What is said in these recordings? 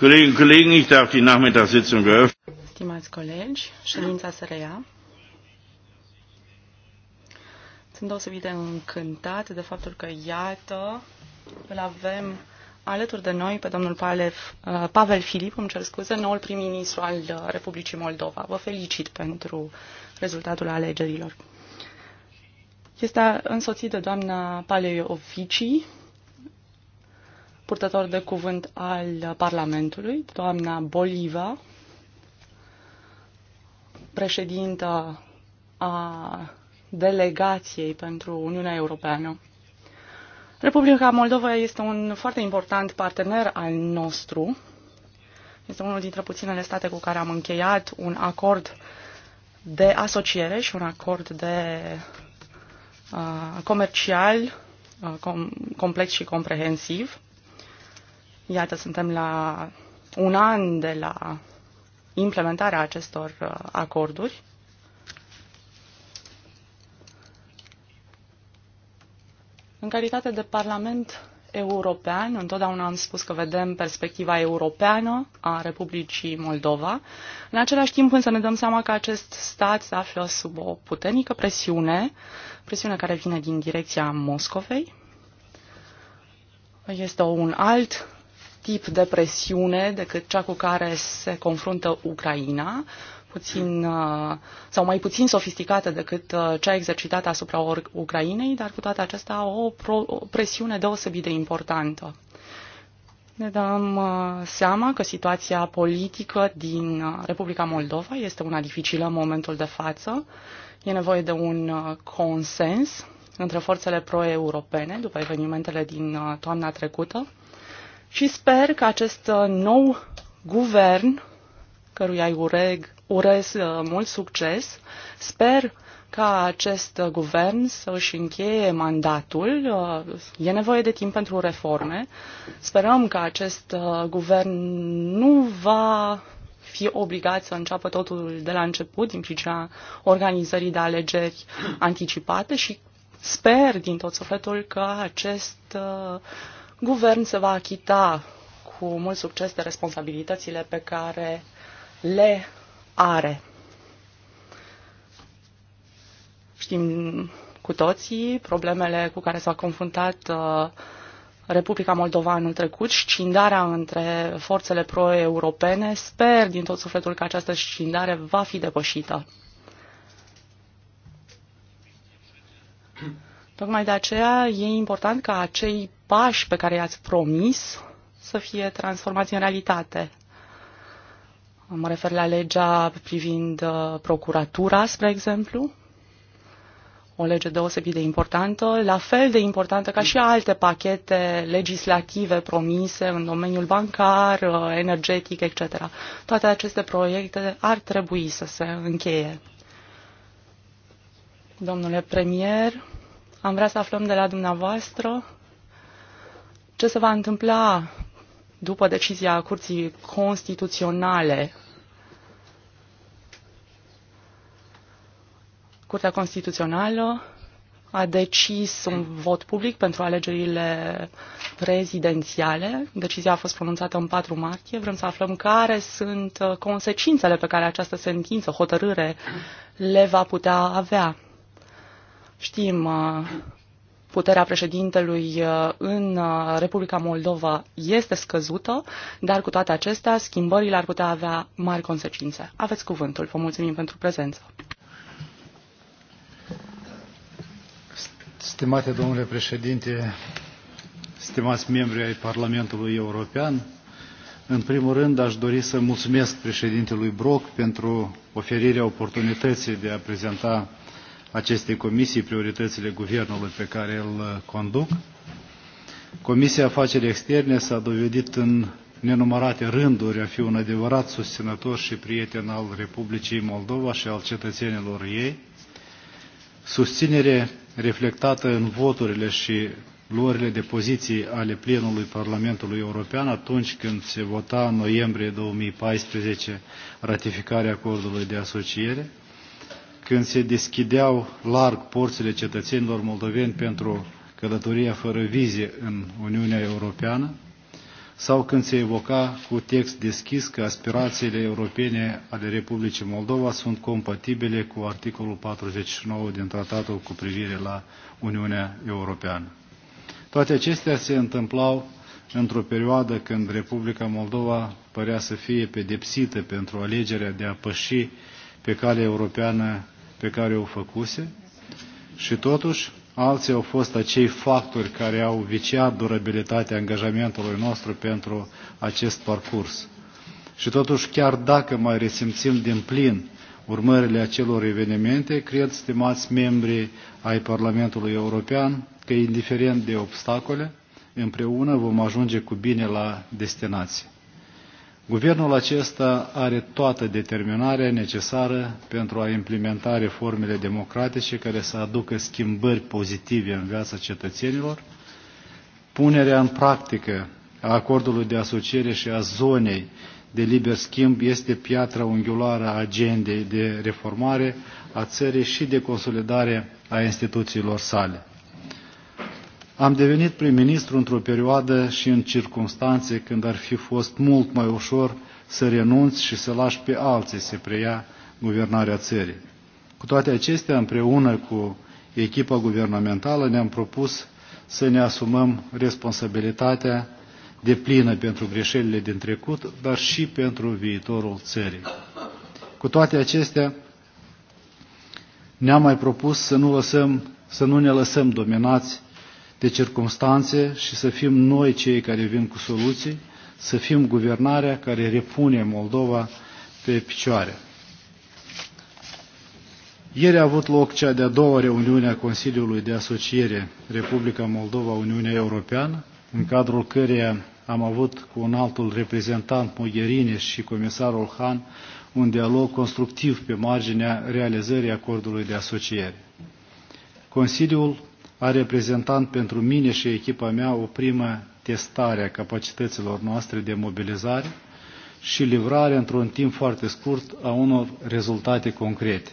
Kolleginnen Kollegen, ich darf die Nachmittagssitzung eröffnen. Stimați colegi, ședința se reia. Sunt deosebit de încântat de faptul că, iată, îl avem alături de noi pe domnul Palev, uh, Pavel Filip, îmi cer scuze, noul prim-ministru al uh, Republicii Moldova. Vă felicit pentru rezultatul alegerilor. Este însoțit de doamna Paleovici, purtător de cuvânt al Parlamentului, doamna Boliva, președintă a delegației pentru Uniunea Europeană. Republica Moldova este un foarte important partener al nostru. Este unul dintre puținele state cu care am încheiat un acord de asociere și un acord de uh, comercial uh, com complex și comprehensiv. Iată, suntem la un an de la implementarea acestor uh, acorduri. În calitate de Parlament european, întotdeauna am spus că vedem perspectiva europeană a Republicii Moldova. În același timp însă ne dăm seama că acest stat se află sub o puternică presiune, presiune care vine din direcția Moscovei. Este un alt tip de presiune decât cea cu care se confruntă Ucraina, puțin uh, sau mai puțin sofisticată decât uh, cea exercitată asupra Ucrainei, dar cu toate acestea o, presiune deosebit de importantă. Ne dăm uh, seama că situația politică din Republica Moldova este una dificilă în momentul de față. E nevoie de un consens între forțele pro-europene după evenimentele din toamna trecută și sper că acest uh, nou guvern, căruia îi ureg, urez uh, mult succes, sper ca acest uh, guvern să își încheie mandatul. E nevoie de timp pentru reforme. Sperăm că acest guvern nu va fi obligat să înceapă totul de la început din pricina organizării de alegeri anticipate și sper din tot sufletul că acest uh, guvern se va achita cu mult succes de responsabilitățile pe care le are. Știm cu toții problemele cu care s-a confruntat uh, Republica Moldova anul trecut, scindarea între forțele pro-europene. Sper din tot sufletul că această scindare va fi depășită. Tocmai de aceea e important ca acei pași pe care i-ați promis să fie transformați în realitate. Mă refer la legea privind uh, procuratura, spre exemplu, o lege deosebit de importantă, la fel de importantă ca și alte pachete legislative promise în domeniul bancar, uh, energetic, etc. Toate aceste proiecte ar trebui să se încheie. Domnule premier, am vrea să aflăm de la dumneavoastră ce se va întâmpla după decizia Curții Constituționale. Curtea Constituțională a decis un vot public pentru alegerile prezidențiale. Decizia a fost pronunțată în 4 martie. Vrem să aflăm care sunt uh, consecințele pe care această sentință, hotărâre, le va putea avea. Știm uh, puterea președintelui uh, în uh, Republica Moldova este scăzută, dar cu toate acestea, schimbările ar putea avea mari consecințe. Aveți cuvântul. Vă mulțumim pentru prezență. Stimate domnule președinte, stimați membri ai Parlamentului European, în primul rând aș dori să mulțumesc președintelui Brock pentru oferirea oportunității de a prezenta acestei comisii prioritățile guvernului pe care îl uh, conduc. Comisia Afaceri Externe s-a dovedit în nenumărate rânduri a fi un adevărat susținător și prieten al Republicii Moldova și al cetățenilor ei, susținere reflectată în voturile și luările de poziții ale plenului Parlamentului European atunci când se vota în noiembrie 2014 ratificarea acordului de asociere, când se deschideau larg porțile cetățenilor moldoveni pentru călătoria fără vize în Uniunea Europeană, sau când se evoca cu text deschis că aspirațiile europene ale Republicii Moldova sunt compatibile cu articolul 49 din tratatul cu privire la Uniunea Europeană. Toate acestea se întâmplau într-o perioadă când Republica Moldova părea să fie pedepsită pentru alegerea de a păși pe calea europeană pe care o făcuse și totuși alții au fost acei factori care au viciat durabilitatea angajamentului nostru pentru acest parcurs. Și totuși, chiar dacă mai resimțim din plin urmările acelor evenimente, cred, stimați membri ai Parlamentului European, că indiferent de obstacole, împreună vom ajunge cu bine la destinație. Guvernul acesta are toată determinarea necesară pentru a implementa reformele democratice care să aducă schimbări pozitive în viața cetățenilor, punerea în practică a acordului de asociere și a zonei de liber schimb este piatra unghiulară a agendei de reformare a țării și de consolidare a instituțiilor sale. Am devenit prim-ministru într-o perioadă și în circunstanțe când ar fi fost mult mai ușor să renunți și să lași pe alții să preia guvernarea țării. Cu toate acestea, împreună cu echipa guvernamentală, ne-am propus să ne asumăm responsabilitatea de plină pentru greșelile din trecut, dar și pentru viitorul țării. Cu toate acestea, ne-am mai propus să nu, lăsăm, să nu ne lăsăm dominați de circumstanțe și să fim noi cei care vin cu soluții, să fim guvernarea care repune Moldova pe picioare. Ieri a avut loc cea de-a doua reuniune a Consiliului de Asociere Republica Moldova-Uniunea Europeană, în cadrul căreia am avut cu un altul reprezentant Mogherini și comisarul Han un dialog constructiv pe marginea realizării acordului de asociere. Consiliul a reprezentat pentru mine și echipa mea o primă testare a capacităților noastre de mobilizare și livrare într-un timp foarte scurt a unor rezultate concrete.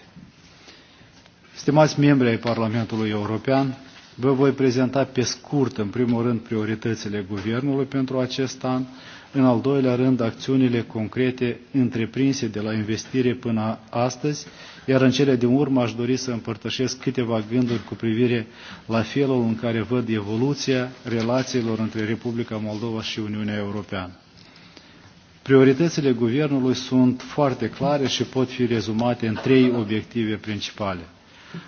Stimați membri ai Parlamentului European, vă voi prezenta pe scurt, în primul rând, prioritățile Guvernului pentru acest an, în al doilea rând, acțiunile concrete întreprinse de la investire până astăzi iar în cele din urmă aș dori să împărtășesc câteva gânduri cu privire la felul în care văd evoluția relațiilor între Republica Moldova și Uniunea Europeană. Prioritățile guvernului sunt foarte clare și pot fi rezumate în trei obiective principale.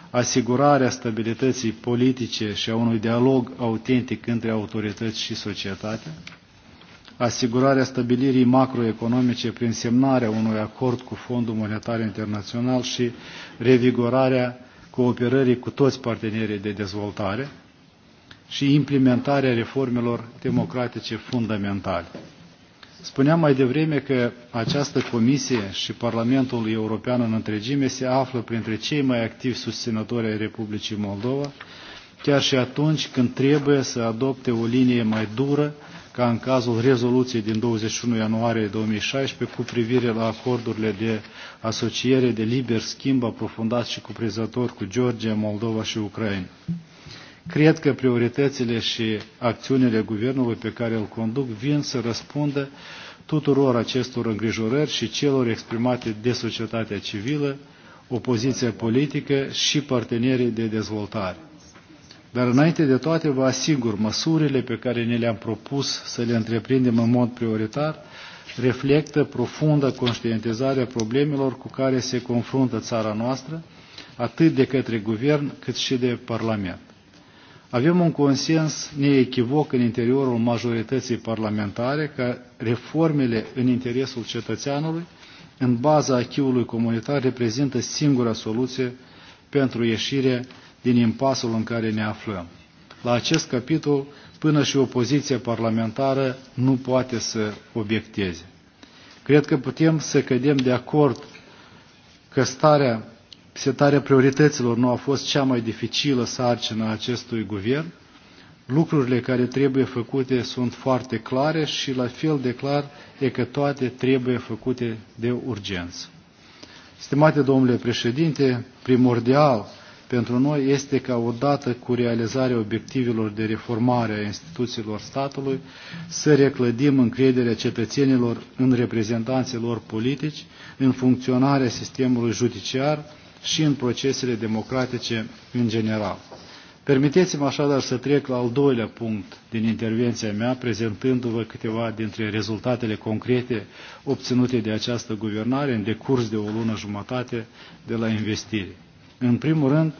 Asigurarea stabilității politice și a unui dialog autentic între autorități și societate, asigurarea stabilirii macroeconomice prin semnarea unui acord cu Fondul Monetar Internațional și revigorarea cooperării cu toți partenerii de dezvoltare și implementarea reformelor democratice fundamentale. Spuneam mai devreme că această comisie și Parlamentul European în întregime se află printre cei mai activi susținători ai Republicii Moldova, chiar și atunci când trebuie să adopte o linie mai dură ca în cazul rezoluției din 21 ianuarie 2016 cu privire la acordurile de asociere de liber schimb aprofundat și cuprizător cu Georgia, Moldova și Ucraina. Cred că prioritățile și acțiunile guvernului pe care îl conduc vin să răspundă tuturor acestor îngrijorări și celor exprimate de societatea civilă, opoziția politică și partenerii de dezvoltare. Dar înainte de toate, vă asigur, măsurile pe care ne le-am propus să le întreprindem în mod prioritar reflectă profundă conștientizarea problemelor cu care se confruntă țara noastră, atât de către guvern cât și de Parlament. Avem un consens neechivoc în interiorul majorității parlamentare că reformele în interesul cetățeanului, în baza achiului comunitar, reprezintă singura soluție pentru ieșirea din impasul în care ne aflăm. La acest capitol, până și opoziția parlamentară nu poate să obiecteze. Cred că putem să cădem de acord că starea, setarea priorităților nu a fost cea mai dificilă sarcină a acestui guvern. Lucrurile care trebuie făcute sunt foarte clare și la fel de clar e că toate trebuie făcute de urgență. Stimate domnule președinte, primordial pentru noi este ca odată cu realizarea obiectivelor de reformare a instituțiilor statului să reclădim încrederea cetățenilor în reprezentanții lor politici, în funcționarea sistemului judiciar și în procesele democratice în general. Permiteți-mă așadar să trec la al doilea punct din intervenția mea, prezentându-vă câteva dintre rezultatele concrete obținute de această guvernare în decurs de o lună jumătate de la investire. În primul rând,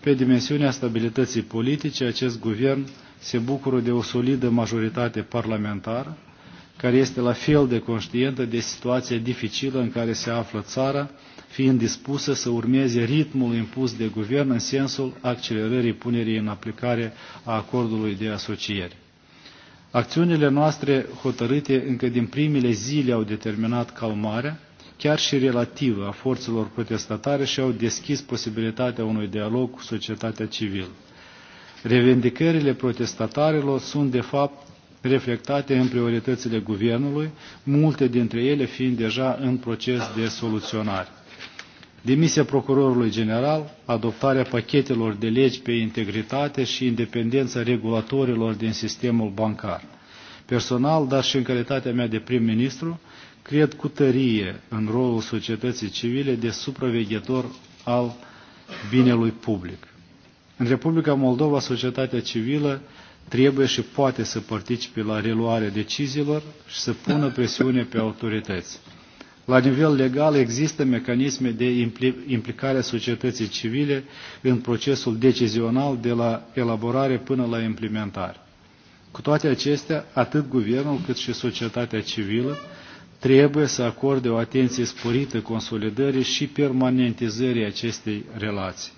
pe dimensiunea stabilității politice, acest guvern se bucură de o solidă majoritate parlamentară, care este la fel de conștientă de situația dificilă în care se află țara, fiind dispusă să urmeze ritmul impus de guvern în sensul accelerării punerii în aplicare a acordului de asociere. Acțiunile noastre hotărâte încă din primele zile au determinat calmarea chiar și relativă, a forțelor protestatare și au deschis posibilitatea unui dialog cu societatea civilă. Revendicările protestatarilor sunt, de fapt, reflectate în prioritățile guvernului, multe dintre ele fiind deja în proces de soluționare. Demisia procurorului general, adoptarea pachetelor de legi pe integritate și independența regulatorilor din sistemul bancar. Personal, dar și în calitatea mea de prim-ministru, cred cu tărie în rolul societății civile de supraveghetor al binelui public. În Republica Moldova, societatea civilă trebuie și poate să participe la reluarea deciziilor și să pună presiune pe autorități. La nivel legal există mecanisme de implicare a societății civile în procesul decizional de la elaborare până la implementare. Cu toate acestea, atât guvernul cât și societatea civilă trebuie să acorde o atenție sporită consolidării și permanentizării acestei relații.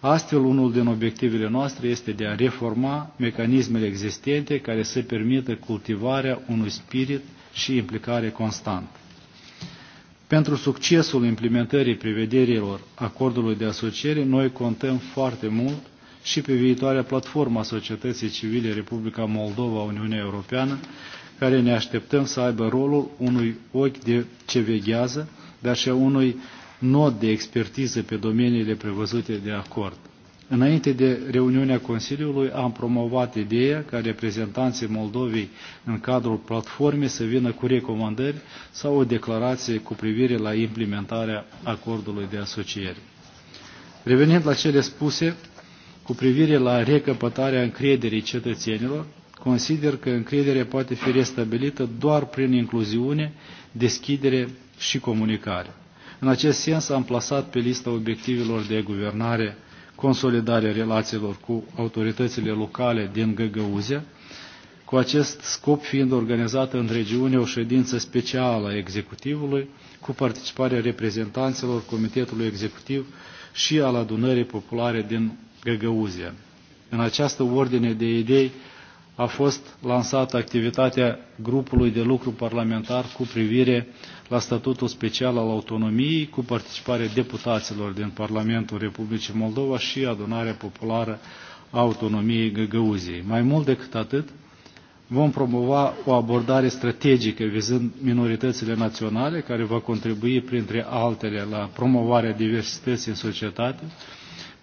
Astfel, unul din obiectivele noastre este de a reforma mecanismele existente care să permită cultivarea unui spirit și implicare constant. Pentru succesul implementării prevederilor acordului de asociere, noi contăm foarte mult și pe viitoarea platformă a societății civile Republica Moldova-Uniunea Europeană, care ne așteptăm să aibă rolul unui ochi de ce veghează, dar și a unui nod de expertiză pe domeniile prevăzute de acord. Înainte de reuniunea Consiliului am promovat ideea ca reprezentanții Moldovei în cadrul platformei să vină cu recomandări sau o declarație cu privire la implementarea acordului de asociere. Revenind la cele spuse cu privire la recăpătarea încrederii cetățenilor, consider că încrederea poate fi restabilită doar prin incluziune, deschidere și comunicare. În acest sens am plasat pe lista obiectivelor de guvernare consolidarea relațiilor cu autoritățile locale din Găgăuzea, cu acest scop fiind organizată în regiune o ședință specială a executivului cu participarea reprezentanților Comitetului Executiv și al adunării populare din Găgăuzea. În această ordine de idei a fost lansată activitatea grupului de lucru parlamentar cu privire la statutul special al autonomiei, cu participarea deputaților din Parlamentul Republicii Moldova și adunarea populară a autonomiei Găgăuziei. Mai mult decât atât, vom promova o abordare strategică vizând minoritățile naționale, care va contribui, printre altele, la promovarea diversității în societate,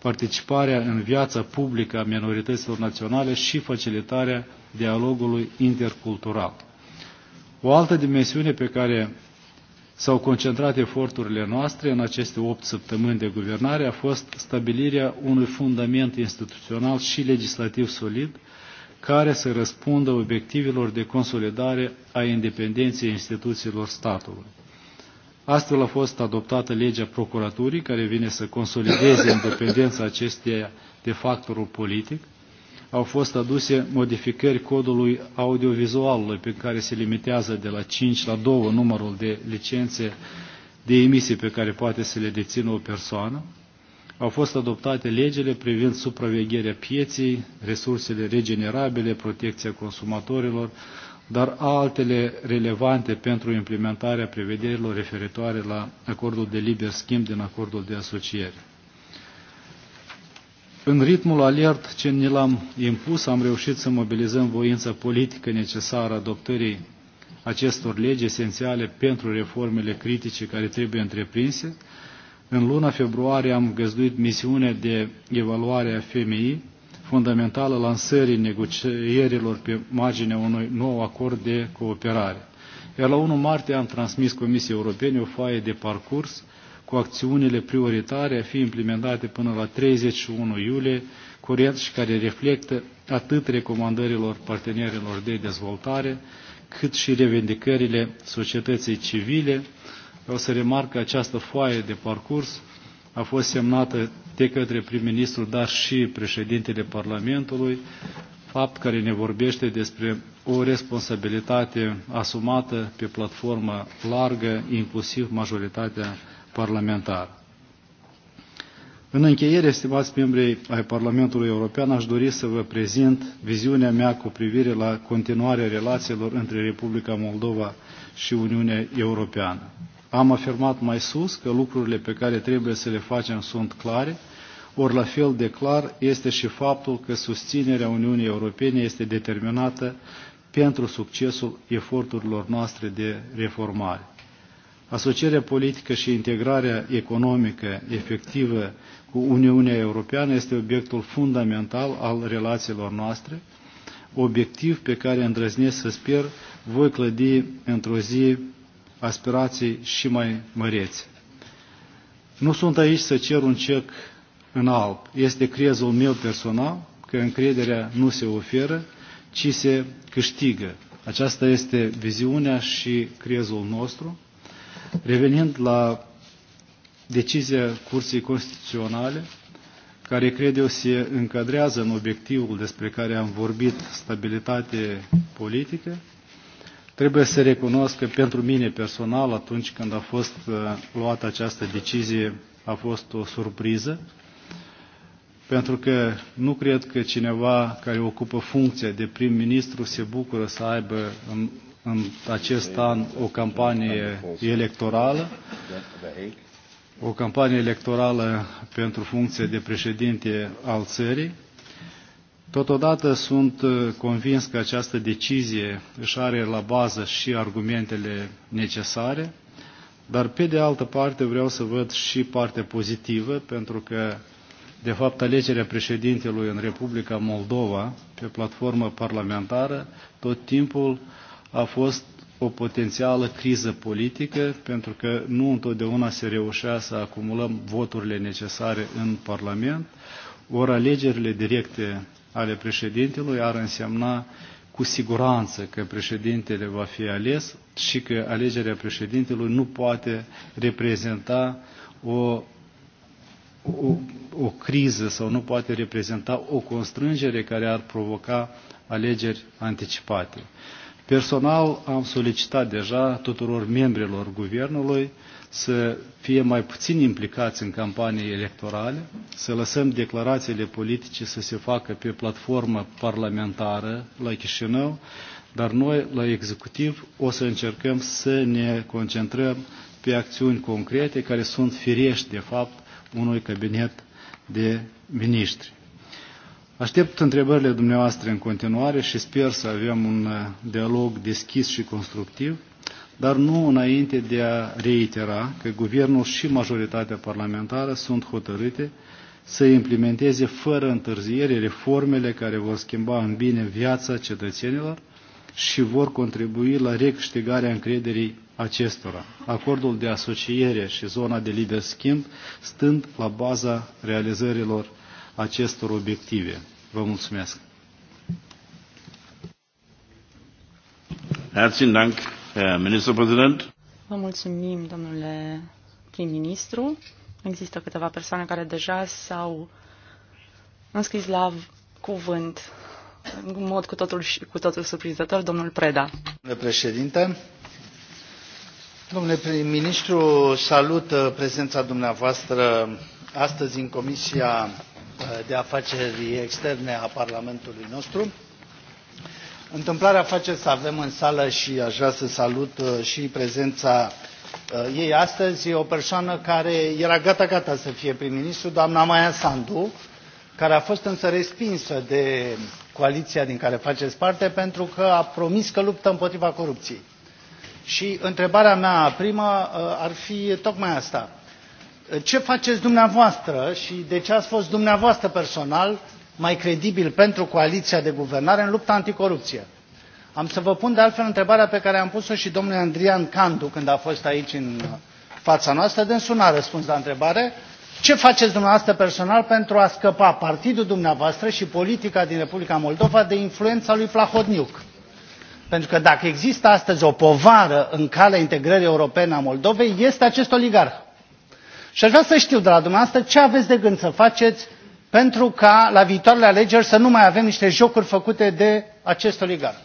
participarea în viața publică a minorităților naționale și facilitarea dialogului intercultural. O altă dimensiune pe care s-au concentrat eforturile noastre în aceste 8 săptămâni de guvernare a fost stabilirea unui fundament instituțional și legislativ solid care să răspundă obiectivelor de consolidare a independenței instituțiilor statului. Astfel a fost adoptată legea procuraturii, care vine să consolideze independența acesteia de factorul politic. Au fost aduse modificări codului audiovizualului, pe care se limitează de la 5 la 2 numărul de licențe de emisie pe care poate să le dețină o persoană. Au fost adoptate legile privind supravegherea pieței, resursele regenerabile, protecția consumatorilor, dar altele relevante pentru implementarea prevederilor referitoare la acordul de liber schimb din acordul de asociere. În ritmul alert ce ni l-am impus, am reușit să mobilizăm voința politică necesară adoptării acestor legi esențiale pentru reformele critice care trebuie întreprinse. În luna februarie am găzduit misiunea de evaluare a FMI, fundamentală lansării negocierilor pe marginea unui nou acord de cooperare. Iar la 1 martie am transmis Comisiei Europene o foaie de parcurs cu acțiunile prioritare a fi implementate până la 31 iulie curent și care reflectă atât recomandărilor partenerilor de dezvoltare, cât și revendicările societății civile. Vreau să remarc că această foaie de parcurs a fost semnată de către prim-ministru, dar și președintele Parlamentului, fapt care ne vorbește despre o responsabilitate asumată pe platformă largă, inclusiv majoritatea parlamentară. În încheiere, stimați membrii ai Parlamentului European, aș dori să vă prezint viziunea mea cu privire la continuarea relațiilor între Republica Moldova și Uniunea Europeană. Am afirmat mai sus că lucrurile pe care trebuie să le facem sunt clare, ori la fel de clar este și faptul că susținerea Uniunii Europene este determinată pentru succesul eforturilor noastre de reformare. Asocierea politică și integrarea economică efectivă cu Uniunea Europeană este obiectul fundamental al relațiilor noastre, obiectiv pe care îndrăznesc să sper voi clădi într-o zi aspirații și mai măreți. Nu sunt aici să cer un cec în alb. Este crezul meu personal că încrederea nu se oferă, ci se câștigă. Aceasta este viziunea și crezul nostru. Revenind la decizia Curții Constituționale, care cred eu se încadrează în obiectivul despre care am vorbit, stabilitate politică, Trebuie să recunosc că pentru mine personal, atunci când a fost uh, luată această decizie, a fost o surpriză, pentru că nu cred că cineva care ocupă funcția de prim-ministru se bucură să aibă în, în acest an o campanie electorală, o campanie electorală pentru funcție de președinte al țării, Totodată sunt uh, convins că această decizie își are la bază și argumentele necesare, dar pe de altă parte vreau să văd și partea pozitivă, pentru că de fapt, alegerea președintelui în Republica Moldova pe platformă parlamentară tot timpul a fost o potențială criză politică, pentru că nu întotdeauna se reușea să acumulăm voturile necesare în Parlament, ori alegerile directe ale președintelui ar însemna cu siguranță că președintele va fi ales și că alegerea președintelui nu poate reprezenta o, o, o criză sau nu poate reprezenta o constrângere care ar provoca alegeri anticipate. Personal am solicitat deja tuturor membrilor guvernului să fie mai puțin implicați în campanii electorale, să lăsăm declarațiile politice să se facă pe platformă parlamentară la Chișinău, dar noi la executiv o să încercăm să ne concentrăm pe acțiuni concrete care sunt firești, de fapt, unui cabinet de miniștri. Aștept întrebările dumneavoastră în continuare și sper să avem un dialog deschis și constructiv dar nu înainte de a reitera că guvernul și majoritatea parlamentară sunt hotărâte să implementeze fără întârziere reformele care vor schimba în bine viața cetățenilor și vor contribui la recâștigarea încrederii acestora, acordul de asociere și zona de liber schimb stând la baza realizărilor acestor obiective. Vă mulțumesc! Herzlichen Dank. Ministerpräsident. Vă mulțumim, domnule prim-ministru. Există câteva persoane care deja s-au înscris la cuvânt în mod cu totul, cu totul surprinzător, domnul Preda. Domnule președinte, domnule prim-ministru, salut uh, prezența dumneavoastră astăzi în Comisia uh, de Afaceri Externe a Parlamentului nostru Întâmplarea face să avem în sală și aș vrea să salut uh, și prezența uh, ei astăzi. E o persoană care era gata-gata să fie prim-ministru, doamna Maia Sandu, care a fost însă respinsă de coaliția din care faceți parte pentru că a promis că luptă împotriva corupției. Și întrebarea mea primă uh, ar fi tocmai asta. Ce faceți dumneavoastră și de ce ați fost dumneavoastră personal mai credibil pentru coaliția de guvernare în lupta anticorupție. Am să vă pun de altfel întrebarea pe care am pus-o și domnului Andrian Candu când a fost aici în fața noastră. Dânsul n-a răspuns la întrebare. Ce faceți dumneavoastră personal pentru a scăpa partidul dumneavoastră și politica din Republica Moldova de influența lui Plahodniuc? Pentru că dacă există astăzi o povară în calea integrării europene a Moldovei, este acest oligarh. Și aș vrea să știu de la dumneavoastră ce aveți de gând să faceți pentru ca la viitoarele alegeri să nu mai avem niște jocuri făcute de acest oligar.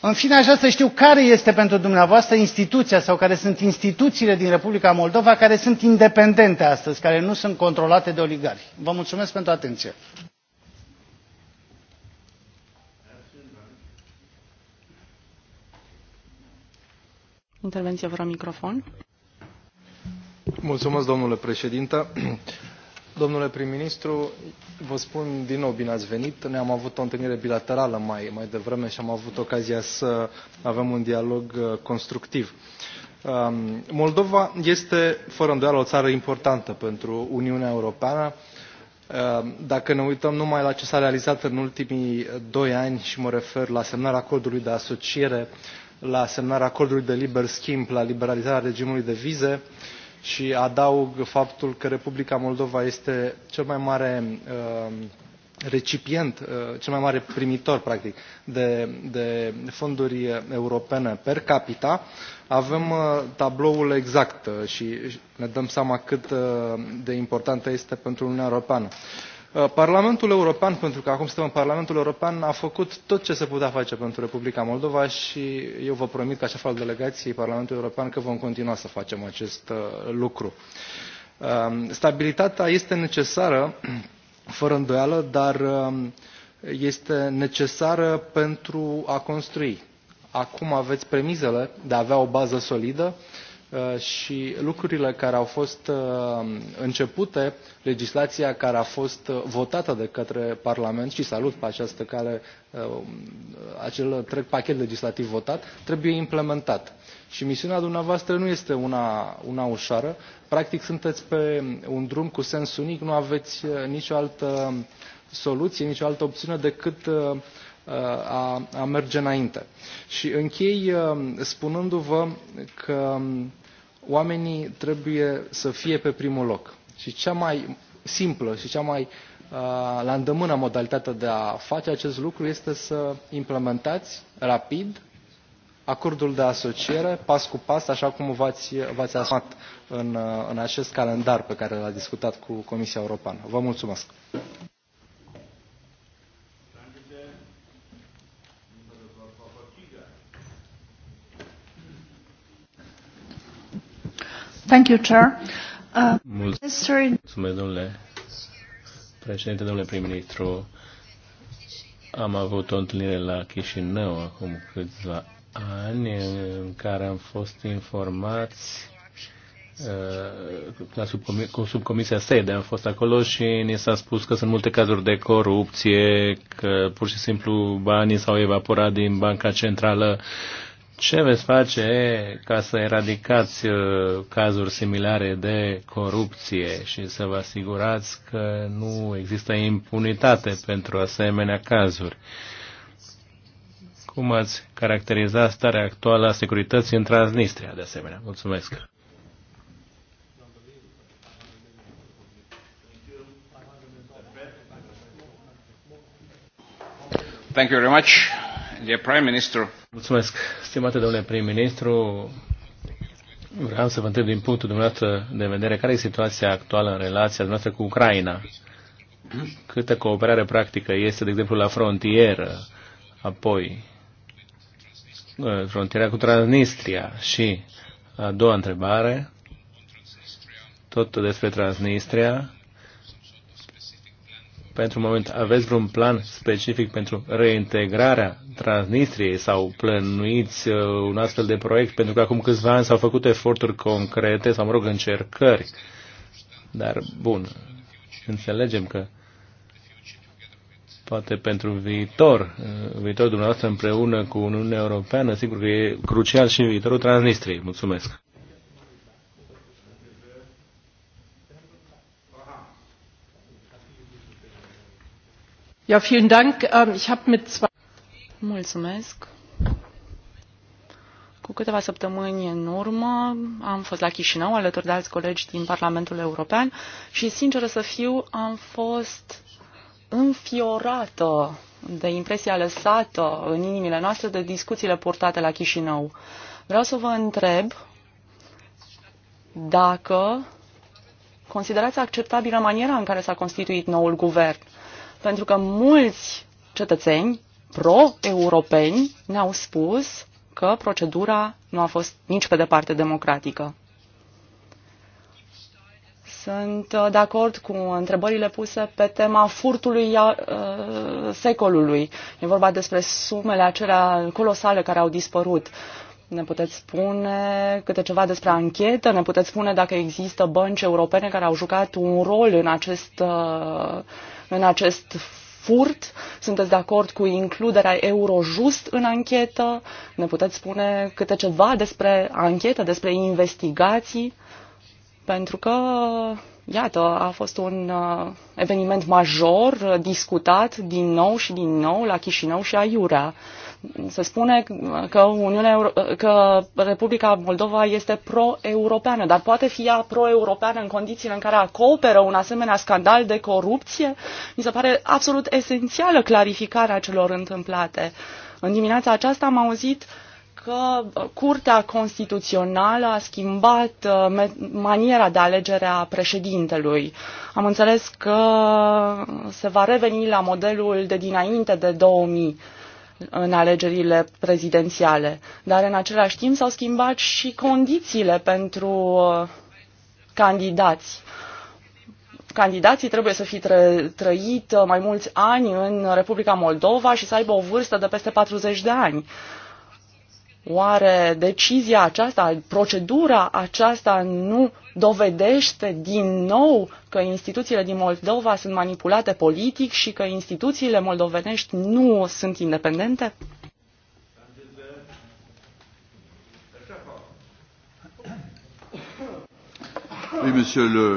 În fine, aș vrea să știu care este pentru dumneavoastră instituția sau care sunt instituțiile din Republica Moldova care sunt independente astăzi, care nu sunt controlate de oligari. Vă mulțumesc pentru atenție. Intervenție fără microfon. Mulțumesc, domnule președinte Domnule prim-ministru, vă spun din nou bine ați venit. ne am avut o întâlnire bilaterală mai, mai devreme și am avut ocazia să avem un dialog uh, constructiv. Um, Moldova este, fără îndoială, o țară importantă pentru Uniunea Europeană. Um, dacă ne uităm numai la ce s-a realizat în ultimii doi ani și mă refer la semnarea acordului de asociere, la semnarea acordului de liber schimb, la liberalizarea regimului de vize, uh, și adaug faptul că Republica Moldova este cel mai mare uh, recipient, uh, cel mai mare primitor, practic, de, de fonduri europene per capita, avem uh, tabloul exact și ne dăm seama cât de importantă este pentru Uniunea Europeană. Uh, Parlamentul European, pentru că acum suntem în Parlamentul European, a făcut tot ce se putea face pentru Republica Moldova și eu vă promit ca șef al delegației Parlamentului European că vom continua să facem acest uh, lucru. Um, stabilitatea este necesară, fără îndoială, dar um, este necesară pentru a construi. Acum aveți premizele de a avea o bază solidă uh, Uh, și lucrurile care au fost uh, începute, legislația care a fost uh, votată de către Parlament și salut pe această cale acel întreg pachet legislativ votat, trebuie implementat. Și misiunea dumneavoastră nu este una, una ușoară. Practic sunteți pe un drum cu sens unic, nu aveți nicio altă um, soluție, nicio altă opțiune decât a, a merge înainte. Și închei um, spunându-vă că um, oamenii trebuie să fie pe primul loc. Și cea mai simplă și cea mai uh, la îndemână modalitatea de a face acest lucru este să implementați rapid acordul de asociere, pas cu pas, așa cum v-ați, v-ați asumat în, uh, în acest calendar pe care l-a discutat cu Comisia Europeană. Vă mulțumesc! Uh, Mulțumesc, domnule președinte, domnule prim-ministru. Am avut o întâlnire la Chișinău acum câțiva ani în care am fost informați uh, la subcomis cu subcomisia sede am fost acolo și ni s-a spus că sunt multe cazuri de corupție, că pur și simplu banii s-au evaporat din Banca Centrală ce veți face ca să eradicați uh, cazuri similare de corupție și să vă asigurați că nu există impunitate pentru asemenea cazuri? Cum ați caracteriza starea actuală a securității în Transnistria, de asemenea? Mulțumesc! Thank you very much, dear Prime Minister. Mulțumesc, stimate domnule prim-ministru. Vreau să vă întreb din punctul dumneavoastră de vedere care e situația actuală în relația noastră cu Ucraina. Câtă cooperare practică este, de exemplu, la frontieră, apoi ă, frontiera cu Transnistria și a doua întrebare, tot despre Transnistria, pentru moment, aveți vreun plan specific pentru reintegrarea Transnistriei sau plănuiți uh, un astfel de proiect? Pentru că acum câțiva ani s-au făcut eforturi concrete sau, mă rog, încercări. Dar, bun, înțelegem că poate pentru viitor, uh, viitorul dumneavoastră împreună cu Uniunea Europeană, sigur că e crucial și viitorul Transnistriei. Mulțumesc! Ähm, Mulțumesc. Cu câteva săptămâni în urmă am fost la Chișinău alături de alți colegi din Parlamentul European și, sinceră să fiu, am fost înfiorată de impresia lăsată în inimile noastre de discuțiile purtate la Chișinău. Vreau să vă întreb dacă considerați acceptabilă maniera în care s-a constituit noul guvern. Pentru că mulți cetățeni pro-europeni ne-au spus că procedura nu a fost nici pe departe democratică. Sunt uh, de acord cu întrebările puse pe tema furtului uh, secolului. E vorba despre sumele acelea colosale care au dispărut. Ne puteți spune câte ceva despre anchetă? Ne puteți spune dacă există bănci europene care au jucat un rol în acest, uh, în acest furt? Sunteți de acord cu includerea Eurojust în anchetă? Ne puteți spune câte ceva despre anchetă, despre investigații? Pentru că, iată, a fost un uh, eveniment major uh, discutat din nou și din nou la Chișinău și Aiurea se spune că, Uniunea Euro- că Republica Moldova este pro-europeană, dar poate fi ea pro-europeană în condițiile în care acoperă un asemenea scandal de corupție? Mi se pare absolut esențială clarificarea celor întâmplate. În dimineața aceasta am auzit că uh, Curtea Constituțională a schimbat uh, maniera de alegere a președintelui. Am înțeles că se va reveni la modelul de dinainte de 2000 în alegerile prezidențiale. Dar în același timp s-au schimbat și condițiile pentru uh, candidați. Candidații trebuie să fi tră, trăit uh, mai mulți ani în Republica Moldova și să aibă o vârstă de peste 40 de ani. Uh, Oare decizia aceasta, procedura aceasta nu dovedește din nou că instituțiile din Moldova sunt manipulate politic și că instituțiile moldovenești nu sunt independente? Oui, monsieur le,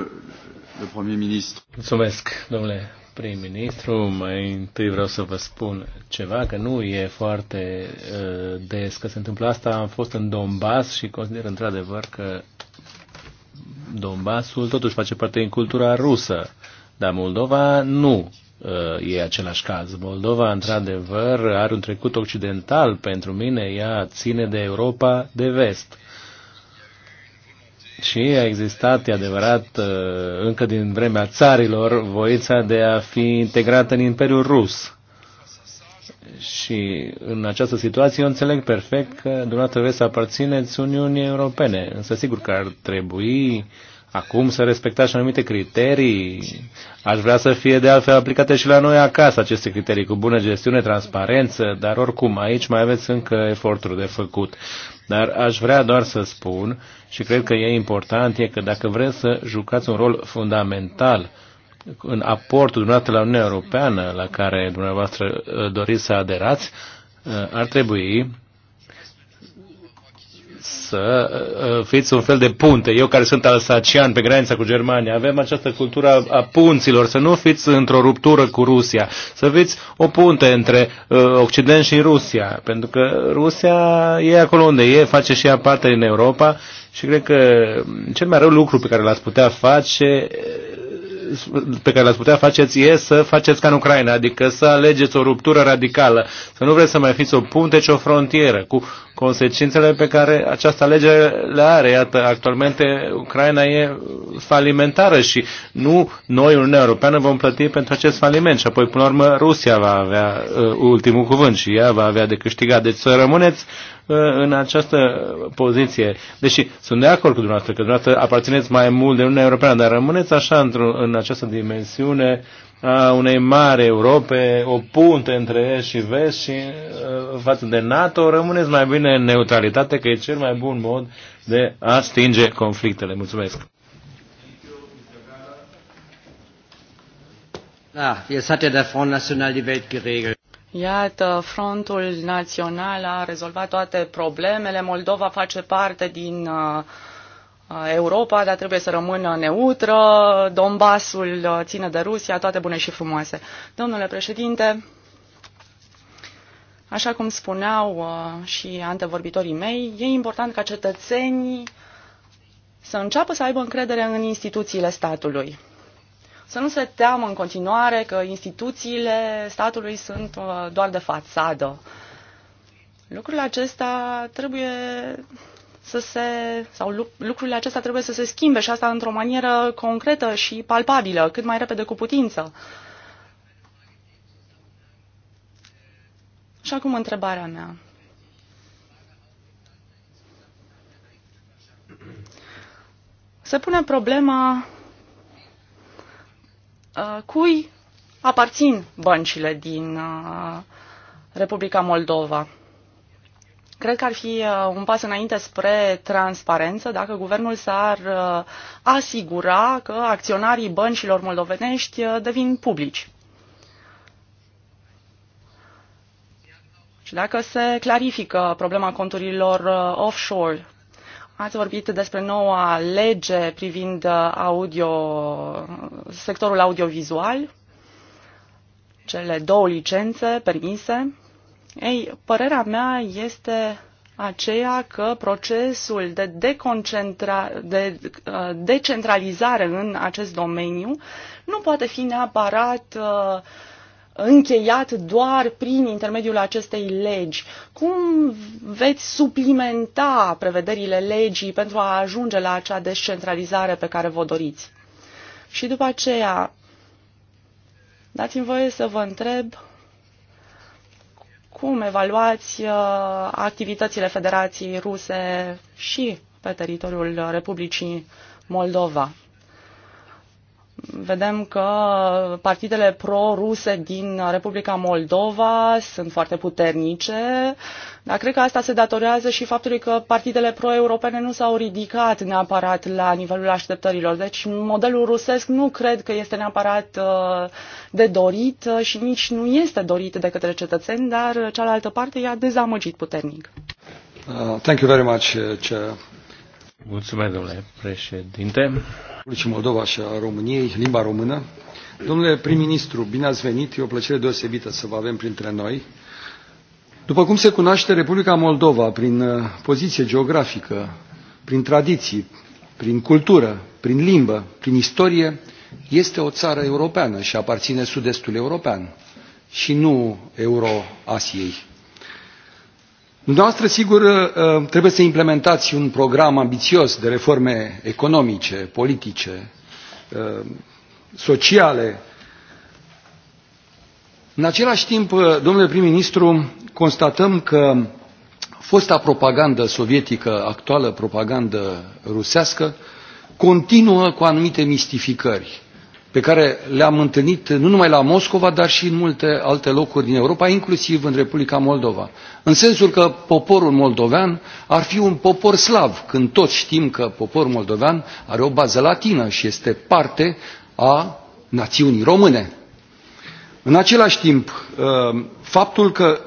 le Premier ministre. Mulțumesc, domnule prim-ministru, mai întâi vreau să vă spun ceva, că nu e foarte uh, des că se întâmplă asta. Am fost în Donbass și consider într-adevăr că Donbassul totuși face parte din cultura rusă, dar Moldova nu uh, e același caz. Moldova, într-adevăr, are un trecut occidental. Pentru mine, ea ține de Europa de vest. Și a existat, e adevărat, uh, încă din vremea țarilor, voința de a fi integrată în Imperiul Rus. Și în această situație eu înțeleg perfect că dumneavoastră vreți să aparțineți Uniunii Europene, însă sigur că ar trebui uh, acum să respectați anumite criterii. Aș vrea să fie de altfel aplicate și la noi acasă aceste criterii cu bună gestiune, transparență, dar oricum aici mai aveți încă eforturi de făcut. Dar aș vrea doar să spun și cred că e important e că dacă vreți să jucați un rol fundamental în aportul dumneavoastră la Uniunea Europeană la care dumneavoastră uh, doriți să aderați, uh, ar trebui să uh, uh, fiți un fel de punte. Eu care sunt alsacian pe granița cu Germania, avem această cultură a punților, să nu fiți într-o ruptură cu Rusia, să fiți o punte între uh, Occident și Rusia, pentru că Rusia e acolo unde e, face și ea parte din Europa și cred că um, cel mai rău lucru pe care l-ați putea face pe care l-ați putea faceți e să faceți ca în Ucraina, adică să alegeți o ruptură radicală, să nu vreți să mai fiți o punte, ci o frontieră, cu consecințele pe care această alegere le are. Iată, actualmente Ucraina e falimentară și nu noi, Uniunea Europeană, vom plăti pentru acest faliment și apoi, până la urmă, Rusia va avea uh, ultimul cuvânt și ea va avea de câștigat. Deci să rămâneți Uh, în această poziție. Deși sunt de acord cu dumneavoastră că dumneavoastră aparțineți mai mult de Uniunea Europeană, dar rămâneți așa într în această dimensiune a unei mari Europe, o punte între est și vest și uh, față de NATO, rămâneți mai bine în neutralitate, că e cel mai bun mod de a stinge conflictele. Mulțumesc! Ah, jetzt hat er der Front National die Welt geregelt. Iată, Frontul Național a rezolvat toate problemele. Moldova face parte din uh, uh, Europa, dar trebuie să rămână neutră. Donbasul uh, ține de Rusia, toate bune și frumoase. Domnule președinte, așa cum spuneau și antevorbitorii mei, e important ca cetățenii să înceapă să aibă încredere în instituțiile statului să nu se teamă în continuare că instituțiile statului sunt uh, doar de fațadă. Lucrurile acestea trebuie să se, sau lucrurile acestea trebuie să se schimbe și asta într-o manieră concretă și palpabilă, cât mai repede cu putință. Și acum întrebarea mea. Se pune problema Uh, cui aparțin băncile din uh, Republica Moldova. Cred că ar fi uh, un pas înainte spre transparență dacă guvernul s-ar asigura că acționarii băncilor moldovenești devin publici. Și dacă se clarifică problema conturilor offshore, Ați vorbit despre noua lege privind uh, audio, sectorul audiovizual, cele două licențe permise. Ei, părerea mea este aceea că procesul de, de uh, decentralizare în acest domeniu nu poate fi neapărat uh, încheiat doar prin intermediul acestei legi. Cum veți suplimenta prevederile legii pentru a ajunge la acea descentralizare pe care vă doriți? Și după aceea, dați-mi voie să vă întreb cum evaluați uh, activitățile Federației Ruse și pe teritoriul Republicii Moldova vedem că partidele pro-ruse din Republica Moldova sunt foarte puternice, dar cred că asta se datorează și faptului că partidele pro-europene nu s-au ridicat neapărat la nivelul așteptărilor. Deci modelul rusesc nu cred că este neapărat uh, de dorit uh, și nici nu este dorit de către cetățeni, dar cealaltă parte i-a dezamăgit puternic. Uh, thank you very much, uh, Mulțumesc, domnule președinte. Republicii Moldova și a României, limba română. Domnule prim-ministru, bine ați venit, e o plăcere deosebită să vă avem printre noi. După cum se cunoaște, Republica Moldova, prin uh, poziție geografică, prin tradiții, prin cultură, prin limbă, prin istorie, este o țară europeană și aparține sud-estul european și nu euro-Asiei. Dumneavoastră, sigur, ă, trebuie să implementați un program ambițios de reforme economice, politice, ă, sociale. În același timp, ă, domnule prim-ministru, constatăm că fosta propagandă sovietică, actuală propagandă rusească, continuă cu anumite mistificări pe care le am întâlnit nu numai la moscova dar și în multe alte locuri din europa inclusiv în republica moldova în sensul că poporul moldovean ar fi un popor slav când toți știm că poporul moldovean are o bază latină și este parte a națiunii române. în același timp uh, faptul că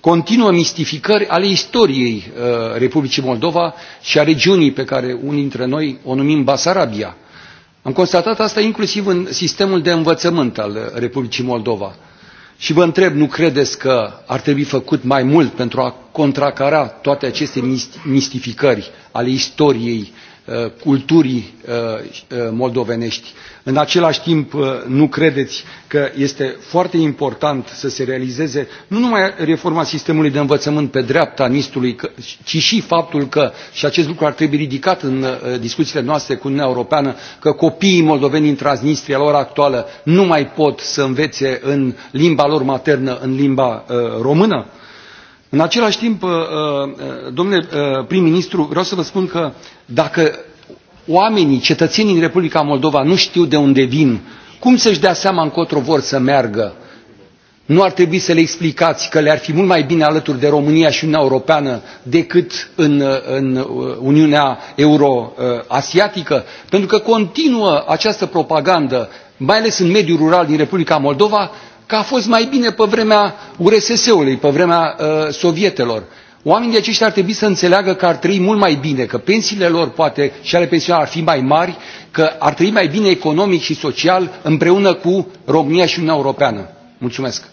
continuă mistificări ale istoriei uh, republicii moldova și a regiunii pe care unii dintre noi o numim basarabia am constatat asta inclusiv în sistemul de învățământ al Republicii Moldova. Și vă întreb, nu credeți că ar trebui făcut mai mult pentru a contracara toate aceste mistificări ale istoriei Uh, culturii uh, uh, moldovenești. În același timp, nu credeți că este foarte important să se realizeze nu numai reforma sistemului de învățământ pe dreapta nistului, ci și faptul că, și acest lucru ar trebui ridicat în discuțiile noastre cu Uniunea Europeană, că copiii moldoveni din Transnistria la ora actuală nu mai pot să învețe în limba lor maternă, în limba română? În același timp, uh, uh, domnule uh, prim-ministru, vreau să vă spun că dacă oamenii, cetățenii în Republica Moldova nu știu de unde vin, cum să-și dea seama încotro vor să meargă? Nu ar trebui să le explicați că le-ar fi mult mai bine alături de România și Uniunea Europeană decât în, în Uniunea Euroasiatică? Pentru că continuă această propagandă, mai ales în mediul rural din Republica Moldova, că a fost mai bine pe vremea urss ului pe vremea uh, sovietelor. oamenii aceștia ar trebui să înțeleagă că ar trăi mult mai bine că pensiile lor poate și ale pensionarilor ar fi mai mari că ar trăi mai bine economic și social împreună cu românia și uniunea europeană. mulțumesc.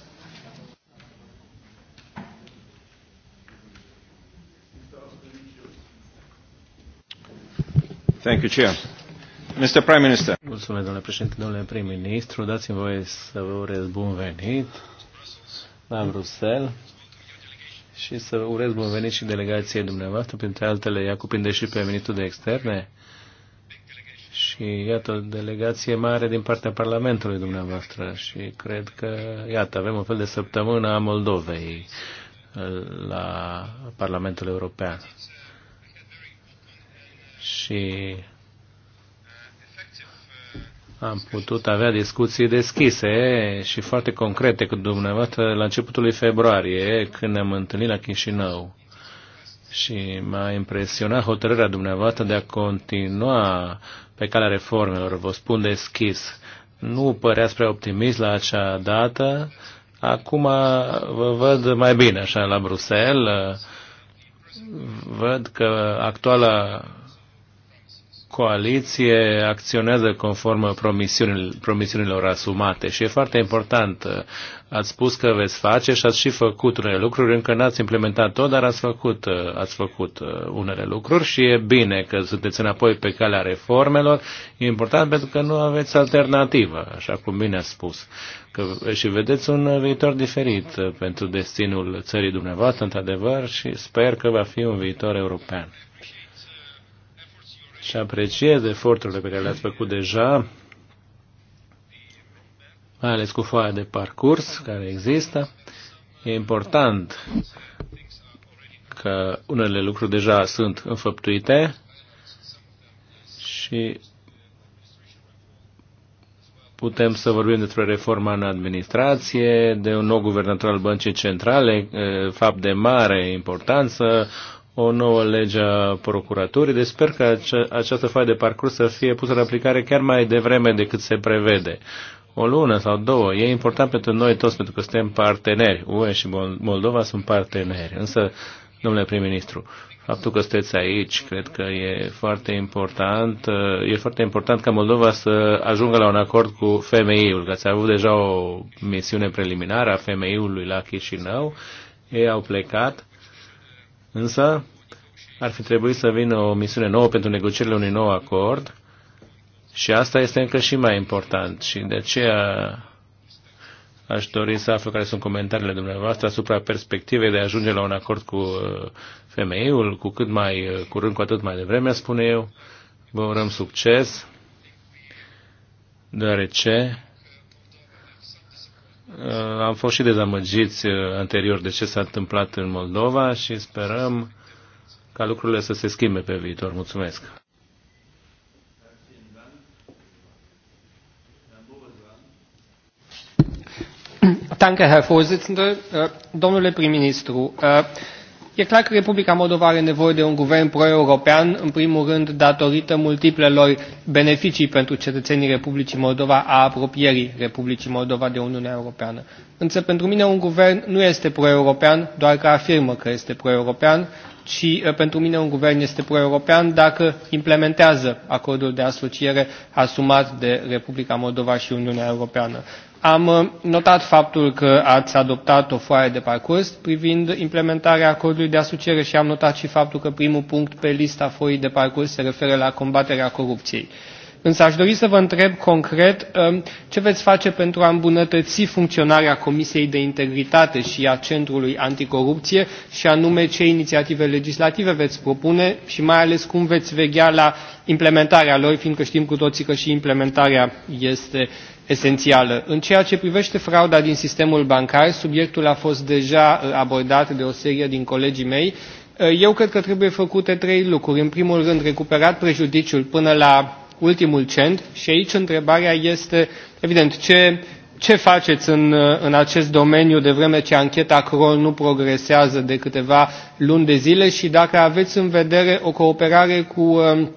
Thank you, Chair. Mr. Prime Minister. Mulțumesc, domnule președinte, domnule prim-ministru. Dați-mi voie să vă urez bun venit la Bruxelles și să urez bun venit și delegației dumneavoastră. Printre altele, ea cuprinde și pe ministrul de externe și, iată, o delegație mare din partea Parlamentului dumneavoastră și cred că, iată, avem un fel de săptămână a Moldovei uh, la Parlamentul European. Și am putut avea discuții deschise și foarte concrete cu dumneavoastră la începutul lui februarie, când ne-am întâlnit la Chișinău. Și m-a impresionat hotărârea dumneavoastră de a continua pe calea reformelor, vă spun deschis. Nu părea prea optimist la acea dată, acum vă văd mai bine așa la Bruxelles, văd că actuala coaliție acționează conform promisiunilor asumate și e foarte important. Ați spus că veți face și ați și făcut unele lucruri, încă n-ați implementat tot, dar ați făcut, ați făcut uh, unele lucruri și e bine că sunteți înapoi pe calea reformelor. E important pentru că nu aveți alternativă, așa cum bine ați spus. Că, și vedeți un viitor diferit uh, pentru destinul țării dumneavoastră, într-adevăr, și sper că va fi un viitor european și apreciez eforturile pe care le-ați făcut deja, mai ales cu foaia de parcurs care există. E important că unele lucruri deja sunt înfăptuite și putem să vorbim despre reforma în administrație, de un nou guvernator al băncii centrale, fapt de mare importanță, o nouă lege a procuraturii, deci sper că această faie de parcurs să fie pusă în aplicare chiar mai devreme decât se prevede. O lună sau două. E important pentru noi toți, pentru că suntem parteneri. UE și Moldova sunt parteneri. Însă, domnule prim-ministru, faptul că sunteți aici, cred că e foarte important. E foarte important ca Moldova să ajungă la un acord cu FMI-ul. că ați avut deja o misiune preliminară a FMI-ului la Chișinău. Ei au plecat Însă ar fi trebuit să vină o misiune nouă pentru negocierile unui nou acord și asta este încă și mai important și de aceea aș dori să aflu care sunt comentariile dumneavoastră asupra perspectivei de a ajunge la un acord cu uh, femeiul, cu cât mai uh, curând, cu atât mai devreme, spune eu. Vă urăm succes, deoarece Uh, am fost și dezamăgiți uh, anterior de ce s-a întâmplat în Moldova și sperăm ca lucrurile să se schimbe pe viitor. Mulțumesc! Danke, Herr Vorsitzender. Äh, domnule prim-ministru, äh, E clar că Republica Moldova are nevoie de un guvern pro-european, în primul rând datorită multiplelor beneficii pentru cetățenii Republicii Moldova a apropierii Republicii Moldova de Uniunea Europeană. Însă pentru mine un guvern nu este pro-european, doar că afirmă că este pro-european, ci eh, pentru mine un guvern este pro-european dacă implementează acordul de asociere asumat de Republica Moldova și Uniunea Europeană. Am uh, notat faptul că ați adoptat o foaie de parcurs privind implementarea acordului de asociere și am notat și faptul că primul punct pe lista foii de parcurs se referă la combaterea corupției. Însă aș dori să vă întreb concret um, ce veți face pentru a îmbunătăți funcționarea Comisiei de Integritate și a Centrului Anticorupție și anume ce inițiative legislative veți propune și mai ales cum veți veghea la implementarea lor, fiindcă știm cu toții că și implementarea este esențială. În ceea ce privește frauda din sistemul bancar, subiectul a fost deja uh, abordat de o serie din colegii mei. Uh, eu cred că trebuie făcute trei lucruri. În primul rând, recuperat prejudiciul până la ultimul cent și aici întrebarea este, evident, ce, ce faceți în, uh, în acest domeniu de vreme ce ancheta CROL nu progresează de câteva luni de zile și dacă aveți în vedere o cooperare cu uh,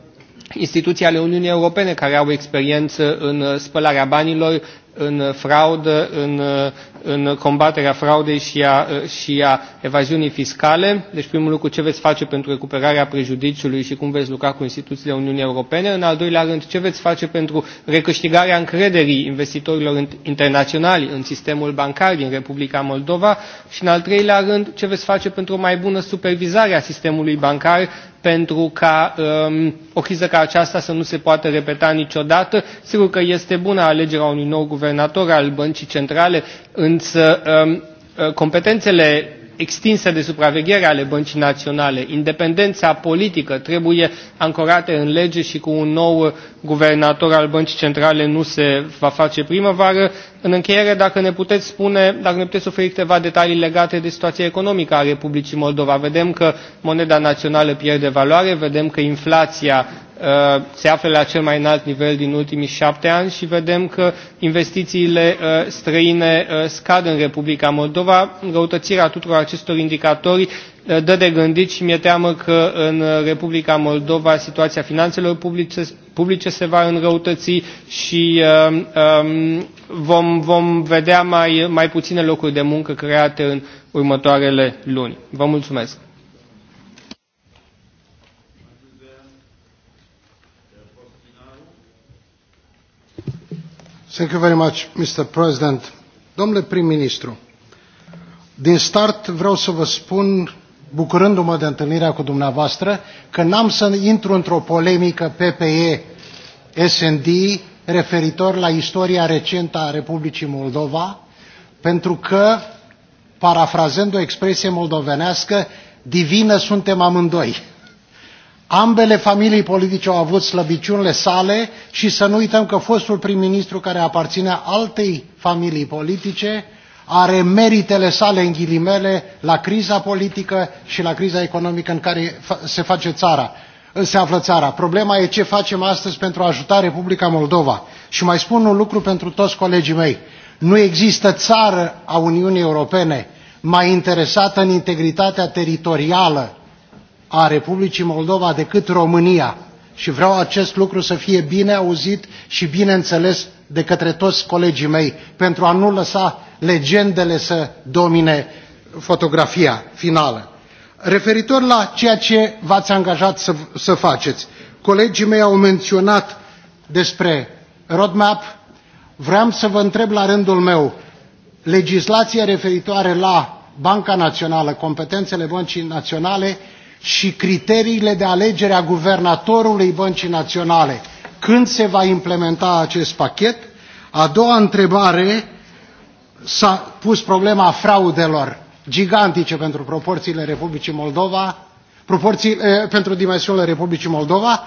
instituții ale Uniunii Europene care au experiență în uh, spălarea banilor, în uh, fraudă, în, uh, în combaterea fraudei și a, și a evaziunii fiscale. Deci primul lucru ce veți face pentru recuperarea prejudiciului și cum veți lucra cu instituțiile Uniunii Europene. În al doilea rând, ce veți face pentru recâștigarea încrederii investitorilor internaționali în sistemul bancar din Republica Moldova. Și în al treilea rând, ce veți face pentru o mai bună supervizare a sistemului bancar pentru ca um, o criză ca aceasta să nu se poată repeta niciodată. Sigur că este bună alegerea unui nou guvernator al băncii centrale, însă um, uh, competențele extinse de supraveghere ale băncii naționale, independența politică trebuie ancorate în lege și cu un nou guvernator al băncii centrale nu se va face primăvară. În încheiere, dacă ne puteți spune, dacă ne puteți oferi câteva detalii legate de situația economică a Republicii Moldova. Vedem că moneda națională pierde valoare, vedem că inflația uh, se află la cel mai înalt nivel din ultimii șapte ani și vedem că investițiile uh, străine uh, scad în Republica Moldova. Răutățirea tuturor acestor indicatori dă de gândit și mi-e teamă că în Republica Moldova situația finanțelor publice, publice se va înrăutăți și um, um, vom, vom vedea mai, mai puține locuri de muncă create în următoarele luni. Vă mulțumesc! Thank you very much, Mr. President. Domnule prim-ministru, din start vreau să vă spun bucurându-mă de întâlnirea cu dumneavoastră, că n-am să intru într-o polemică PPE-SND referitor la istoria recentă a Republicii Moldova, pentru că, parafrazând o expresie moldovenească, divină suntem amândoi. Ambele familii politice au avut slăbiciunile sale și să nu uităm că fostul prim-ministru care aparținea altei familii politice, are meritele sale, în ghilimele, la criza politică și la criza economică în care se face țara, se află țara. Problema e ce facem astăzi pentru a ajuta Republica Moldova. Și mai spun un lucru pentru toți colegii mei. Nu există țară a Uniunii Europene mai interesată în integritatea teritorială a Republicii Moldova decât România. Și vreau acest lucru să fie bine auzit și bine înțeles de către toți colegii mei pentru a nu lăsa legendele să domine fotografia finală. Referitor la ceea ce v-ați angajat să, să faceți, colegii mei au menționat despre roadmap, vreau să vă întreb la rândul meu, legislația referitoare la Banca Națională, competențele băncii naționale și criteriile de alegere a guvernatorului băncii naționale când se va implementa acest pachet. A doua întrebare s-a pus problema fraudelor gigantice pentru proporțiile Republicii Moldova, proporții, eh, pentru dimensiunile Republicii Moldova.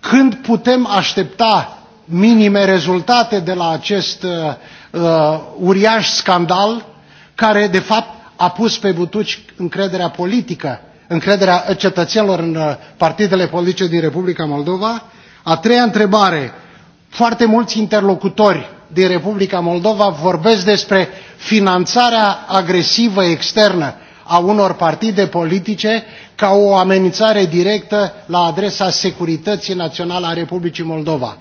Când putem aștepta minime rezultate de la acest uh, uriaș scandal care, de fapt, a pus pe butuci încrederea politică, încrederea cetățenilor în partidele politice din Republica Moldova a treia întrebare. Foarte mulți interlocutori din Republica Moldova vorbesc despre finanțarea agresivă externă a unor partide politice ca o amenințare directă la adresa securității naționale a Republicii Moldova.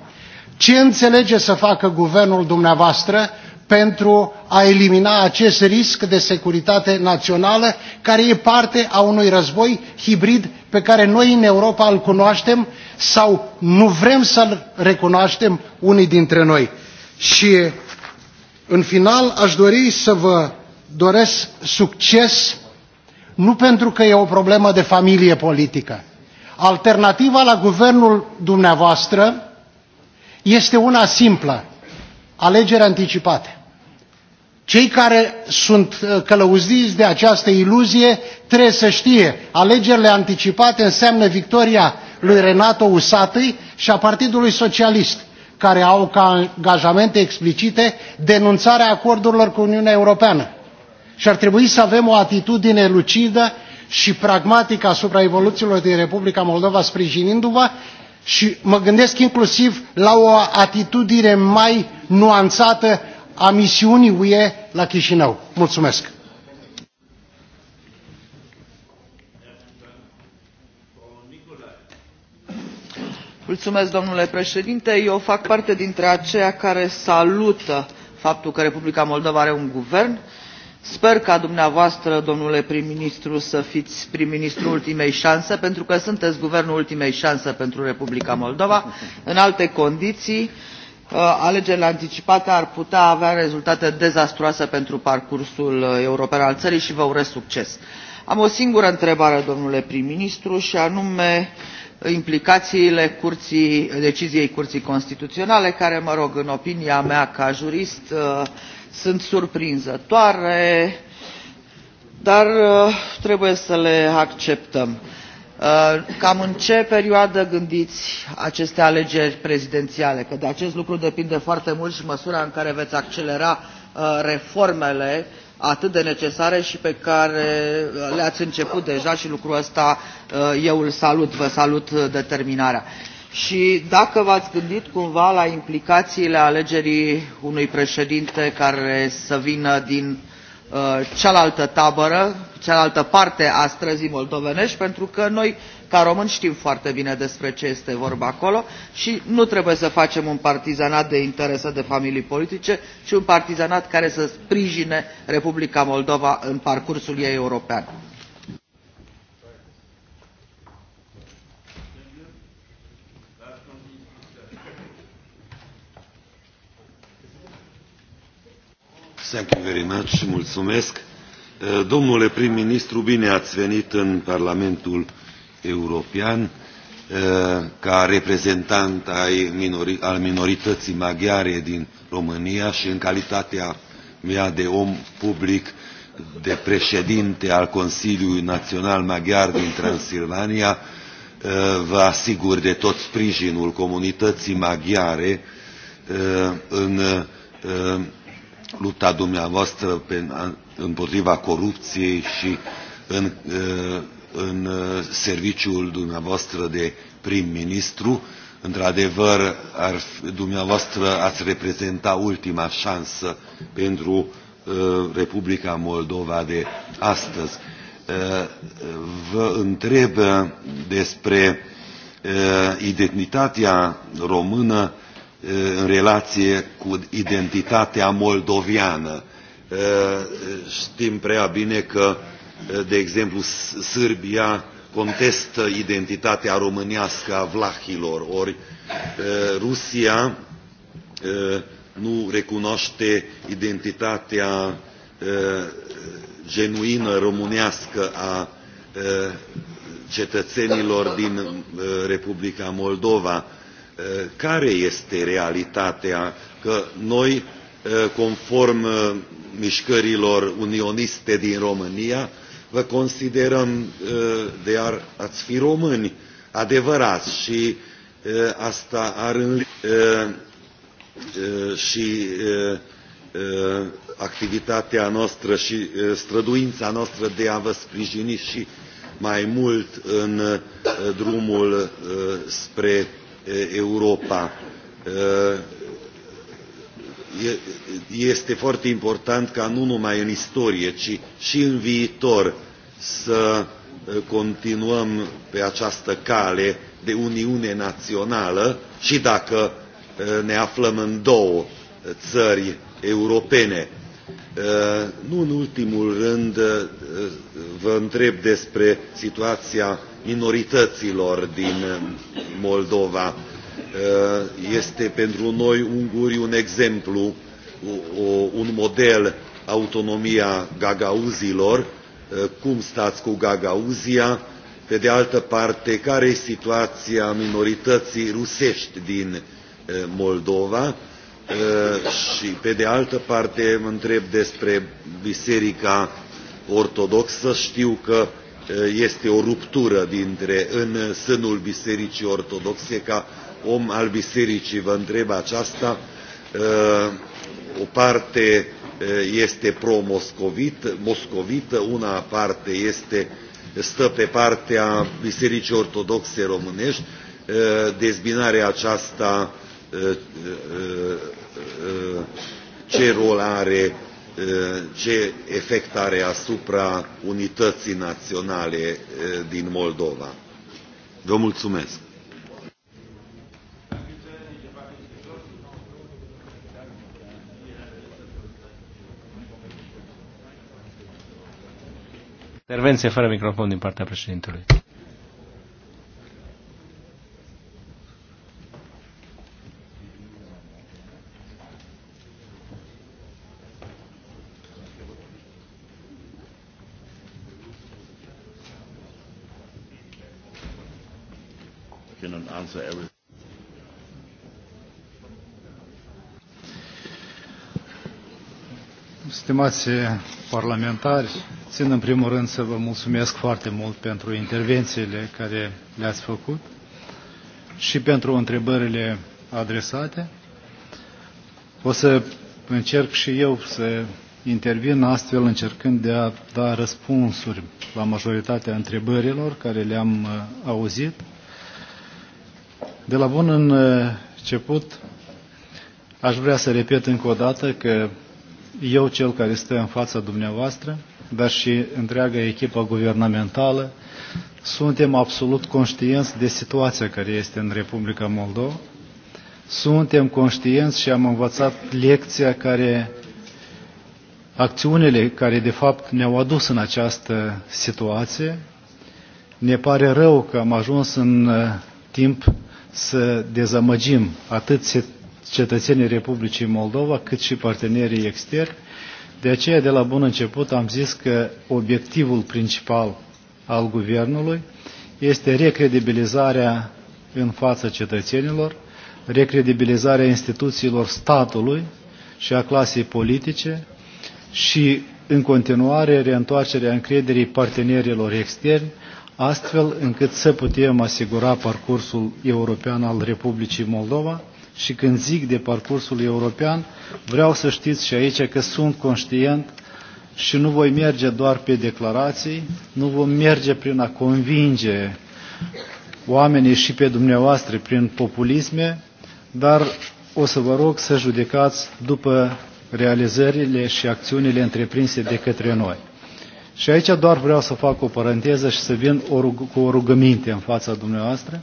Ce înțelege să facă guvernul dumneavoastră pentru a elimina acest risc de securitate națională care e parte a unui război hibrid pe care noi în Europa îl cunoaștem sau nu vrem să-l recunoaștem unii dintre noi. Și în final aș dori să vă doresc succes nu pentru că e o problemă de familie politică. Alternativa la guvernul dumneavoastră este una simplă, alegeri anticipate cei care sunt uh, călăuziți de această iluzie trebuie să știe alegerile anticipate înseamnă victoria lui renato usatăi și a partidului socialist care au ca angajamente explicite denunțarea acordurilor cu uniunea europeană și ar trebui să avem o atitudine lucidă și pragmatică asupra evoluțiilor din republica moldova sprijinindu vă și mă gândesc inclusiv la o atitudine mai nuanțată a misiunii UE la Chișinău. Mulțumesc! Mulțumesc, domnule președinte eu fac parte dintre aceia care salută faptul că republica moldova are un guvern sper ca dumneavoastră domnule prim ministru să fiți prim ministrul ultimei șanse pentru că sunteți guvernul ultimei șanse pentru republica moldova în alte condiții alegerile anticipate ar putea avea rezultate dezastruoase pentru parcursul uh, european al țării și vă urez succes. Am o singură întrebare, domnule prim-ministru, și anume uh, implicațiile curții, uh, deciziei Curții Constituționale, care, mă rog, în opinia mea ca jurist, sunt surprinzătoare, dar trebuie să le acceptăm. Uh, cam în ce perioadă gândiți aceste alegeri prezidențiale? Că de acest lucru depinde foarte mult și măsura în care veți accelera uh, reformele atât de necesare și pe care uh, le-ați început deja și lucrul ăsta eu îl salut, vă salut determinarea. Și dacă v-ați gândit cumva la implicațiile alegerii unui președinte care să vină din uh, Uh, cealaltă tabără, cealaltă parte a străzii moldovenești, pentru că noi, ca români, știm foarte bine despre ce este vorba acolo și nu trebuie să facem un partizanat de interese de familii politice, ci un partizanat care să sprijine Republica Moldova în parcursul ei european. Thank you very much. Mulțumesc. Uh, domnule prim-ministru, bine ați venit în Parlamentul European uh, ca reprezentant ai minori, al minorității maghiare din România și în calitatea mea de om public, de președinte al Consiliului Național Maghiar din Transilvania, uh, vă asigur de tot sprijinul comunității maghiare în lupta dumneavoastră pe, împotriva corupției și în, în serviciul dumneavoastră de prim-ministru. Într-adevăr, dumneavoastră ați reprezenta ultima șansă pentru Republica Moldova de astăzi. Vă întreb despre identitatea română în relație cu identitatea moldoviană. Eh, știm prea bine că, eh, de exemplu, Sârbia contestă identitatea românească a vlahilor, ori eh, Rusia nu recunoaște identitatea genuină românească a cetățenilor din Republica Moldova Eh, care este realitatea că noi, eh, conform eh, mișcărilor unioniste din România, vă considerăm de ar, ați fi români adevărați și asta ar și activitatea noastră și străduința noastră de a vă sprijini și mai mult în drumul spre Eh, Europa. Eh, este foarte important ca nu numai în istorie, ci și în viitor să eh, continuăm pe această cale de uniune națională și dacă ne aflăm în două țări europene. Nu în ultimul rând vă întreb despre situația minorităților din eh, Moldova. Eh, este pentru noi ungurii un exemplu, un model autonomia gagauzilor, eh, cum stați cu Gagauzia, pe de altă parte, care e situația minorității rusești din Moldova și, pe de altă parte, mă întreb despre Biserica Ortodoxă. Știu că Eh, este o ruptură dintre în sânul Bisericii Ortodoxe, ca om al Bisericii vă întreb aceasta, eh, o parte eh, este pro moscovit moscovită, una parte este, stă pe partea Bisericii Ortodoxe Românești, dezbinarea aceasta ce rol are ce efect are asupra unității naționale din Moldova. Vă mulțumesc! Intervenție fără microfon din partea președintelui. answer everything. Stimați parlamentari, țin în primul rând să vă mulțumesc foarte mult pentru intervențiile care le-ați făcut și pentru întrebările adresate. O să încerc și eu să intervin astfel încercând de a da răspunsuri la majoritatea întrebărilor care le-am uh, auzit de la bun eh, început, aș vrea să repet încă o dată că eu, cel care stă în fața dumneavoastră, dar și întreaga echipă guvernamentală, suntem absolut conștienți de situația care este în Republica Moldova. Suntem conștienți și am învățat lecția care, acțiunile care de fapt ne-au adus în această situație. Ne pare rău că am ajuns în eh, timp să dezamăgim atât cetățenii Republicii Moldova cât și partenerii externi. De aceea, de la bun început, am zis că obiectivul principal al guvernului este recredibilizarea în fața cetățenilor, recredibilizarea instituțiilor statului și a clasei politice și, în continuare, reîntoarcerea încrederii partenerilor externi astfel încât să putem asigura parcursul european al Republicii Moldova și când zic de parcursul european, vreau să știți și aici că sunt conștient și nu voi merge doar pe declarații, nu vom merge prin a convinge oamenii și pe dumneavoastră prin populisme, dar o să vă rog să judecați după realizările și acțiunile întreprinse de către noi. Și aici doar vreau să fac o paranteză și să vin o rug- cu o rugăminte în fața dumneavoastră,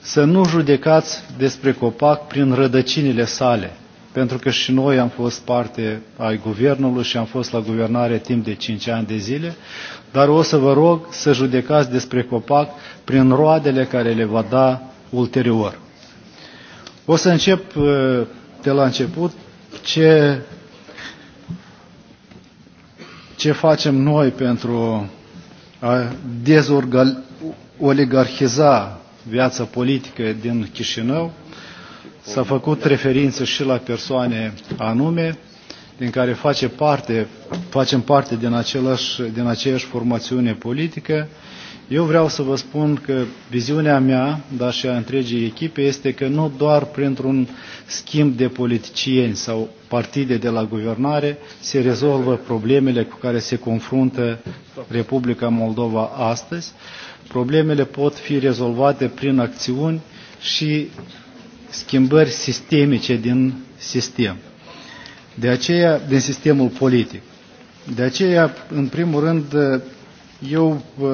să nu judecați despre copac prin rădăcinile sale, pentru că și noi am fost parte ai guvernului și am fost la guvernare timp de 5 ani de zile, dar o să vă rog să judecați despre copac prin roadele care le va da ulterior. O să încep eh, de la început ce ce facem noi pentru a dezoligarhiza viața politică din Chișinău. S-a făcut referință și la persoane anume, din care face parte, facem parte din, același, din aceeași formațiune politică eu vreau să vă spun că viziunea mea, dar și a întregii echipe, este că nu doar printr-un schimb de politicieni sau partide de la guvernare se rezolvă problemele cu care se confruntă Republica Moldova astăzi. Problemele pot fi rezolvate prin acțiuni și schimbări sistemice din sistem. De aceea, din sistemul politic. De aceea, în primul rând, eu uh,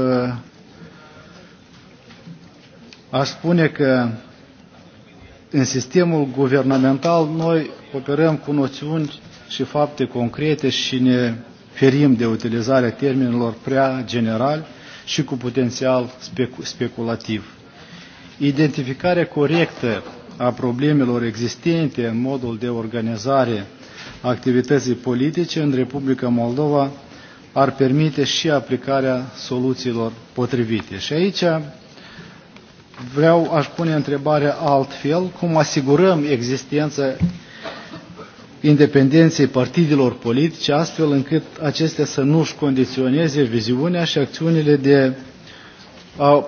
Aș spune că în sistemul guvernamental noi operăm cu noțiuni și fapte concrete și ne ferim de utilizarea termenilor prea generali și cu potențial speculativ. Identificarea corectă a problemelor existente în modul de organizare a activității politice în Republica Moldova ar permite și aplicarea soluțiilor potrivite. Și aici vreau, aș pune întrebarea altfel, cum asigurăm existența independenței partidelor politice, astfel încât acestea să nu-și condiționeze viziunea și acțiunile de, a,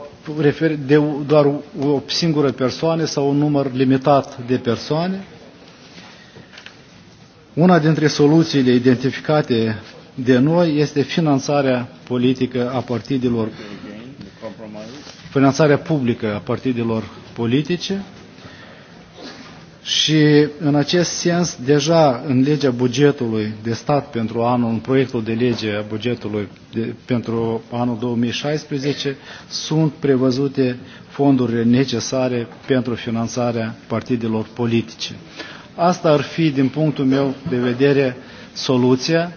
de doar o singură persoană sau un număr limitat de persoane. Una dintre soluțiile identificate de noi este finanțarea politică a partidelor finanțarea publică a partidelor politice și în acest sens deja în legea bugetului de stat pentru anul, în proiectul de lege a bugetului de, pentru anul 2016 sunt prevăzute fondurile necesare pentru finanțarea partidelor politice. Asta ar fi, din punctul meu de vedere, soluția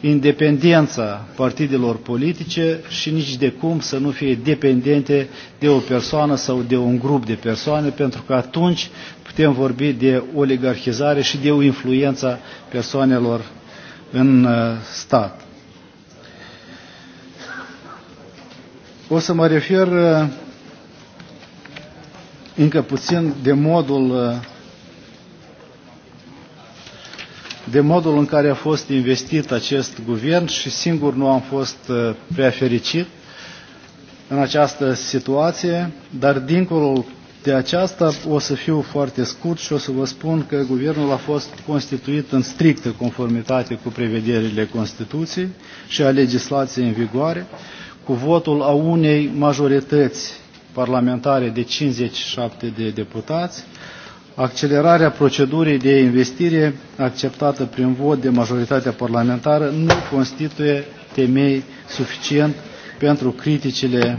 independența partidelor politice și nici de cum să nu fie dependente de o persoană sau de un grup de persoane, pentru că atunci putem vorbi de oligarhizare și de o influență persoanelor în uh, stat. O să mă refer uh, încă puțin de modul uh, de modul în care a fost investit acest guvern și singur nu am fost uh, prea fericit în această situație, dar dincolo de aceasta o să fiu foarte scurt și o să vă spun că guvernul a fost constituit în strictă conformitate cu prevederile Constituției și a legislației în vigoare, cu votul a unei majorități parlamentare de 57 de deputați, accelerarea procedurii de investire acceptată prin vot de majoritatea parlamentară nu constituie temei suficient pentru criticile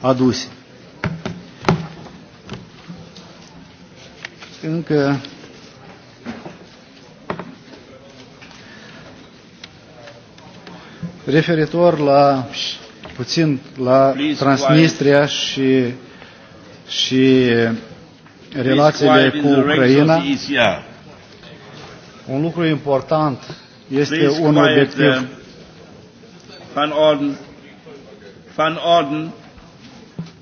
aduse. Încă referitor la puțin la Transnistria și și relațiile cu Ucraina. Un lucru important este un obiectiv. Uh, Van Orden, Van Orden,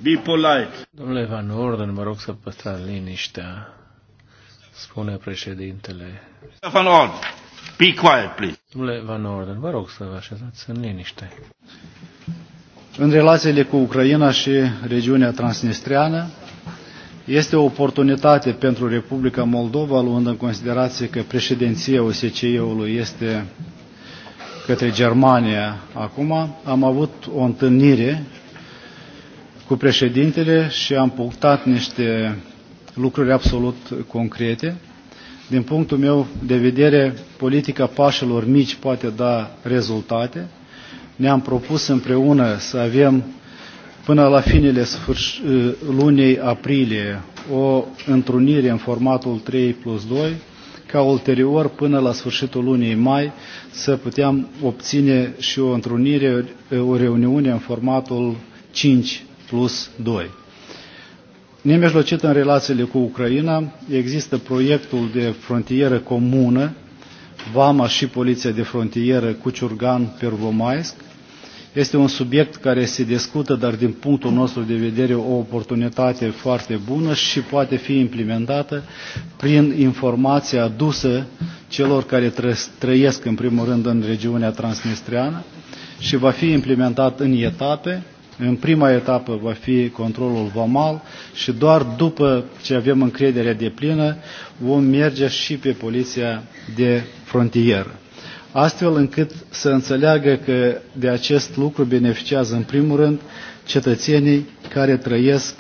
be polite. Domnule Van Orden, mă rog să păstrați liniștea, spune președintele. Van Orden, be quiet, please. Domnule Van Orden, vă rog să vă așezați în liniște. În relațiile cu Ucraina și regiunea transnistreană, este o oportunitate pentru Republica Moldova, luând în considerație că președinția OSCE-ului este către Germania acum. Am avut o întâlnire cu președintele și am punctat niște lucruri absolut concrete. Din punctul meu de vedere, politica pașilor mici poate da rezultate. Ne-am propus împreună să avem până la finele ă, lunii aprilie o întrunire în formatul 3 plus 2, ca ulterior, până la sfârșitul lunii mai, să putem obține și o întrunire, ă, o reuniune în formatul 5 plus 2. Nemijlocit în relațiile cu Ucraina, există proiectul de frontieră comună, Vama și Poliția de Frontieră Ciurgan pervomaisk este un subiect care se discută, dar din punctul nostru de vedere o oportunitate foarte bună și poate fi implementată prin informația adusă celor care trăiesc în primul rând în regiunea Transnistriană și va fi implementat în etape. În prima etapă va fi controlul vamal și doar după ce avem încrederea de plină vom merge și pe poliția de frontieră astfel încât să înțeleagă că de acest lucru beneficiază în primul rând cetățenii care trăiesc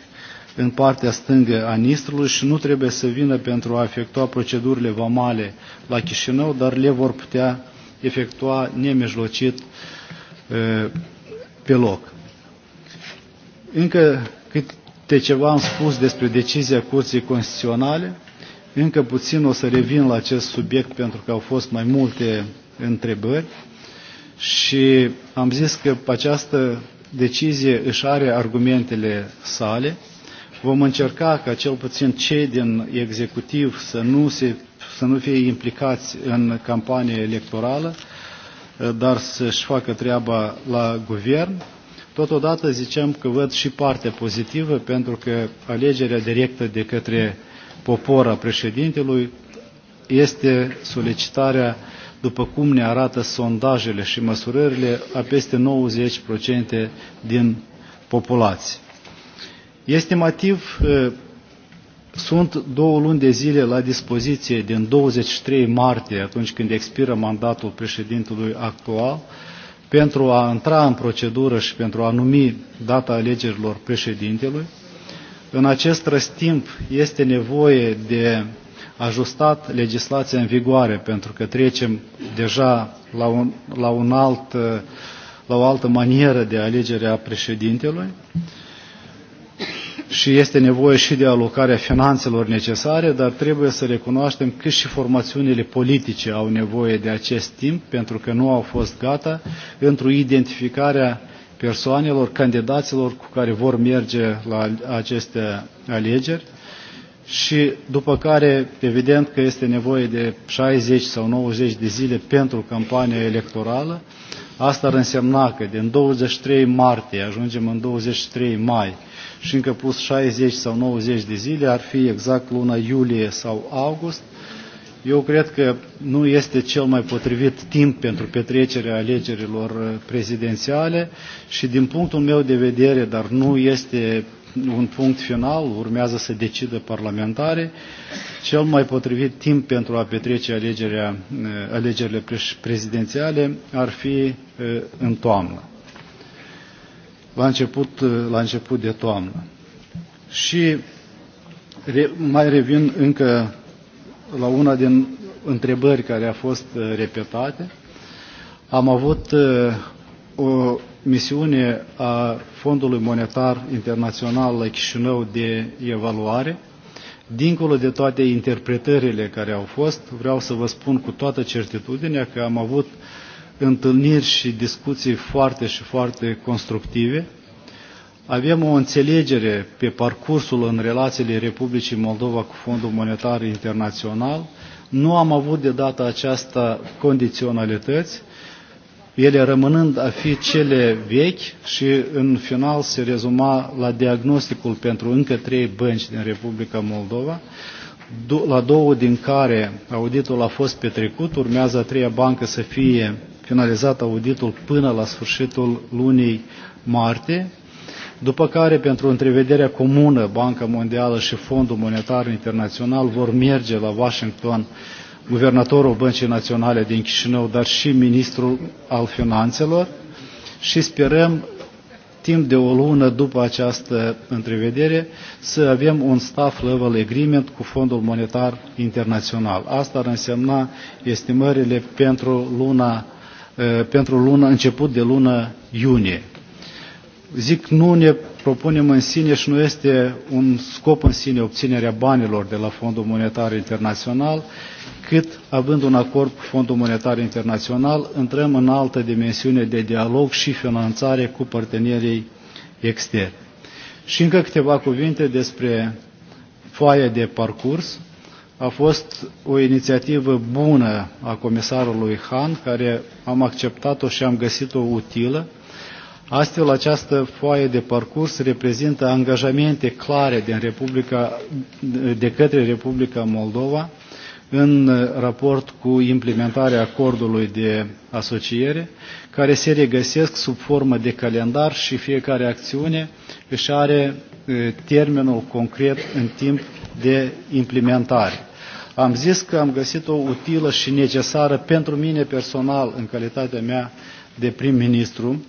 în partea stângă a Nistrului și nu trebuie să vină pentru a efectua procedurile vamale la Chișinău, dar le vor putea efectua nemijlocit pe loc. Încă câte ceva am spus despre decizia Curții Constituționale, încă puțin o să revin la acest subiect pentru că au fost mai multe întrebări și am zis că această decizie își are argumentele sale. Vom încerca ca cel puțin cei din executiv să nu, se, să nu fie implicați în campanie electorală, dar să-și facă treaba la guvern. Totodată zicem că văd și partea pozitivă, pentru că alegerea directă de către popor a președintelui este solicitarea după cum ne arată sondajele și măsurările, a peste 90% din populație. Estimativ, sunt două luni de zile la dispoziție din 23 martie, atunci când expiră mandatul președintelui actual, pentru a intra în procedură și pentru a numi data alegerilor președintelui. În acest răstimp este nevoie de ajustat legislația în vigoare, pentru că trecem deja la, un, la, un alt, la o altă manieră de alegere a președintelui și este nevoie și de alocarea finanțelor necesare, dar trebuie să recunoaștem că și formațiunile politice au nevoie de acest timp, pentru că nu au fost gata într-o identificarea persoanelor, candidaților cu care vor merge la aceste alegeri și după care evident că este nevoie de 60 sau 90 de zile pentru campania electorală. Asta ar însemna că din 23 martie ajungem în 23 mai și încă plus 60 sau 90 de zile ar fi exact luna iulie sau august. Eu cred că nu este cel mai potrivit timp pentru petrecerea alegerilor eh, prezidențiale și din punctul meu de vedere, dar nu este un punct final, urmează să decidă parlamentare, cel mai potrivit timp pentru a petrece alegerea, eh, alegerile prezidențiale ar fi eh, în toamnă, la început, eh, la început de toamnă. Și re, mai revin încă la una din întrebări care a fost repetate. Am avut o misiune a Fondului Monetar Internațional la Chișinău de evaluare. Dincolo de toate interpretările care au fost, vreau să vă spun cu toată certitudinea că am avut întâlniri și discuții foarte și foarte constructive. Avem o înțelegere pe parcursul în relațiile Republicii Moldova cu Fondul Monetar Internațional. Nu am avut de data aceasta condiționalități, ele rămânând a fi cele vechi și în final se rezuma la diagnosticul pentru încă trei bănci din Republica Moldova, la două din care auditul a fost petrecut, urmează a treia bancă să fie finalizat auditul până la sfârșitul lunii martie, după care, pentru întrevederea comună, Banca Mondială și Fondul Monetar Internațional vor merge la Washington uh, guvernatorul Băncii Naționale din Chișinău, dar și ministrul al finanțelor și sperăm timp de o lună după această întrevedere să avem un staff level agreement cu Fondul Monetar Internațional. Asta ar însemna estimările pentru luna eh, pentru luna, început de luna iunie. Zic, nu ne propunem în sine și nu este un scop în sine obținerea banilor de la Fondul Monetar Internațional, cât, având un acord cu Fondul Monetar Internațional, intrăm în altă dimensiune de dialog și finanțare cu partenerii externi. Și încă câteva cuvinte despre foaia de parcurs. A fost o inițiativă bună a comisarului Han, care am acceptat-o și am găsit-o utilă. Astfel, această foaie de parcurs reprezintă angajamente clare din Republica, de către Republica Moldova în raport cu implementarea acordului de asociere, care se regăsesc sub formă de calendar și fiecare acțiune își are termenul concret în timp de implementare. Am zis că am găsit-o utilă și necesară pentru mine personal în calitatea mea de prim-ministru,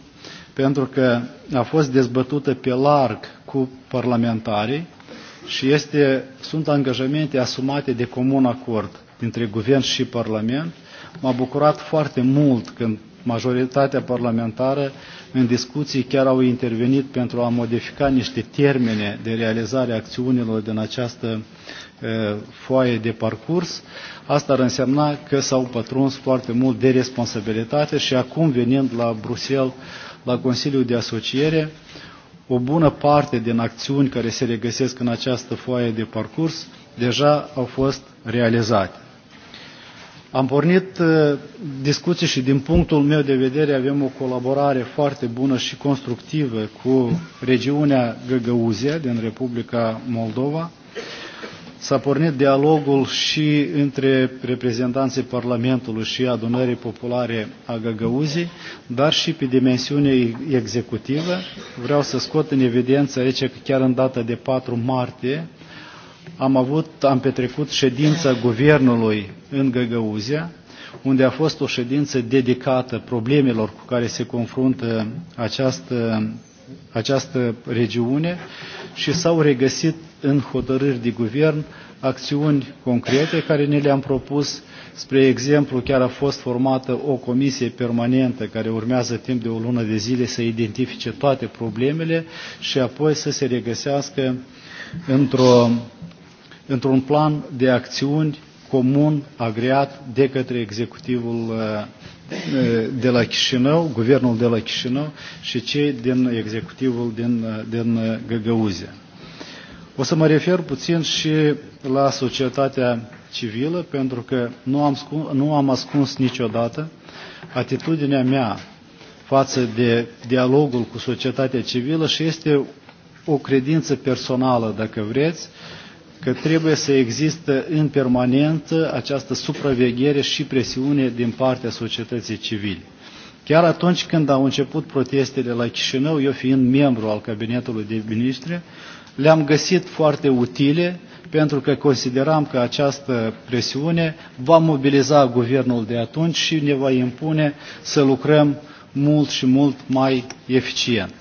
pentru că a fost dezbătută pe larg cu parlamentarii și este, sunt angajamente asumate de comun acord dintre Guvern și Parlament. M-a bucurat foarte mult când majoritatea parlamentară în discuții chiar au intervenit pentru a modifica niște termene de realizare a acțiunilor din această uh, foaie de parcurs. Asta ar însemna că s-au pătruns foarte mult de responsabilitate și acum venind la Bruxelles, la Consiliul de Asociere, o bună parte din acțiuni care se regăsesc în această foaie de parcurs deja au fost realizate. Am pornit uh, discuții și din punctul meu de vedere avem o colaborare foarte bună și constructivă cu regiunea Găgăuzia din Republica Moldova s-a pornit dialogul și între reprezentanții Parlamentului și adunării populare a Găgăuzii, dar și pe dimensiune executivă. Vreau să scot în evidență aici că chiar în data de 4 martie am avut, am petrecut ședința guvernului în Găgăuzia, unde a fost o ședință dedicată problemelor cu care se confruntă această, această regiune și s-au regăsit în hotărâri de guvern acțiuni concrete care ne le-am propus. Spre exemplu, chiar a fost formată o comisie permanentă care urmează timp de o lună de zile să identifice toate problemele și apoi să se regăsească într-un într, plan de acțiuni comun agreat de către executivul uh, uh, de la Chișinău, guvernul de la Chișinău și cei din executivul din, uh, din Găgăuzia. O să mă refer puțin și la societatea civilă, pentru că nu am, nu am ascuns niciodată atitudinea mea față de dialogul cu societatea civilă și este o credință personală, dacă vreți, uh, că trebuie să există în permanentă această supraveghere și presiune din partea societății civile. Chiar atunci când au început protestele la Chișinău, eu fiind membru al cabinetului de ministri, le-am găsit foarte utile pentru că consideram că această presiune va mobiliza guvernul de atunci și ne va impune să lucrăm mult și mult mai eficient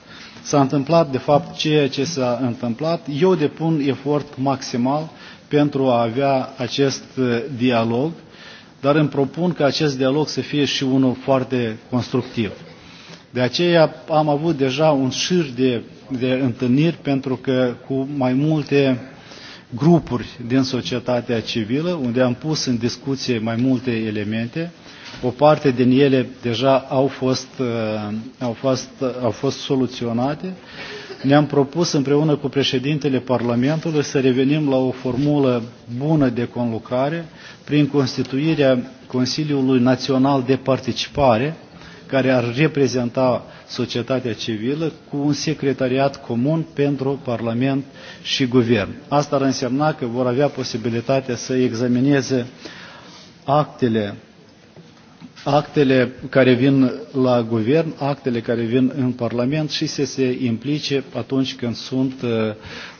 s-a întâmplat, de fapt, ceea ce s-a întâmplat. Eu depun efort maximal pentru a avea acest uh, dialog, dar îmi propun ca acest dialog să fie și unul foarte constructiv. De aceea am avut deja un șir de, de întâlniri pentru că cu mai multe grupuri din societatea civilă, unde am pus în discuție mai multe elemente, o parte din ele deja au fost, uh, au fost, uh, au fost soluționate. Ne-am propus împreună cu președintele Parlamentului să revenim la o formulă bună de conlucrare prin constituirea Consiliului Național de Participare, care ar reprezenta societatea civilă cu un secretariat comun pentru Parlament și Guvern. Asta ar însemna că vor avea posibilitatea să examineze actele actele care vin la guvern, actele care vin în Parlament și să se implice atunci când sunt uh,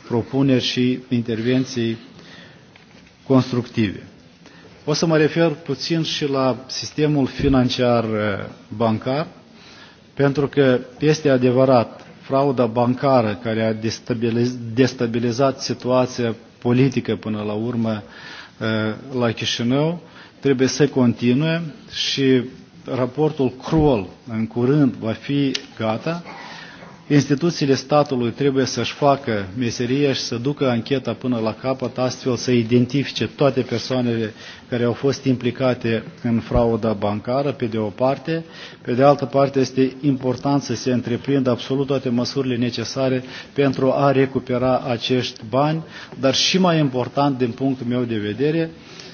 propuneri și intervenții constructive. O să mă refer puțin și la sistemul financiar uh, bancar, pentru că este adevărat, frauda bancară care a destabilizat situația politică până la urmă uh, la Chișinău trebuie să continue și raportul Cruel în curând va fi gata. Instituțiile statului trebuie să-și facă meseria și să ducă ancheta până la capăt, astfel să identifice toate persoanele care au fost implicate în frauda bancară, pe de o parte. Pe de altă parte, este important să se întreprindă absolut toate măsurile necesare pentru a recupera acești bani, dar și mai important, din punctul meu de vedere,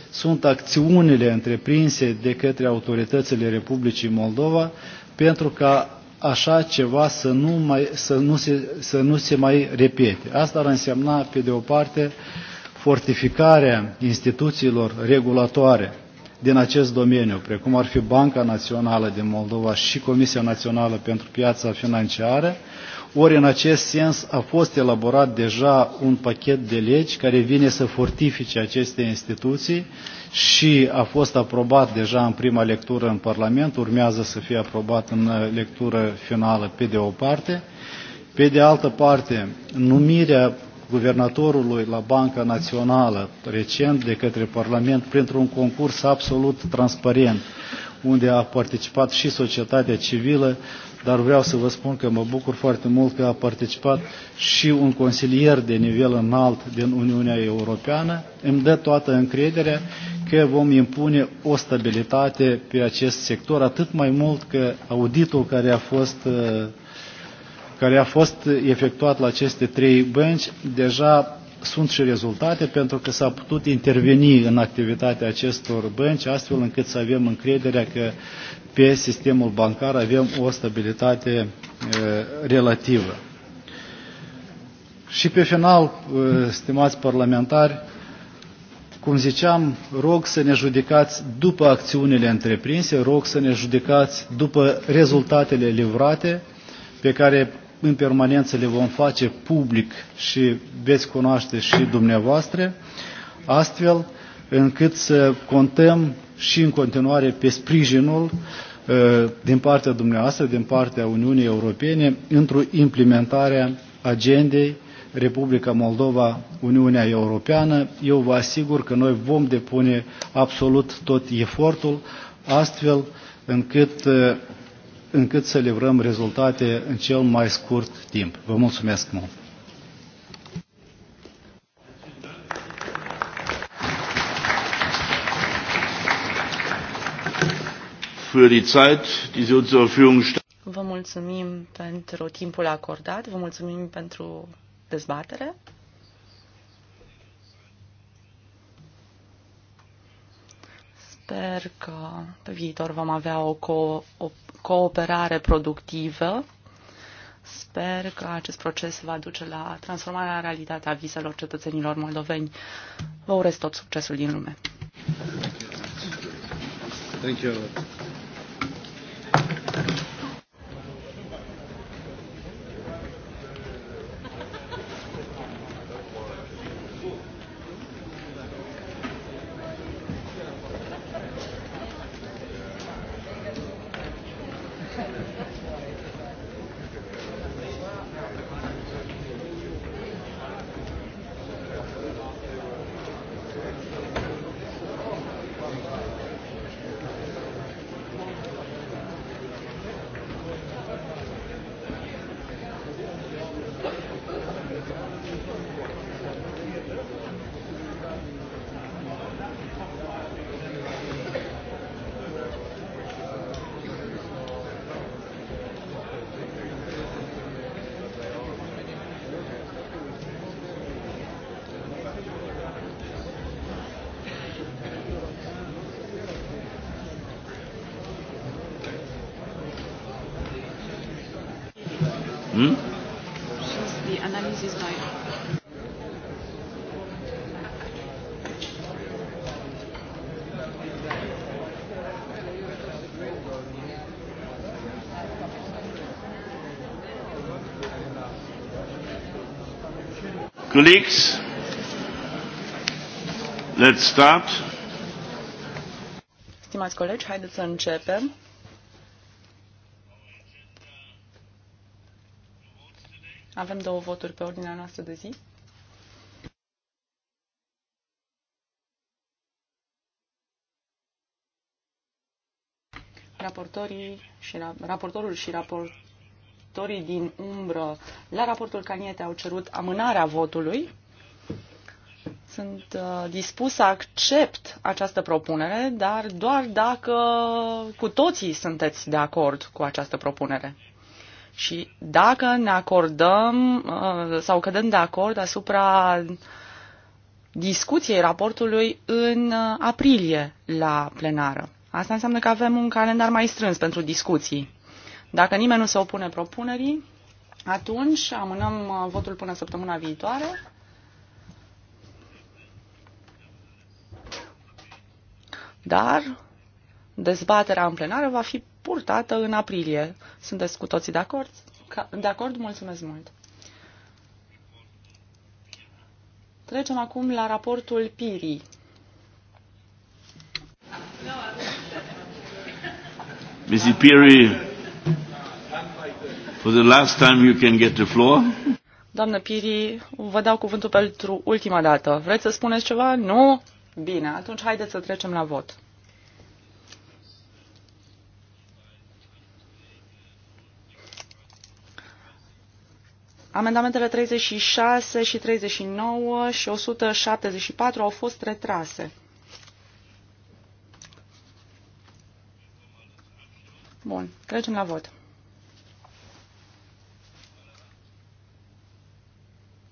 sunt acțiunile întreprinse de către autoritățile Republicii Moldova pentru ca așa ceva să nu, mai, să nu, se, să nu se mai repete. Asta ar însemna, pe de o parte, fortificarea instituțiilor regulatoare din acest domeniu, precum ar fi Banca Națională din Moldova și Comisia Națională pentru Piața Financiară, ori în acest sens a fost elaborat deja un pachet de legi care vine să fortifice aceste instituții și a fost aprobat deja în prima lectură în Parlament, urmează să fie aprobat în lectură finală pe de o parte. Pe de altă parte, numirea guvernatorului la Banca Națională recent de către Parlament printr-un concurs absolut transparent, unde a participat și societatea civilă, dar vreau să vă spun că mă bucur foarte mult că a participat și un consilier de nivel înalt din Uniunea Europeană. Îmi dă toată încrederea că vom impune o stabilitate pe acest sector, atât mai mult că auditul care a fost uh, care a fost efectuat la aceste trei bănci deja sunt și rezultate pentru că s-a putut interveni în activitatea acestor bănci astfel încât să avem încrederea că pe sistemul bancar avem o stabilitate relativă. Și pe final, stimați parlamentari, cum ziceam, rog să ne judecați după acțiunile întreprinse, rog să ne judecați după rezultatele livrate pe care în permanență le vom face public și veți cunoaște și dumneavoastră, astfel încât să contăm și în continuare pe sprijinul uh, din partea dumneavoastră, din partea Uniunii Europene, într-o implementare agendei Republica Moldova, Uniunea Europeană. Eu vă asigur că noi vom depune absolut tot efortul, astfel încât uh, încât să livrăm rezultate în cel mai scurt timp. Vă mulțumesc mult! Vă mulțumim pentru timpul acordat, vă mulțumim pentru dezbatere. Sper că pe viitor vom avea o, co- o cooperare productivă. Sper că acest proces va duce la transformarea realității a viselor cetățenilor moldoveni. Vă urez tot succesul din lume. Thank you. Colleagues, let's start. Stimați colegi, haideți să începem. Avem două voturi pe ordinea noastră de zi. Raportorii și raportorul și raport raportorii din umbră la raportul Caniete au cerut amânarea votului. Sunt uh, dispus să accept această propunere, dar doar dacă cu toții sunteți de acord cu această propunere. Și dacă ne acordăm uh, sau cădem de acord asupra discuției raportului în uh, aprilie la plenară. Asta înseamnă că avem un calendar mai strâns pentru discuții. Dacă nimeni nu se opune propunerii, atunci amânăm uh, votul până săptămâna viitoare. Dar dezbaterea în plenară va fi purtată în aprilie. Sunteți cu toții de acord? De acord? Mulțumesc mult! Trecem acum la raportul PIRI. Missy Piri For the last time you can get the floor. Doamnă Piri, vă dau cuvântul pentru ultima dată. Vreți să spuneți ceva? Nu? Bine, atunci haideți să trecem la vot. Amendamentele 36 și 39 și 174 au fost retrase. Bun, trecem la vot.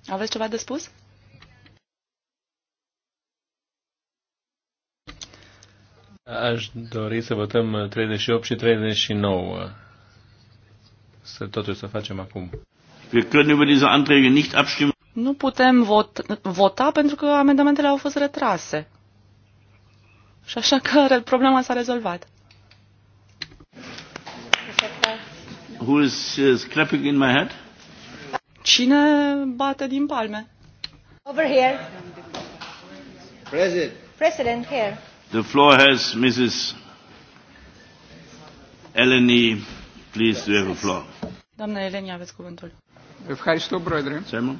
Aveți ceva de spus? Aș dori să votăm 38 și 39. Să totul să facem acum. Nu putem vot, vota pentru că amendamentele au fost retrase. Și așa că problema s-a rezolvat. Who is, is clapping in my head? Cine bate din palme? Over here. President. President here. The floor has Mrs. Eleni. Please, you have the floor. Doamna Eleni, aveți cuvântul. Ευχαριστώ, Πρόεδρε. Σέμον.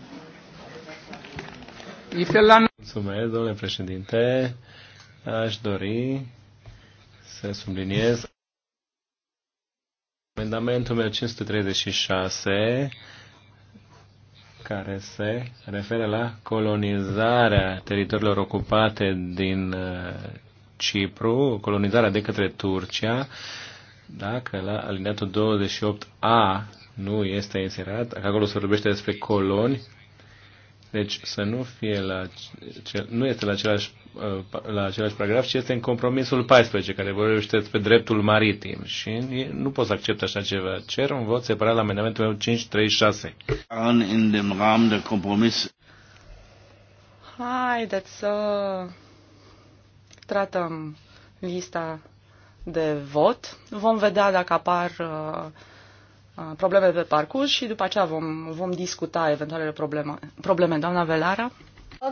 Ήθελα να... Mulțumesc, domnule președinte. Aș dori să subliniez amendamentul meu 536 care se referă la colonizarea teritoriilor ocupate din uh, Cipru, colonizarea de către Turcia, dacă la alineatul 28a nu este inserat, acolo se vorbește despre coloni, deci să nu fie la, nu este la același, uh, la același paragraf, ci este în compromisul 14, care vorbește pe dreptul maritim. Și nu pot să accept așa ceva. Cer un vot separat la amendamentul meu 536. În de compromis. Haideți să tratăm lista de vot. Vom vedea dacă apar uh, probleme pe parcurs și după aceea vom, vom discuta eventualele probleme. probleme. Doamna Velara?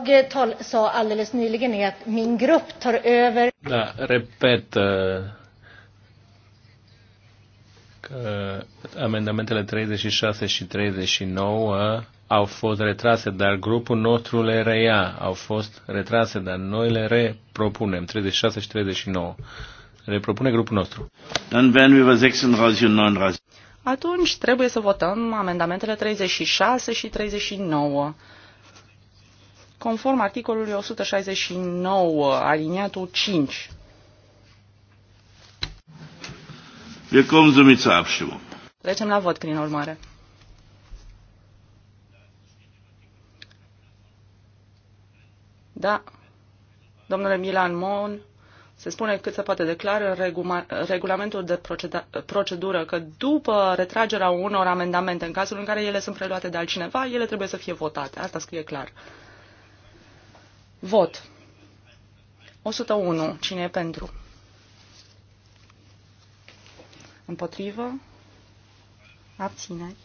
Jag sa alldeles nyligen är att min grupp tar över... Da, repet uh, că amendamentele 36 și 39 au fost retrase, dar grupul nostru le reia. Au fost retrase, dar noi le repropunem. 36 și 39. Repropune grupul nostru. Dann werden wir über 36 und 39 atunci trebuie să votăm amendamentele 36 și 39. Conform articolului 169, aliniatul 5. Trecem la vot, prin urmare. Da. Domnule Milan Mon, se spune cât se poate declar în regulamentul de procedură că după retragerea unor amendamente, în cazul în care ele sunt preluate de altcineva, ele trebuie să fie votate. Asta scrie clar. Vot. 101. Cine e pentru? Împotrivă? Abțineri?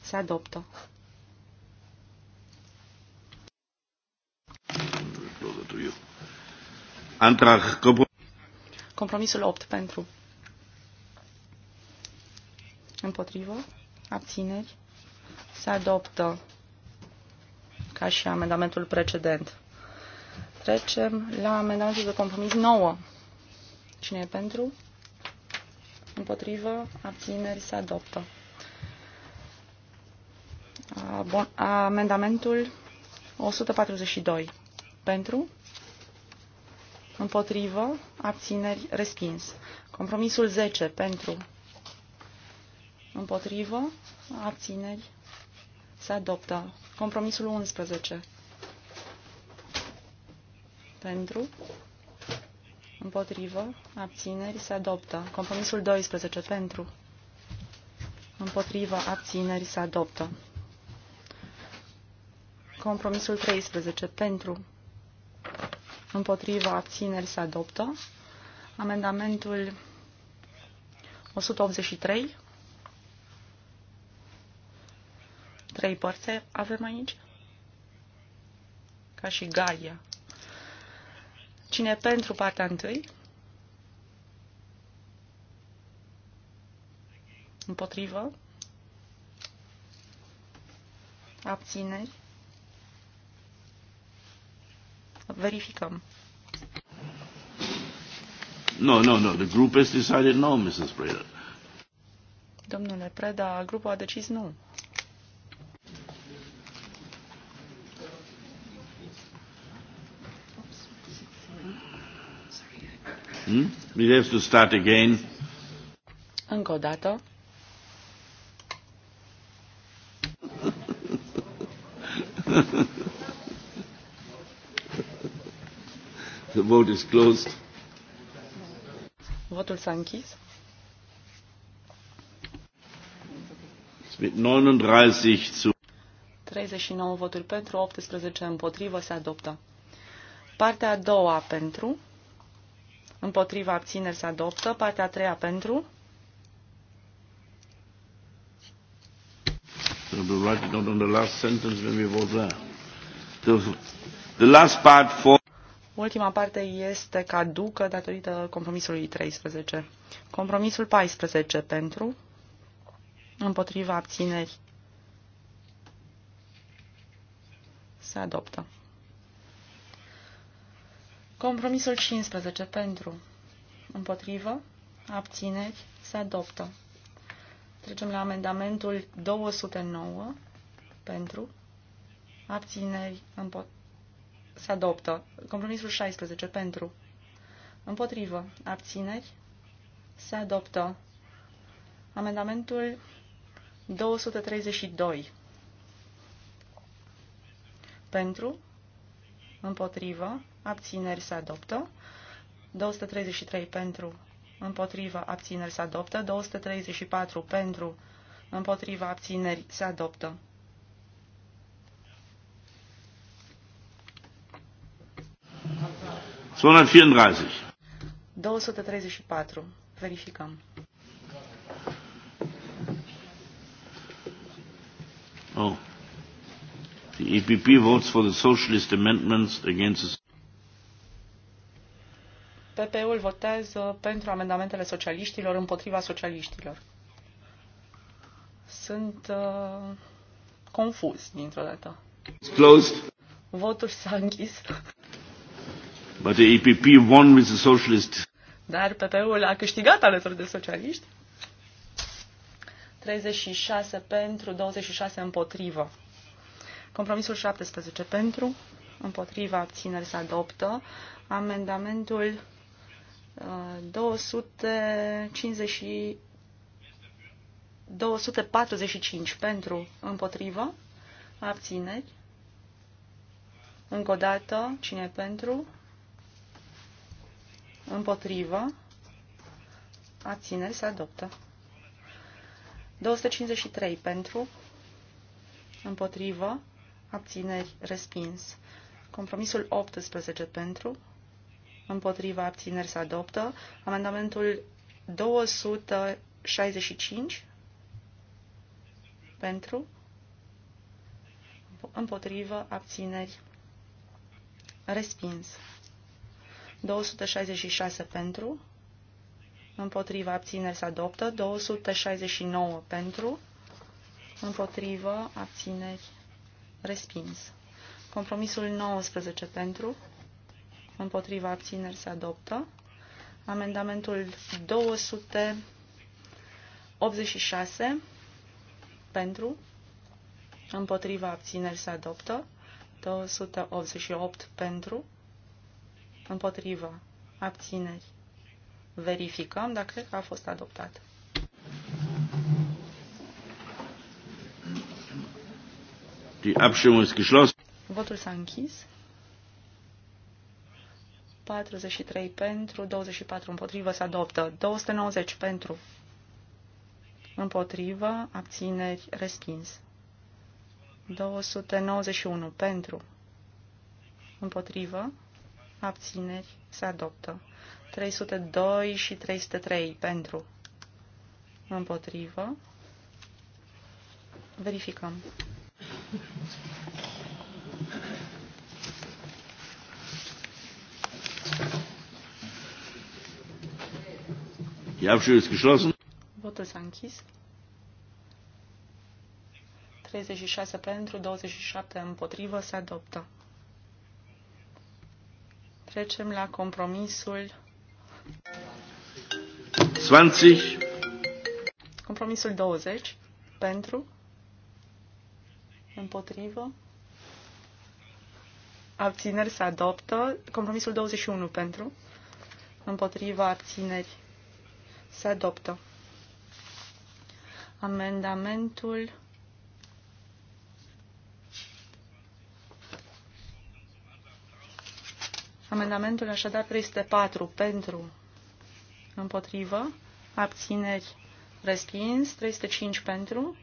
Se adoptă. you. Antrag Compromisul 8 pentru. Împotrivă. Abțineri. Se adoptă ca și amendamentul precedent. Trecem la amendamentul de compromis 9. Cine e pentru? Împotrivă. Abțineri. Se adoptă. amendamentul 142. Pentru? Împotrivă. Abțineri. Respins. Compromisul 10. Pentru. Împotrivă. Abțineri. Se adoptă. Compromisul 11. Pentru. Împotrivă. Abțineri. Se adoptă. Compromisul 12. Pentru. Împotrivă. Abțineri. Se adoptă. Compromisul 13. Pentru împotriva, abțineri se adoptă. Amendamentul 183, trei părți avem aici, ca și Gaia. Cine pentru partea întâi? Împotrivă? Abțineri? Verificăm. No, no, no. The group has decided no, Mrs. Preda. Domnule Preda, grupul a decis nu. Hmm? We have to start again. Încă o dată. vote is closed. Votul s-a închis. Mit 39 voturi pentru, 18 împotrivă se adoptă. Partea a doua pentru, împotriva abțineri se adoptă. Partea a treia pentru. The last sentence when we vote there. the last part for Ultima parte este caducă datorită compromisului 13. Compromisul 14 pentru, împotriva abțineri, se adoptă. Compromisul 15 pentru, împotrivă, abțineri, se adoptă. Trecem la amendamentul 209 pentru, abțineri, împotrivă se adoptă. Compromisul 16 pentru. Împotrivă. Abțineri. Se adoptă. Amendamentul 232. Pentru. Împotrivă. Abțineri se adoptă. 233 pentru. Împotrivă. Abțineri se adoptă. 234 pentru. Împotrivă. abțineri se adoptă. 234. Verificăm. Oh. The EPP votes for the socialist amendments against the... PP-ul votează pentru amendamentele socialiștilor împotriva socialiștilor. Sunt uh, confuz dintr-o dată. It's closed. Votul s-a închis. But the EPP won with the socialists. Dar PP-ul a câștigat alături de socialiști. 36 pentru, 26 împotrivă. Compromisul 17 pentru, împotriva abțineri se adoptă. Amendamentul 250, uh, 245 pentru, împotrivă, abțineri. Încă o dată, cine pentru, Împotrivă. Abțineri se adoptă. 253 pentru. Împotrivă. Abțineri respins. Compromisul 18 pentru. împotrivă, abțineri se adoptă. Amendamentul 265 pentru. Împotrivă abțineri respins. 266 pentru, împotriva abțineri se adoptă, 269 pentru, împotrivă abțineri respins. Compromisul 19 pentru, împotriva abțineri se adoptă. Amendamentul 286 pentru, împotriva abțineri se adoptă. 288 pentru, Împotrivă. Abțineri. Verificăm, dar cred că a fost adoptat. Die Abstimmung ist geschlossen. Votul s-a închis. 43 pentru, 24 împotrivă se adoptă. 290 pentru. Împotrivă, abțineri, respins. 291 pentru. Împotrivă, abțineri, se adoptă. 302 și 303 pentru, împotrivă. Verificăm. Votul s-a închis. 36 pentru, 27 împotrivă, se adoptă. Trecem la compromisul 20. Compromisul 20 pentru împotrivă abțineri se adoptă. Compromisul 21 pentru împotriva abțineri se adoptă. Amendamentul Amendamentul așadar 304 pentru, împotrivă, abțineri respins, 305 pentru,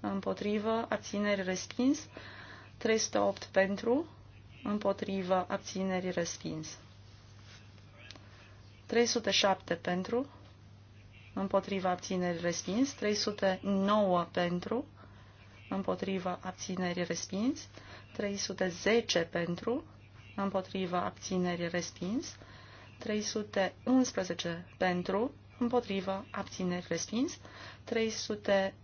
împotrivă, abțineri respins, 308 pentru, împotrivă, abțineri respins. 307 pentru, împotriva abțineri respins, 309 pentru, împotriva abțineri respins, 310 pentru, împotriva abținerii respins, 311 pentru, împotriva abțineri respins, 312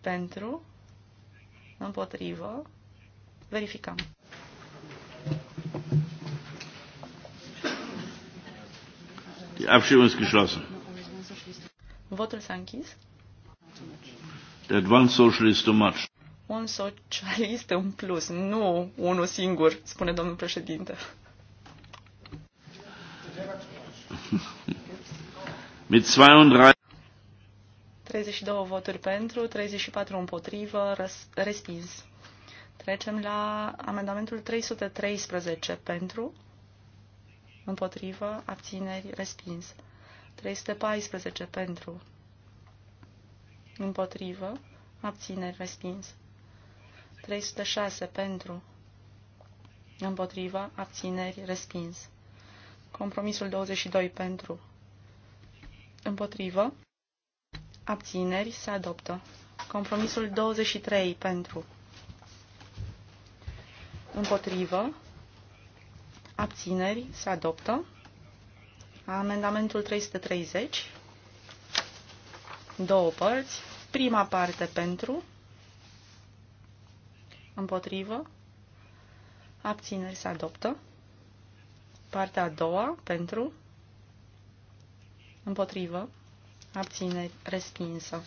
pentru, împotrivă, verificăm. Abstimmung ist geschlossen. Votul s-a închis. The advanced socialist too much un socialist în plus, nu unul singur, spune domnul președinte. Mit 32 32 voturi pentru, 34 împotrivă, respins. Trecem la amendamentul 313 pentru, împotrivă, abțineri, respins. 314 pentru, împotrivă, abțineri, respins. 306 pentru, împotriva, abțineri, respins. Compromisul 22 pentru, împotrivă, abțineri, se adoptă. Compromisul 23 pentru, împotrivă, abțineri, se adoptă. Amendamentul 330, două părți, prima parte pentru, Împotrivă. Abțineri se adoptă. Partea a doua, pentru. Împotrivă. Abțineri respinsă.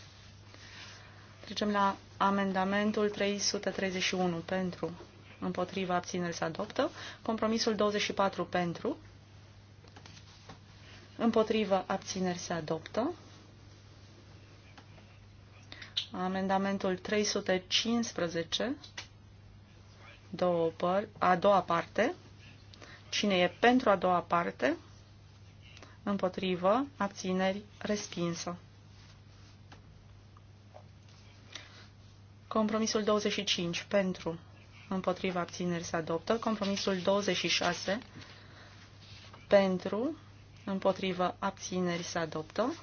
Trecem la amendamentul 331 pentru. Împotriva abțineri se adoptă. Compromisul 24 pentru. Împotrivă abțineri se adoptă. Amendamentul 315 două păr- a doua parte. Cine e pentru a doua parte? Împotrivă, abțineri, respinsă. Compromisul 25 pentru, împotriva abțineri se adoptă. Compromisul 26 pentru, împotrivă, abțineri se adoptă.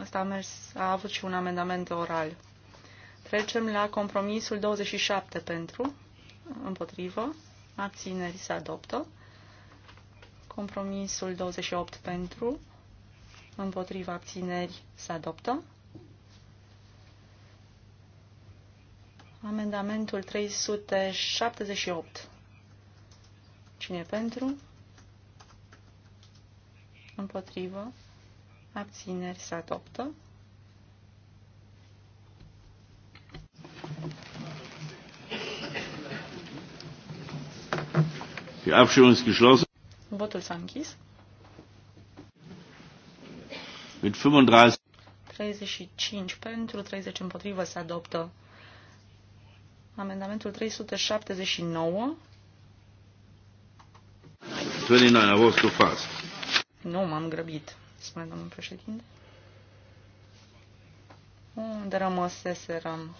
Asta a, mers, a avut și un amendament oral. Trecem la compromisul 27 pentru, împotrivă, abțineri se adoptă. Compromisul 28 pentru, împotriva abțineri se adoptă. Amendamentul 378. Cine pentru? Împotrivă. Abțineri se adoptă. Die Abstimmung ist geschlossen. Votul s-a închis. Mit 35. 35 pentru, 30 împotrivă se adoptă. Amendamentul 379. 29, a fost too fast. Nu, m-am grăbit, spune domnul președinte. Unde rămăseserăm?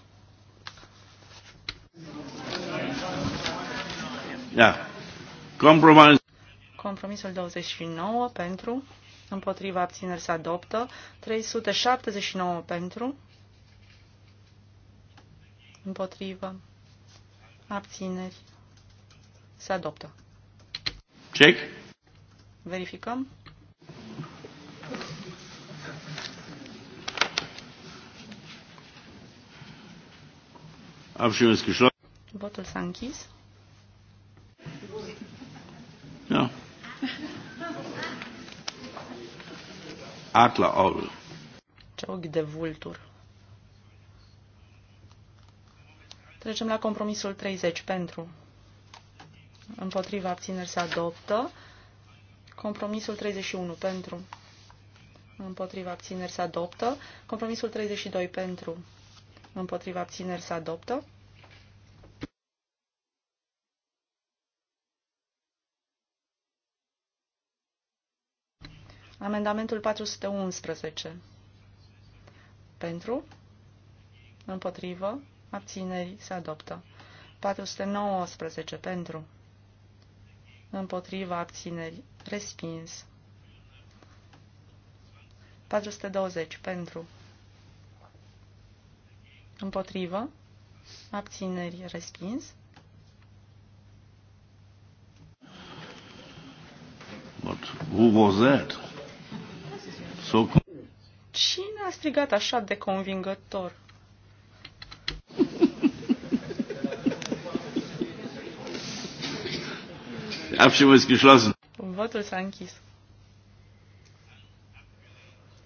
Da. Compromise. Compromisul 29 pentru, împotriva abțineri se adoptă, 379 pentru, împotriva abțineri se adoptă. Check. Verificăm. Votul s-a închis. Adleraul. Ce ochi de vultur. Trecem la compromisul 30 pentru. Împotriva abțineri se adoptă. Compromisul 31 pentru. Împotriva abțineri se adoptă. Compromisul 32 pentru. Împotriva abțineri se adoptă. Amendamentul 411. Pentru, împotrivă, abțineri se adoptă. 419 pentru, împotrivă, abțineri, respins. 420 pentru, împotrivă, abțineri, respins. But who was that? Cine a strigat așa de convingător? Abstimmung și văzut Votul s-a închis.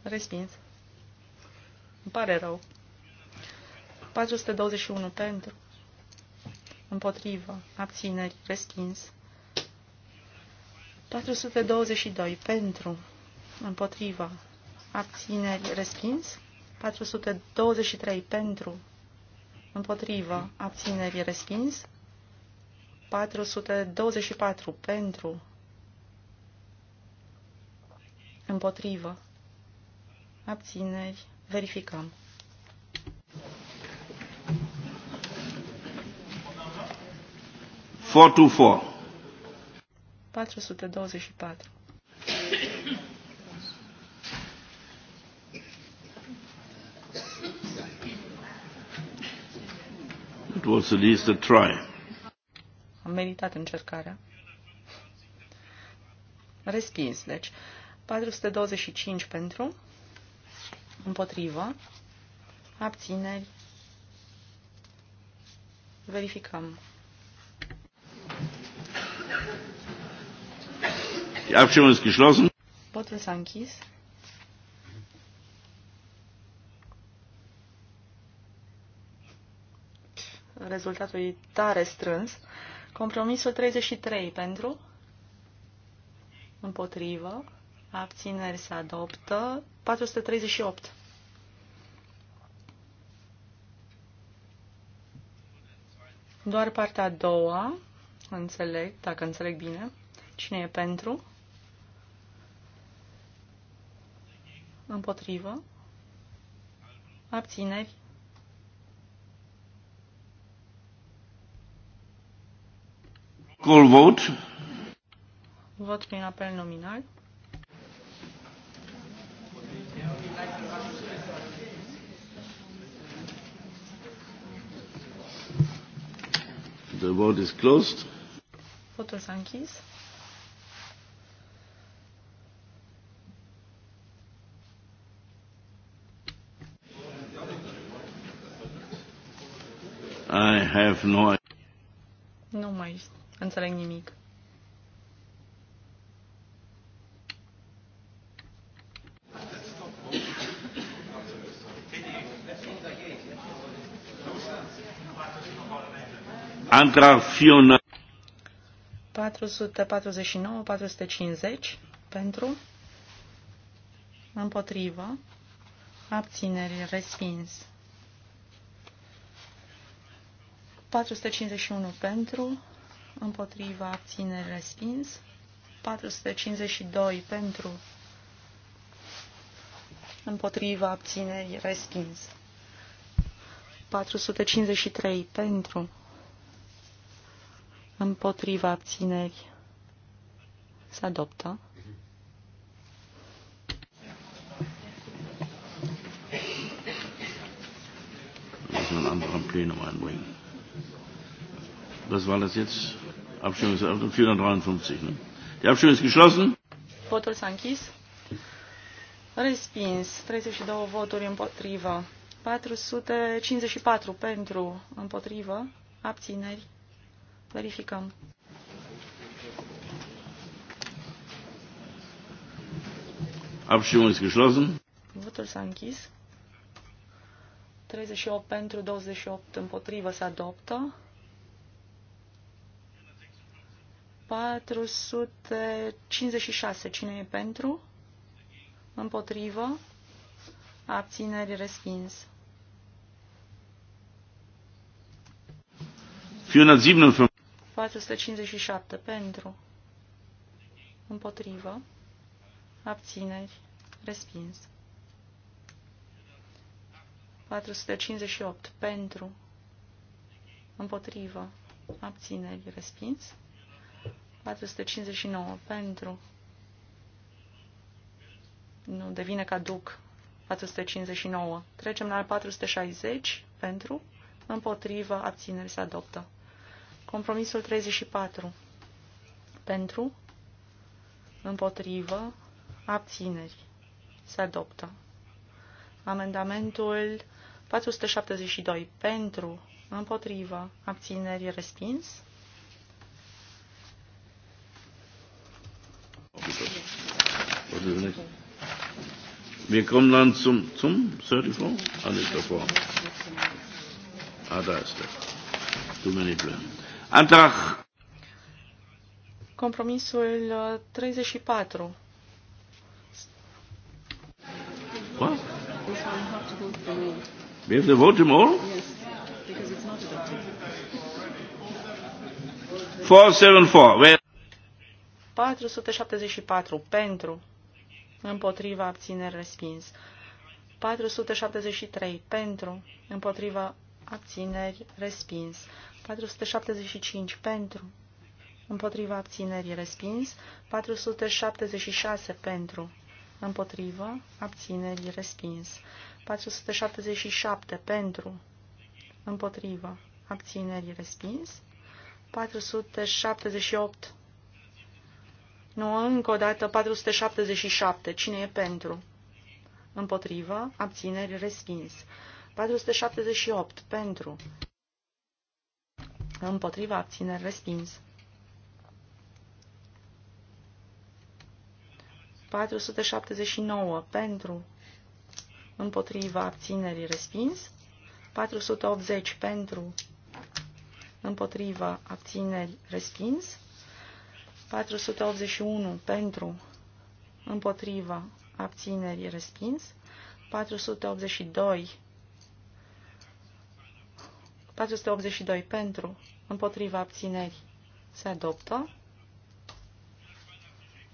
Respins. Îmi pare rău. 421 pentru. Împotrivă. Abțineri. Respins. 422 pentru. Împotrivă abțineri respins, 423 pentru, împotrivă, abțineri respins, 424 pentru, împotrivă, abțineri, verificăm. Four to four. 424. It was at least a try. Am meritat încercarea. Respins, deci. 425 pentru, împotrivă, abțineri, verificăm. Die Abstimmung ist geschlossen. Votul s-a închis. rezultatul e tare strâns. Compromisul 33 pentru, împotrivă, abțineri se adoptă, 438. Doar partea a doua, înțeleg, dacă înțeleg bine, cine e pentru, împotrivă, abțineri, Call vote. Vot prin apel nominal. The vote is closed. Votul s-a închis. I have no Nu mai Înțeleg nimic. Antra Fiona. 449, 450 pentru, împotrivă, abțineri, respins. 451 pentru, împotriva abținere respins, 452 pentru împotriva abținere respins, 453 pentru împotriva abțineri se adoptă. Einen anderen Plenum mai Das war Abstimmung ist 453. Ne? Die Abstimmung ist geschlossen. Votul s-a închis. Respins. 32 voturi împotrivă. 454 pentru împotrivă. Abțineri. Verificăm. Abstimmung ist geschlossen. Votul s-a închis. 38 pentru, 28 împotrivă se adoptă. 456. Cine e pentru? Împotrivă? Abțineri respins. 457 pentru. Împotrivă. Abțineri. Respins. 458 pentru. Împotrivă. Abțineri. Respins. 459 pentru. Nu, devine caduc. 459. Trecem la 460 pentru. Împotrivă, abțineri se adoptă. Compromisul 34. Pentru. Împotrivă, abțineri se adoptă. Amendamentul 472 pentru, împotrivă, abțineri respins. Wir kommen dann zum, zum 34? Ah, nicht davor. Ah, da ist er. Too many plans. Antrag. Compromisul 34. Uh, What? This one you to vote for me. We have to vote them Yes, because it's not adopted. 474. 474 pentru împotriva abțineri respins. 473 pentru, împotriva abțineri respins. 475 pentru, împotriva abținerii respins. 476 pentru, împotriva abținerii respins. 477 pentru, împotriva abținerii respins. 478 nu, încă o dată 477. Cine e pentru? Împotrivă. Abțineri. Respins. 478. Pentru. Împotrivă. Abțineri. Respins. 479. Pentru. Împotrivă. abțineri, Respins. 480. Pentru. Împotrivă. Abțineri. Respins. 481 pentru, împotriva, abțineri, respins. 482 482 pentru, împotriva abțineri, se adoptă.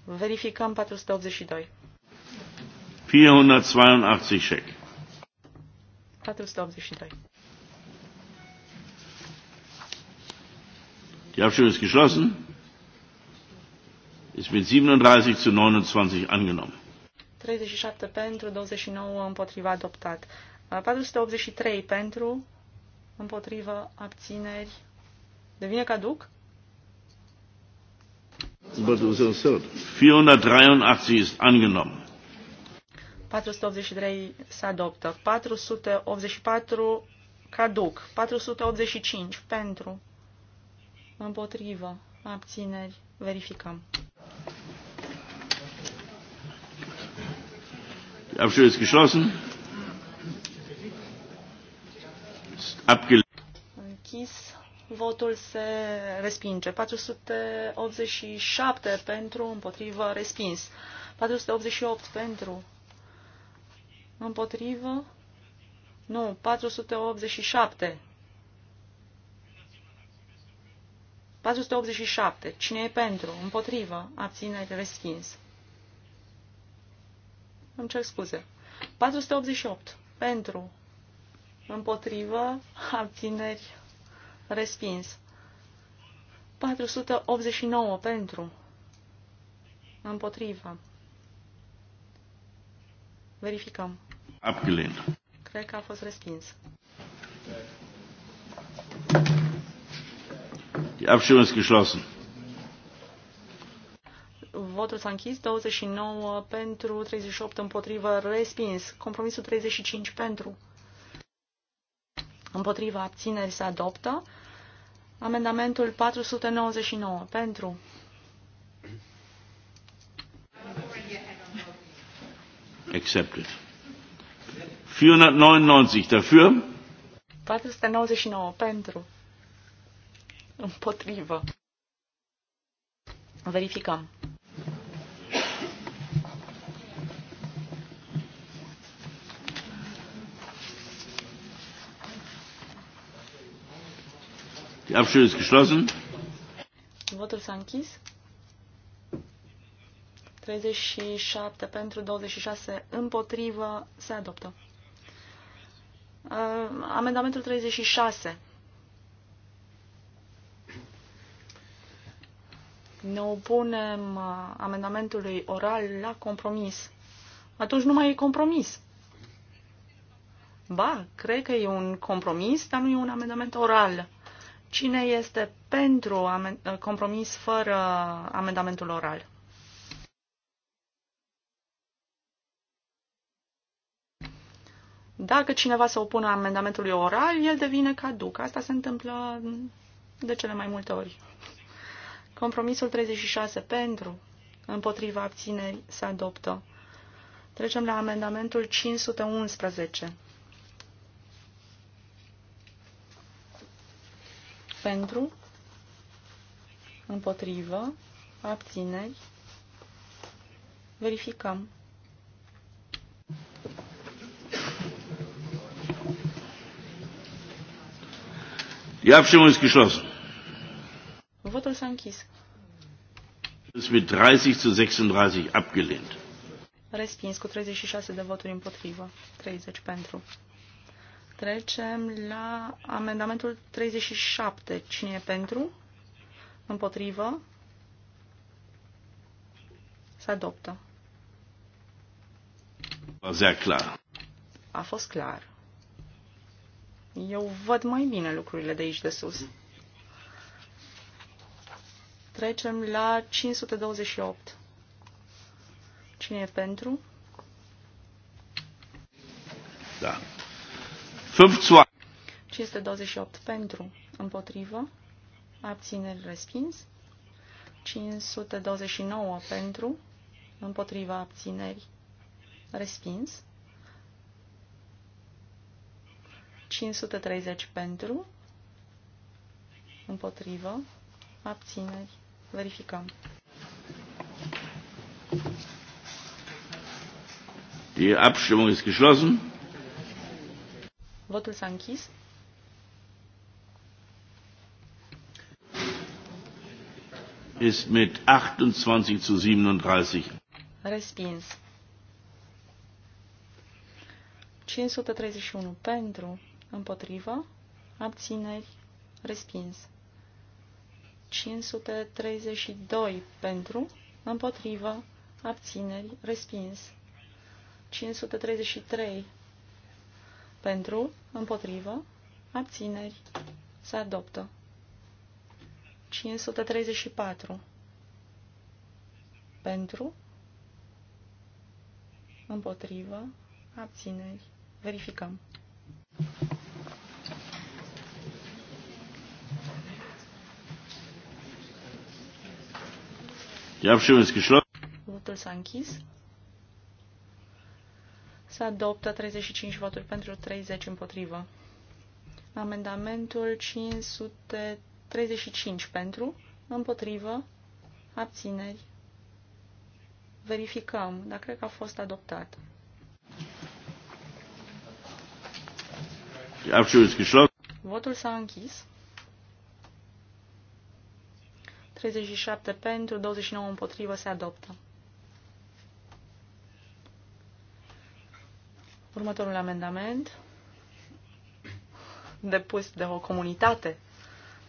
Verificăm 482. 482 check. 482. Die Abstimmung ist geschlossen ist mit 37 zu 29 angenommen. 37 pentru, 29 împotriva adoptat. 483 uh, pentru, împotriva abțineri. Devine caduc? But 483 ist angenommen. 483 se adoptă. 484 caduc. 485 pentru. Împotrivă. Abțineri. Verificăm. Abstimmung ist geschlossen. Închis. Votul se respinge. 487 pentru, împotrivă, respins. 488 pentru, împotrivă, nu, 487. 487. Cine e pentru? Împotrivă. Abțineri. respins. Îmi cer scuze. 488. Pentru. Împotrivă. Abțineri. Respins. 489. Pentru. Împotrivă. Verificăm. Abgelehnt. Cred că a fost respins. Die Abstimmung ist geschlossen. Votul s-a închis. 29 pentru, 38 împotrivă, respins. Compromisul 35 pentru. Împotriva abțineri se adoptă. Amendamentul 499 pentru. Accepted. 499 dafür. 499 pentru. Împotrivă. Verificăm. Die Abstimmung ist geschlossen. Votul s-a închis. 37 pentru 26 împotrivă se adoptă. Uh, amendamentul 36. Ne opunem uh, amendamentului oral la compromis. Atunci nu mai e compromis. Ba, cred că e un compromis, dar nu e un amendament oral. Cine este pentru compromis fără amendamentul oral? Dacă cineva se opune amendamentului oral, el devine caduc. Asta se întâmplă de cele mai multe ori. Compromisul 36 pentru, împotriva abținerii, se adoptă. Trecem la amendamentul 511. pentru, împotrivă, abțineri, verificăm. Die Abstimmung ist geschlossen. Votul s-a închis. Ist mit 30 zu 36 abgelehnt. Respins cu 36 de voturi împotrivă, 30 pentru. Trecem la amendamentul 37. Cine e pentru? Împotrivă? Se adoptă. Sehr clar. A fost clar. Eu văd mai bine lucrurile de aici de sus. Trecem la 528. Cine e pentru? Da. 528 pentru, împotrivă, abțineri respins. 529 pentru, împotriva abțineri respins. 530 pentru, împotrivă, abțineri. Verificăm. Die Abstimmung ist geschlossen. Votul s-a închis. Ist mit 28 zu 37. Respins. 531 pentru, împotrivă, abțineri, respins. 532 pentru, împotrivă, abțineri, respins. 533 pentru, împotrivă, abțineri, se adoptă. 534. Pentru, împotrivă, abțineri. Verificăm. Die Abstimmung ist geschlossen. Votul s-a închis. Se adoptă 35 voturi pentru 30 împotrivă. Amendamentul 535 pentru, împotrivă, abțineri. Verificăm, dar cred că a fost adoptat. Votul s-a închis. 37 pentru, 29 împotrivă se adoptă. Următorul amendament depus de o comunitate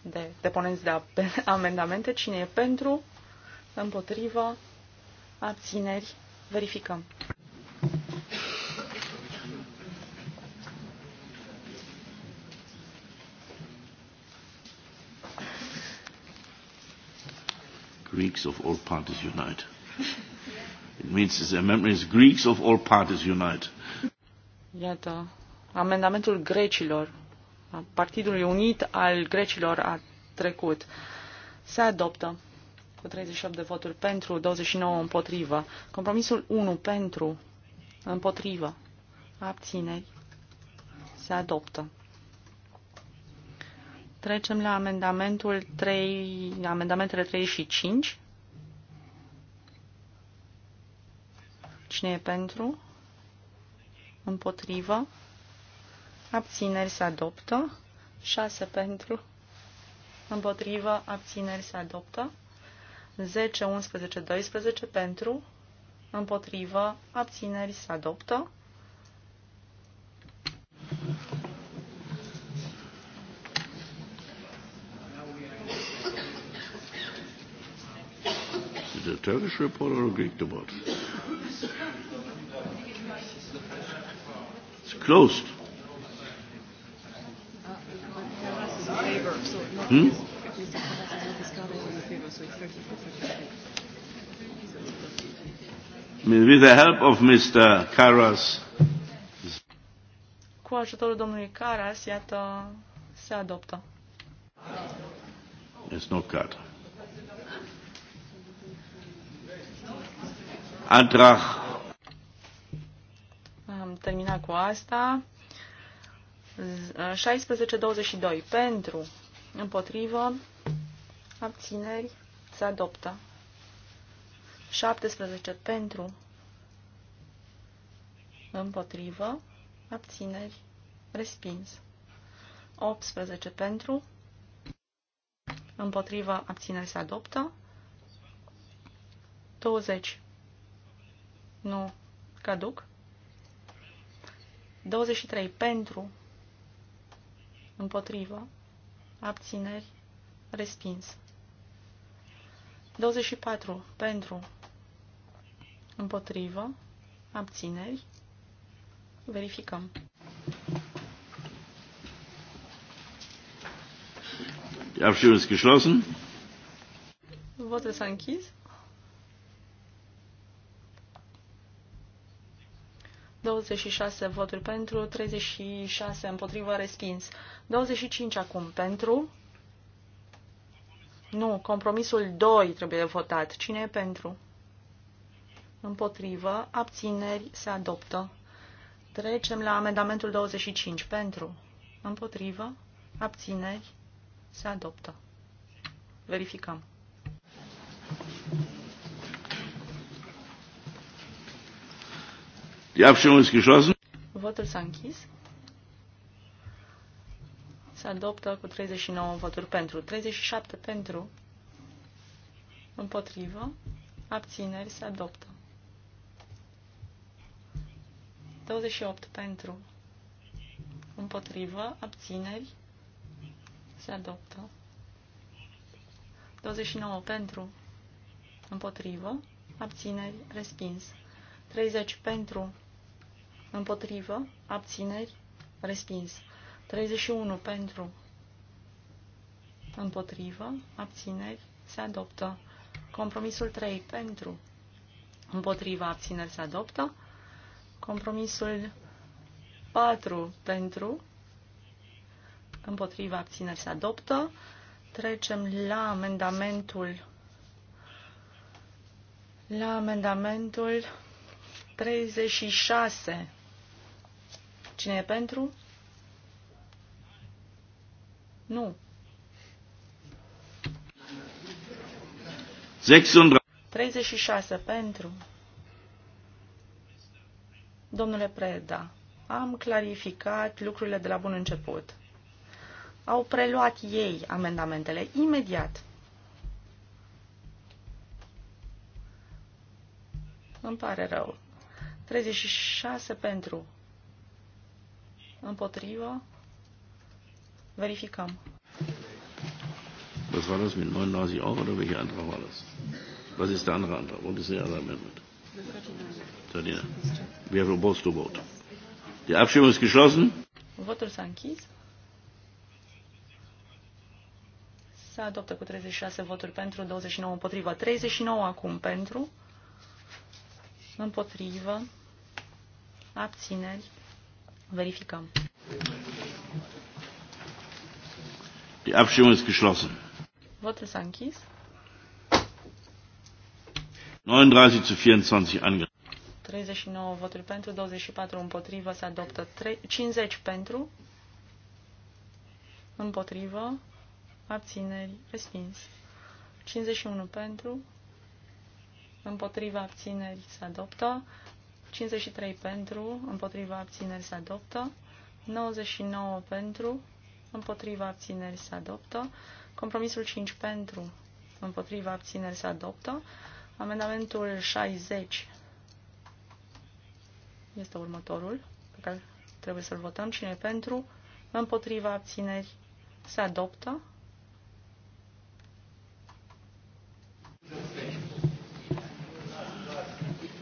de deponenți de amendamente. Cine e pentru? Împotriva? Abțineri? Verificăm. Greeks of all parties unite. It means the amendment is Greeks of all parties unite. Iată, amendamentul grecilor, Partidului Unit al Grecilor a trecut. Se adoptă cu 38 de voturi pentru, 29 împotrivă. Compromisul 1 pentru, împotrivă, abțineri, se adoptă. Trecem la amendamentul 3, amendamentele 3 și 5. Cine e pentru? Împotrivă. Abțineri se adoptă. 6 pentru. Împotrivă. Abțineri se adoptă. 10, 11, 12 pentru. Împotrivă. Abțineri se adoptă. Der türkische Polo kriegt a Greek closed. Hmm? With the help of Mr. Karas. Cu ajutorul domnului Caras, iată, se adoptă. It's no cut. Antrag termina cu asta. 16-22 pentru, împotrivă, abțineri, se adoptă. 17 pentru, împotrivă, abțineri, respins. 18 pentru, împotrivă, abțineri, se adoptă. 20, nu, caduc. 23 pentru, împotrivă, abțineri, respins. 24 pentru, împotrivă, abțineri, verificăm. Abstimmung ist geschlossen. Votul s-a închis. 26 voturi pentru, 36 împotrivă, respins. 25 acum pentru. Nu, compromisul 2 trebuie votat. Cine e pentru? Împotrivă, abțineri, se adoptă. Trecem la amendamentul 25. Pentru, împotrivă, abțineri, se adoptă. Verificăm. Die Abstimmung ist geschlossen. Votul s-a închis. Se adoptă cu 39 voturi pentru, 37 pentru, împotrivă, abțineri se adoptă. 28 pentru, împotrivă, abțineri se adoptă. 29 pentru, împotrivă, abțineri, respins. 30 pentru, împotrivă, abțineri, respins. 31 pentru, împotrivă, abțineri, se adoptă. Compromisul 3 pentru, împotrivă, abțineri, se adoptă. Compromisul 4 pentru, împotrivă, abțineri, se adoptă. Trecem la amendamentul la amendamentul 36. Cine e pentru? Nu. 36 pentru. Domnule Preda, am clarificat lucrurile de la bun început. Au preluat ei amendamentele imediat. Îmi pare rău. 36 pentru. Împotrivă. Verificăm. Was war das mit 99 auch oder welcher Antrag war das? Was ist der andere Antrag? Und ist der andere amendment? Tadina. We have a both to vote. Die Abstimmung ist geschlossen. Votul s-a închis. S-a adoptat cu 36 voturi pentru, 29 împotriva. 39 acum pentru, împotrivă, abțineri, verificăm. Die Abstimmung ist geschlossen. Votul s-a închis. 39 zu 24 angenommen. 39 voturi pentru, 24 împotrivă, se adoptă 50 pentru, împotrivă, abțineri, respins. 51 pentru, împotrivă, abțineri se adoptă, 53 pentru, împotriva abțineri se adoptă. 99 pentru, împotriva abțineri se adoptă. Compromisul 5 pentru, împotriva abțineri se adoptă. Amendamentul 60 este următorul pe care trebuie să-l votăm. Cine pentru, împotriva abțineri se adoptă.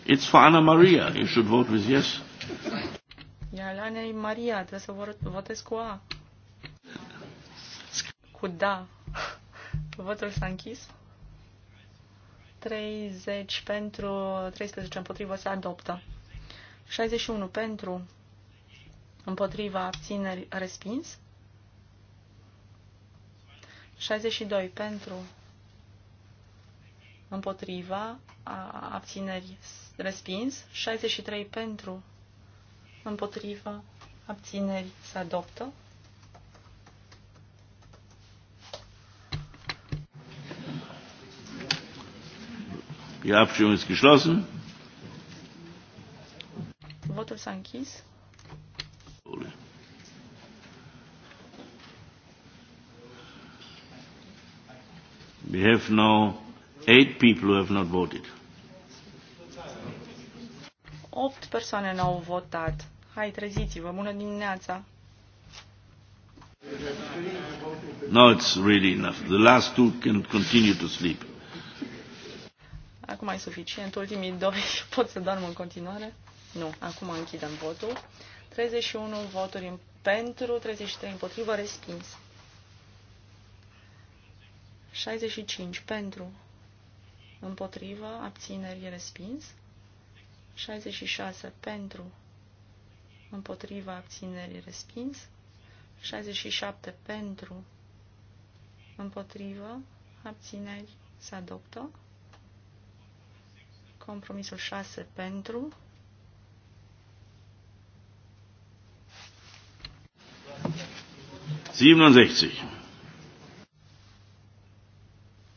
It's for Anna Maria. You should vote with yes. E al Anei Maria. Trebuie să votez cu A. Cu da. Votul s-a închis. 30 pentru, 13 împotrivă se adoptă. 61 pentru, împotriva abțineri respins. 62 pentru, împotriva, abțineri respins, 63 pentru, împotriva, abțineri se adoptă. Die Abstimmung ist geschlossen. Votul s-a închis. We have now Eight people who have not voted. Opt persoane n-au votat. Hai, treziți-vă, bună dimineața! No, it's really enough. The last two can continue to sleep. Acum e suficient. Ultimii doi pot să dormă în continuare? Nu. Acum închidem votul. 31 voturi pentru, 33 împotrivă, respins. 65 pentru, împotrivă, abțineri, e respins. 66 pentru, împotriva, abțineri, e respins. 67 pentru, împotrivă, abțineri, se adoptă. Compromisul 6 pentru. Siebenundsechzig.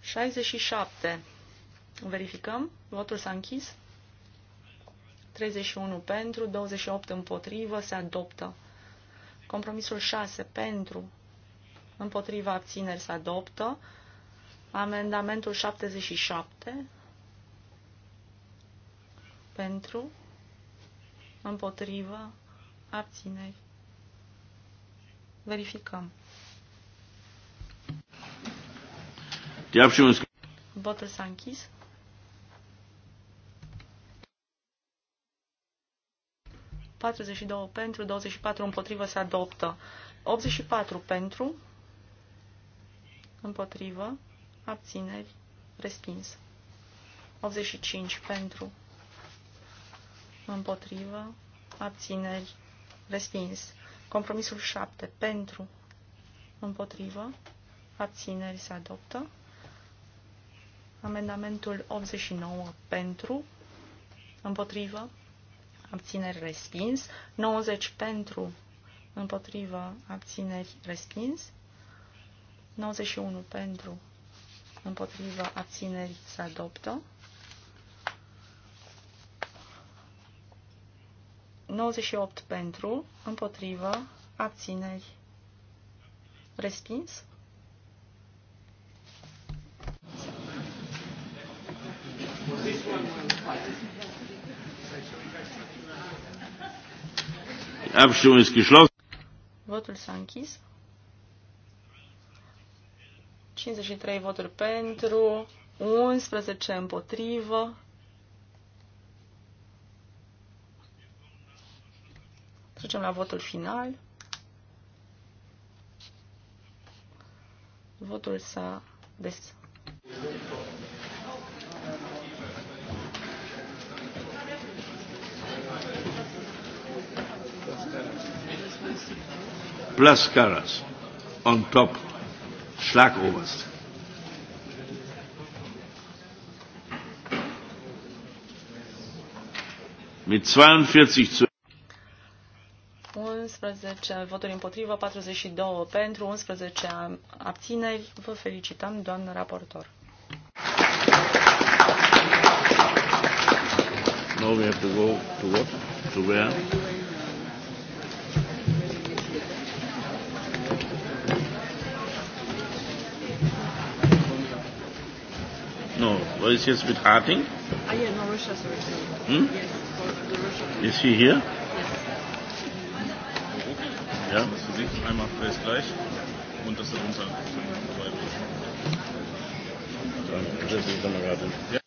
67. Verificăm. Votul s-a închis. 31 pentru, 28 împotrivă, se adoptă. Compromisul 6 pentru, împotriva abțineri se adoptă. Amendamentul 77 pentru, împotrivă, abțineri. Verificăm. Votul s-a închis. 42 pentru, 24 împotrivă se adoptă. 84 pentru, împotrivă, abțineri, respins. 85 pentru, împotrivă, abțineri, respins. Compromisul 7 pentru, împotrivă, abțineri se adoptă. Amendamentul 89 pentru, împotrivă, abțineri respins, 90 pentru, împotrivă, abțineri respins, 91 pentru, împotrivă, abțineri se adoptă, 98 pentru, împotrivă, abțineri respins, Thank you. Abstimmung ist geschlossen. Votul s-a închis. 53 voturi pentru, 11 împotrivă. Trecem la votul final. Votul s-a deschis. plus colors on top, Schlagoberst. Mit 42 zu 11 voturi împotrivă, 42 pentru, 11 abțineri. Vă felicităm, doamnă raportor. Now we have to go to what? To where? What is jetzt with Harting? Ah, yeah, no, Russia, sorry. Hmm? Yes, the Is he here? Yes. Okay. Ja, das für dich einmal alles gleich und das dann unser Danke, das ist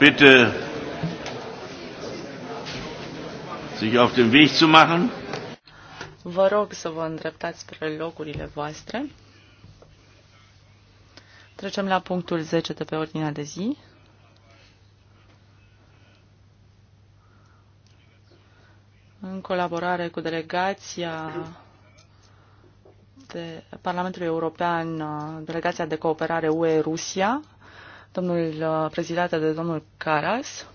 bitte sich auf den Weg zu machen. Vă rog să vă îndreptați spre locurile voastre. Trecem la punctul 10 de pe ordinea de zi. În colaborare cu delegația de Parlamentului European, delegația de cooperare UE-Rusia, domnul uh, prezidată de domnul Caras.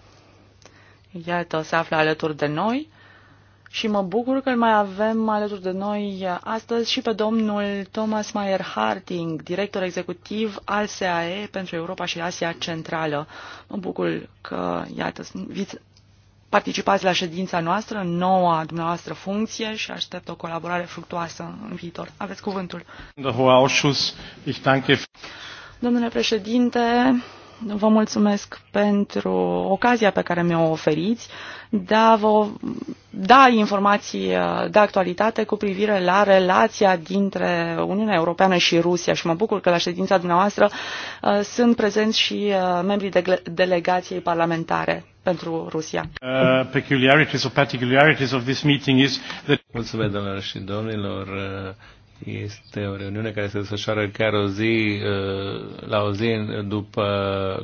Iată, se află alături de noi și mă bucur că îl mai avem alături de noi uh, astăzi și pe domnul Thomas Mayer Harting, director executiv al SAE pentru Europa și Asia Centrală. Mă bucur că, iată, participați la ședința noastră, noua dumneavoastră funcție și aștept o colaborare fructuoasă în viitor. Aveți cuvântul. Domnule președinte, vă mulțumesc pentru ocazia pe care mi-o oferiți de a vă da informații de actualitate cu privire la relația dintre Uniunea Europeană și Rusia și mă bucur că la ședința dumneavoastră uh, sunt prezenți și uh, membrii de delegației parlamentare pentru Rusia. Uh, peculiarities or particularities of this meeting is that... Mulțumesc, doamnelor și domnilor. Este o reuniune care se desfășoară chiar o zi, uh, la o zi după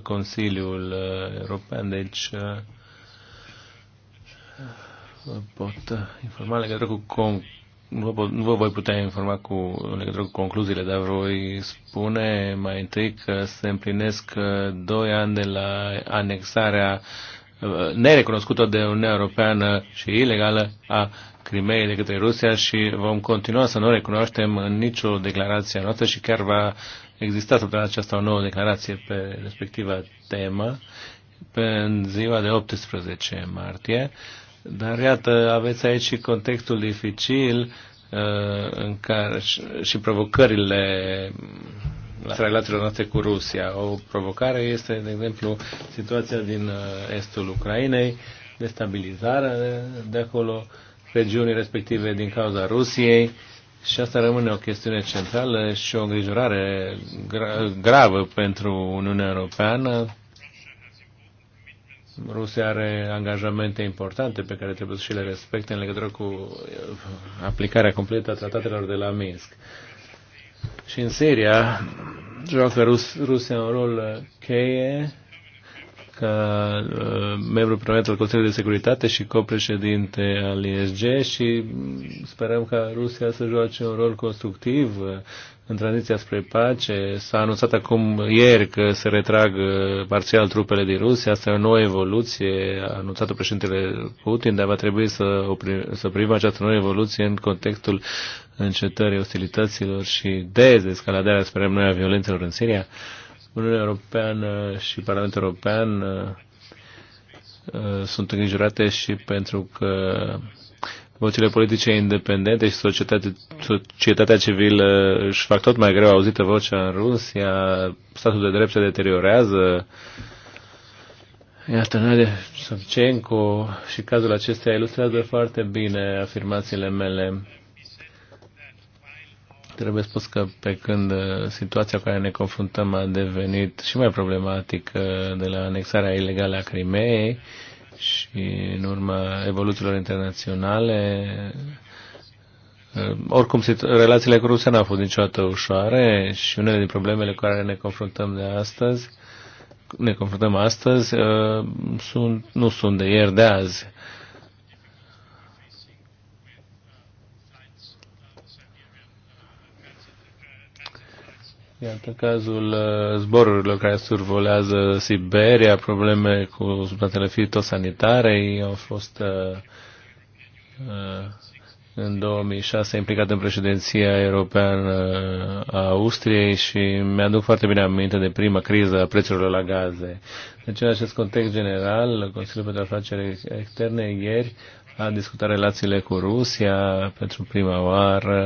Consiliul uh, European, deci uh, vă pot informa legătură cu con... nu, vă nu vă voi putea informa cu legătură cu concluziile, dar voi spune mai întâi că se împlinesc doi ani de la anexarea nerecunoscută de Uniunea Europeană și ilegală a Crimeei de către Rusia și vom continua să nu recunoaștem în nicio declarație a noastră și chiar va exista săptămâna aceasta o nouă declarație pe respectiva temă pe în ziua de 18 martie. Dar iată, aveți aici și contextul dificil uh, în care și, și provocările relațiile noastre cu Rusia. O provocare este, de exemplu, situația din uh, estul Ucrainei, destabilizarea de acolo, regiunii respective din cauza Rusiei și asta rămâne o chestiune centrală și o îngrijorare gra- gravă pentru Uniunea Europeană. Rusia are angajamente importante pe care trebuie să și le respecte în legătură cu uh, aplicarea completă a tratatelor de la Minsk. Și în Siria joacă Rus, Rusia un rol uh, cheie ca uh, membru permanent al Consiliului de Securitate și copreședinte al ISG și sperăm ca Rusia să joace un rol constructiv uh, în tranziția spre pace. S-a anunțat acum ieri că se retrag parțial trupele din Rusia. Asta e o nouă evoluție a anunțat-o președintele Putin, dar va trebui să, oprim, să primim această nouă evoluție în contextul încetării ostilităților și dezescaladarea, sperăm noi, a violențelor în Siria. Uh, Uniunea Europeană și Parlamentul European uh, uh, sunt îngrijorate și pentru că vocile politice independente și societatea, societatea civilă își fac tot mai greu auzită vocea în Rusia, statul de drept se deteriorează, Iată, Nadia Savchenko și cazul acesta ilustrează foarte bine afirmațiile mele. Trebuie spus că pe când uh, situația cu care ne confruntăm a devenit și mai problematică uh, de la anexarea ilegală a Crimeei și în urma evoluțiilor internaționale, uh, oricum, relațiile cu Rusia n-au fost niciodată ușoare și unele din problemele cu care ne confruntăm de astăzi, ne confruntăm astăzi, sunt, nu sunt de ieri de azi. Iată cazul uh, zborurilor care survolează Siberia, probleme cu substanțele fitosanitare, au fost uh, uh, în 2006 implicat în președinția europeană a Austriei și mi-aduc foarte bine aminte de prima criză a prețurilor la gaze. Deci în acest context general, Consiliul pentru Afaceri Externe ieri a discutat relațiile cu Rusia pentru prima oară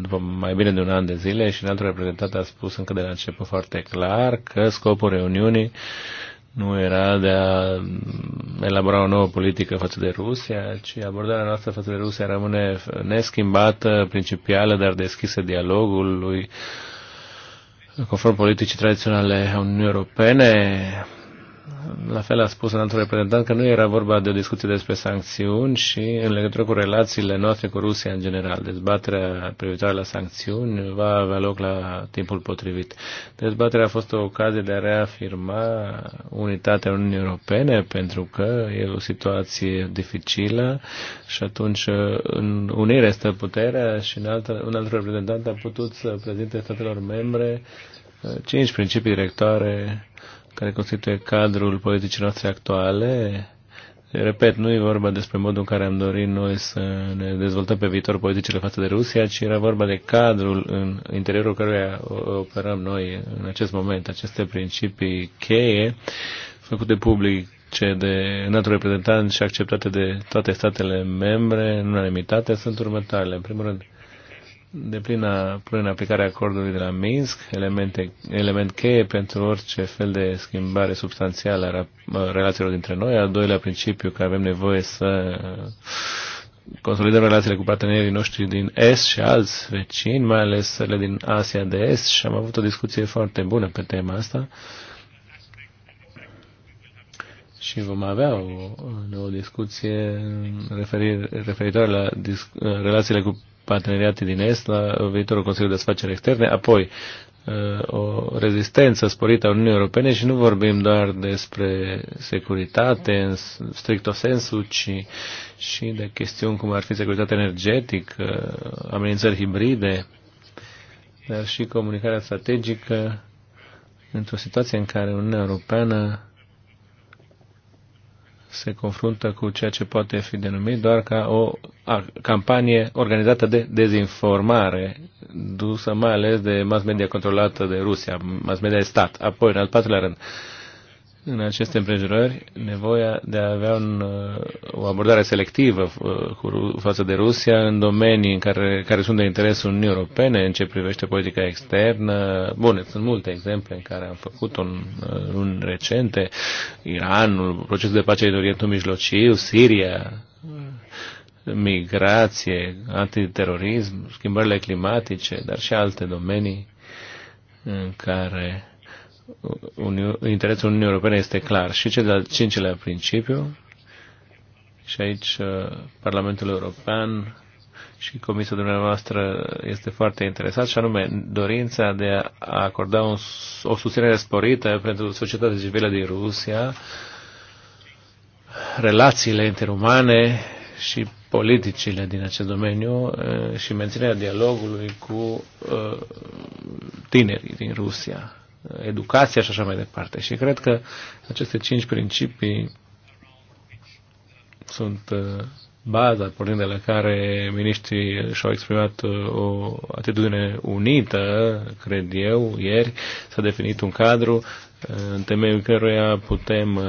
după mai bine de un an de zile și înaltul reprezentant a spus încă de la început foarte clar că scopul reuniunii nu era de a elabora o nouă politică față de Rusia, ci abordarea noastră față de Rusia rămâne neschimbată, principială, dar deschisă dialogului conform politicii tradiționale a Uniunii Europene, la fel a spus un alt reprezentant că nu era vorba de o discuție despre sancțiuni și în legătură cu relațiile noastre cu Rusia în general. Dezbaterea privitoare la sancțiuni va avea loc la timpul potrivit. Dezbaterea a fost o ocazie de a reafirma unitatea Uniunii Europene pentru că e o situație dificilă și atunci în unire stă puterea și în altă, un alt reprezentant a putut să prezinte statelor membre eh, cinci principii directoare care constituie cadrul politicii noastre actuale. Repet, nu e vorba despre modul în care am dorit noi să ne dezvoltăm pe viitor politicile față de Rusia, ci era vorba de cadrul în interiorul căruia operăm noi în acest moment, aceste principii cheie făcute public ce de înaltul reprezentant și acceptate de toate statele membre în unanimitate sunt următoarele. În primul rând, de plină, plină aplicare a acordului de la Minsk, elemente, element cheie pentru orice fel de schimbare substanțială a relațiilor dintre noi. Al doilea principiu că avem nevoie să consolidăm relațiile cu partenerii noștri din Est și alți vecini, mai ales cele din Asia de Est și am avut o discuție foarte bună pe tema asta și vom avea o nouă discuție referitoare la disc, relațiile cu parteneriate din Est la viitorul Consiliu de Afaceri Externe, apoi uh, o rezistență sporită a Uniunii Europene și nu vorbim doar despre securitate în stricto sensu, ci și de chestiuni cum ar fi securitatea energetică, amenințări hibride, dar și comunicarea strategică într-o situație în care Uniunea Europeană se confruntă cu ceea ce poate fi denumit doar ca o campanie organizată de dezinformare, dusă mai ales de mass media controlată de Rusia, mass media de stat. Apoi, în al patrulea rând, în aceste împrejurări nevoia de a avea un, uh, o abordare selectivă uh, cu, față de Rusia în domenii în care, care sunt de interes Uniunii Europene în ce privește politica externă. Bun, sunt multe exemple în care am făcut un, în uh, luni recente. Iranul, procesul de pace din Orientul Mijlociu, Siria, migrație, antiterorism, schimbările climatice, dar și alte domenii în care interesul Uniunii Europene este clar. Și cel de-al cincilea principiu, și aici uh, Parlamentul European și comisia dumneavoastră este foarte interesat, și anume dorința de a acorda un, o susținere sporită pentru societatea civilă din Rusia, relațiile interumane și politicile din acest domeniu uh, și menținerea dialogului cu uh, tinerii din Rusia educația și așa mai departe. Și cred că aceste cinci principii sunt uh, baza pornind de la care miniștrii și-au exprimat uh, o atitudine unită, cred eu, ieri s-a definit un cadru uh, în temeiul căruia putem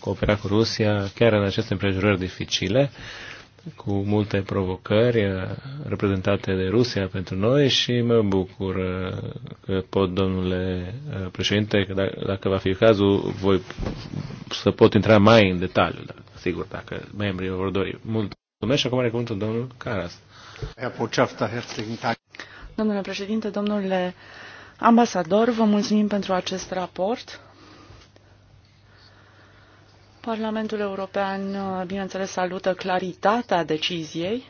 coopera cu Rusia chiar în aceste împrejurări dificile cu multe provocări uh, reprezentate de Rusia pentru noi și mă bucur uh, că pot, domnule uh, președinte, că da, dacă va fi cazul, voi să pot intra mai în detaliu, dar, sigur, dacă membrii vor dori. Mulțumesc și acum are cuvântul domnul Caras. Domnule președinte, domnule ambasador, vă mulțumim pentru acest raport. Parlamentul European, bineînțeles, salută claritatea deciziei,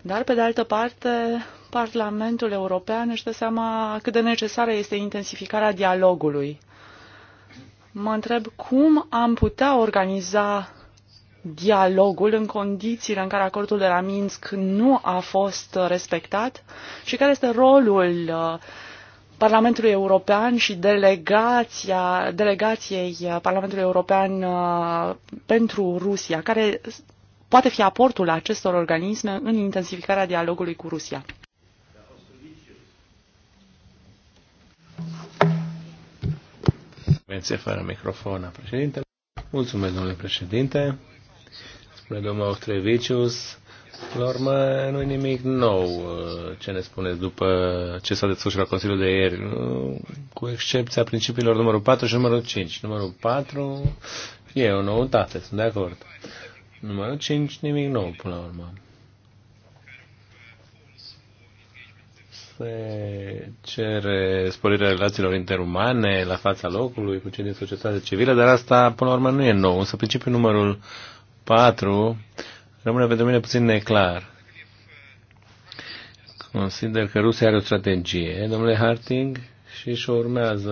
dar, pe de altă parte, Parlamentul European își dă seama cât de necesară este intensificarea dialogului. Mă întreb cum am putea organiza dialogul în condițiile în care acordul de la Minsk nu a fost respectat și care este rolul uh, Parlamentului European și delegația, delegației Parlamentului European uh, pentru Rusia, care poate fi aportul acestor organisme în intensificarea dialogului cu Rusia. Venție fără microfon președinte. Mulțumesc, domnule președinte. Spune domnul Octrevicius, la urmă, nu e nimic nou uh, ce ne spuneți după ce s-a desfășurat la Consiliul de ieri, cu excepția principiilor numărul 4 și numărul 5. Numărul 4 e o noutate, sunt de acord. Numărul 5, nimic nou până la urmă. se cere sporirea relațiilor interumane la fața locului cu cei din societatea civilă, dar asta, până la urmă, nu e nou. Însă principiul numărul 4 rămâne pentru mine puțin neclar. Consider că Rusia are o strategie, domnule Harting, și și-o urmează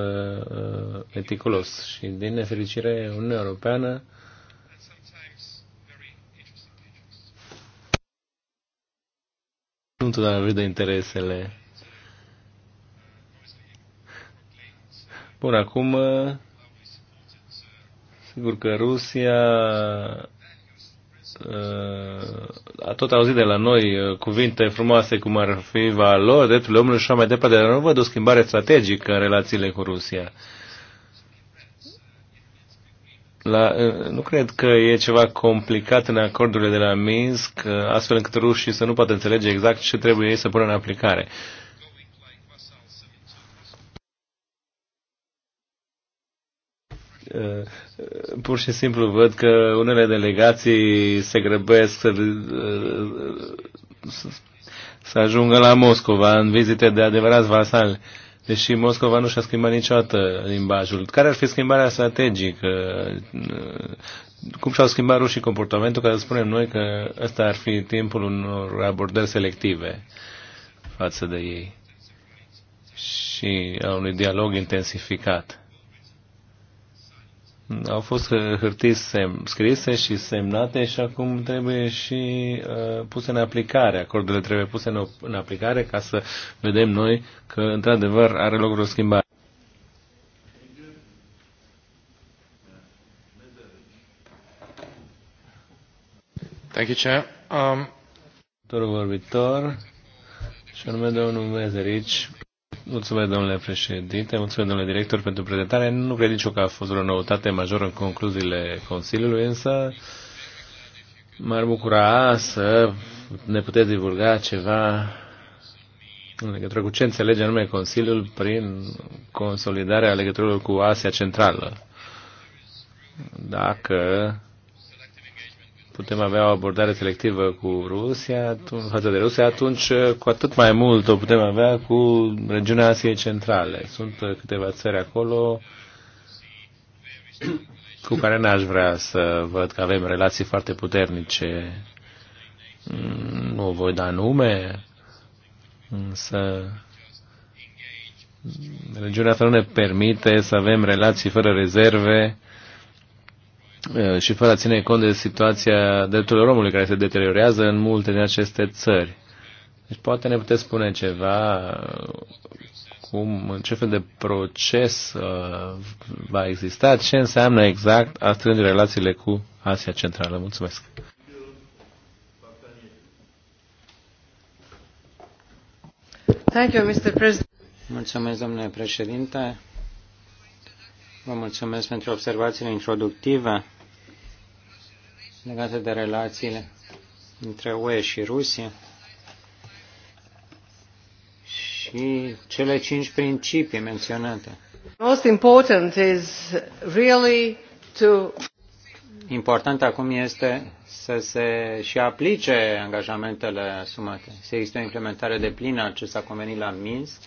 uh, meticulos. Și din nefericire, Uniunea Europeană nu întotdeauna vede interesele. Bun, acum, uh, sigur că Rusia Uh, a tot auzit de la noi uh, cuvinte frumoase cum ar fi valori, drepturile omului și așa mai departe, dar nu văd o schimbare strategică în relațiile cu Rusia. La, uh, nu cred că e ceva complicat în acordurile de la Minsk, astfel încât rușii să nu poată înțelege exact ce trebuie ei să pună în aplicare. Uh, Uh, pur și simplu văd că unele delegații se grăbesc să, uh, să ajungă la Moscova în vizite de adevărat vasali. Deși Moscova nu și-a schimbat niciodată limbajul. Care ar fi schimbarea strategică? Uh, cum și-au schimbat rușii comportamentul Că să spunem noi că ăsta ar fi timpul unor abordări selective față de ei și a unui dialog intensificat? au fost uh, hârtii sem- scrise și semnate și acum trebuie și uh, puse în aplicare. Acordurile trebuie puse în, în aplicare ca să vedem noi că, într-adevăr, are loc o schimbare. Thank you, Chair. Um... Următorul vorbitor, și anume domnul Mezerici. Mulțumesc, domnule președinte, mulțumesc, domnule director, pentru prezentare. Nu cred nici eu că a fost o noutate majoră în concluziile Consiliului, însă m-ar bucura să ne puteți divulga ceva în legătură cu ce înțelege anume Consiliul prin consolidarea legăturilor cu Asia Centrală. Dacă putem avea o abordare selectivă cu Rusia, atunci, față de Rusia, atunci uh, cu atât mai mult o putem avea cu regiunea Asiei Centrale. Sunt uh, câteva țări acolo cu care n-aș vrea să văd că avem relații foarte puternice. Mm, nu voi da nume, însă regiunea asta nu ne permite să avem relații fără rezerve Eh, și fără a ține cont de situația drepturilor omului care se deteriorează în multe din aceste țări. Deci poate ne puteți spune ceva, eh, cum, ce fel de proces uh, va exista, ce înseamnă exact a strânge relațiile cu Asia Centrală. Mulțumesc! Thank you, Mr. President. Mulțumesc, domnule președinte. Vă mulțumesc pentru observațiile introductive legate de relațiile între UE și Rusia și cele cinci principii menționate. Most important is really to Important acum este să se și aplice angajamentele asumate, să există o implementare de plină a ce s-a convenit la Minsk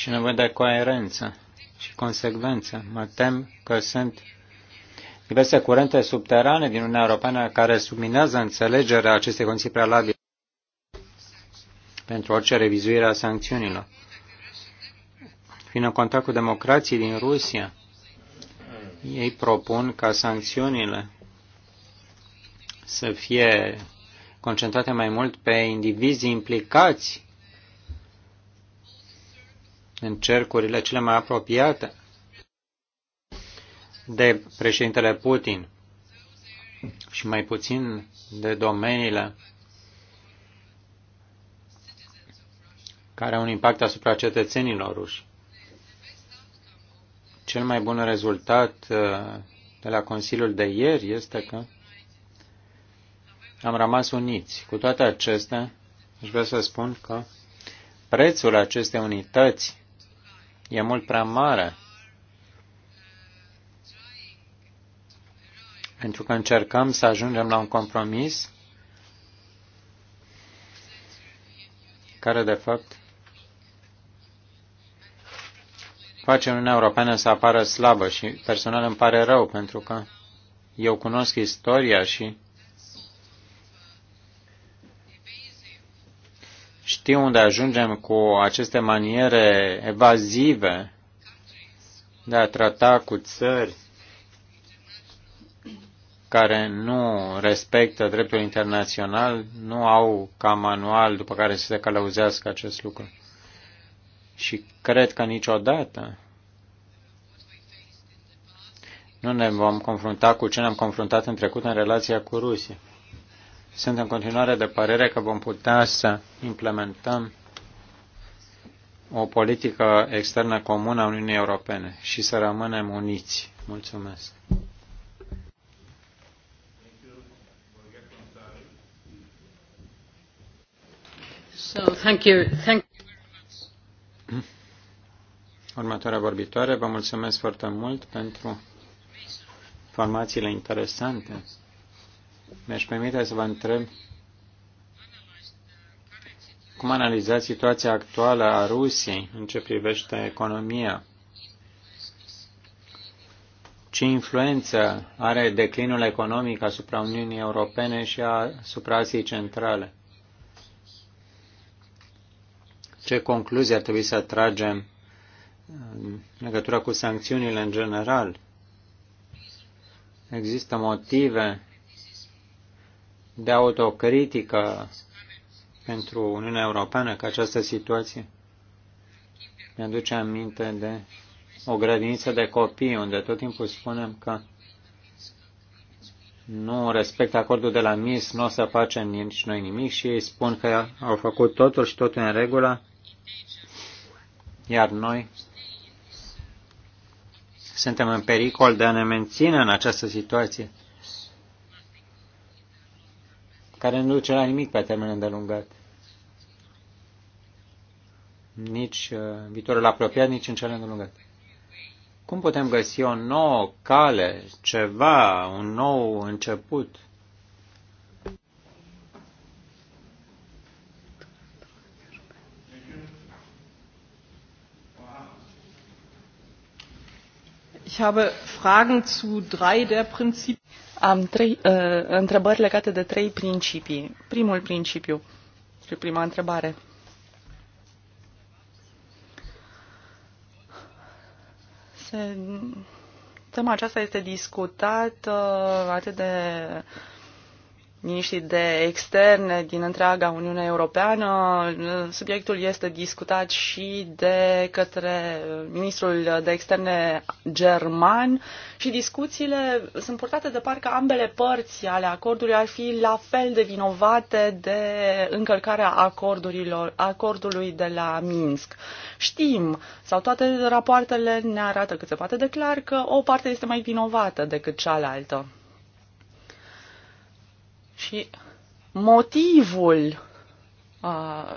și nevoie de coerență și consecvență. Mă tem că sunt diverse curente subterane din Uniunea Europeană care subminează înțelegerea acestei condiții prealabile pentru orice revizuire a sancțiunilor. Fiind în contact cu democrații din Rusia, ei propun ca sancțiunile să fie concentrate mai mult pe indivizi implicați în cercurile cele mai apropiate de președintele Putin și mai puțin de domeniile care au un impact asupra cetățenilor ruși. Cel mai bun rezultat uh, de la Consiliul de ieri este că am rămas uniți. Cu toate acestea, aș vrea să spun că prețul acestei unități e mult prea mare. Pentru că încercăm să ajungem la un compromis care, de fapt, face Uniunea Europeană să apară slabă și personal îmi pare rău pentru că eu cunosc istoria și Știu unde ajungem cu aceste maniere evazive de a trata cu țări care nu respectă dreptul internațional, nu au ca manual după care să se călăuzească acest lucru. Și cred că niciodată nu ne vom confrunta cu ce ne-am confruntat în trecut în relația cu Rusia. Sunt în continuare de părere că vom putea să implementăm o politică externă comună a Uniunii Europene și să rămânem uniți. Mulțumesc. So, thank you. Thank you hmm? Următoarea vorbitoare, vă mulțumesc foarte mult pentru informațiile interesante mi-aș permite să vă întreb cum analizați situația actuală a Rusiei în ce privește economia? Ce influență are declinul economic asupra Uniunii Europene și asupra Asiei Centrale? Ce concluzie ar trebui să tragem în legătură cu sancțiunile în general? Există motive de autocritică pentru Uniunea Europeană că această situație ne aduce aminte de o grădiniță de copii unde tot timpul spunem că nu respectă acordul de la MIS, nu o să facem nici noi nimic și ei spun că au făcut totul și totul în regulă, iar noi suntem în pericol de a ne menține în această situație care nu duce la nimic pe termen îndelungat. Nici uh, viitorul apropiat, nici în cel îndelungat. Cum putem găsi o nouă cale, ceva, un nou început? Ich habe Fragen zu drei der Prinzipien. Am trei uh, întrebări legate de trei principii. Primul principiu și prima întrebare. Se, tema aceasta este discutată uh, atât de uh, miniștrii de externe din întreaga Uniune Europeană. Subiectul este discutat și de către ministrul de externe german și discuțiile sunt purtate de parcă ambele părți ale acordului ar fi la fel de vinovate de încălcarea acordurilor, acordului de la Minsk. Știm, sau toate rapoartele ne arată cât se poate de clar, că o parte este mai vinovată decât cealaltă. Și motivul uh,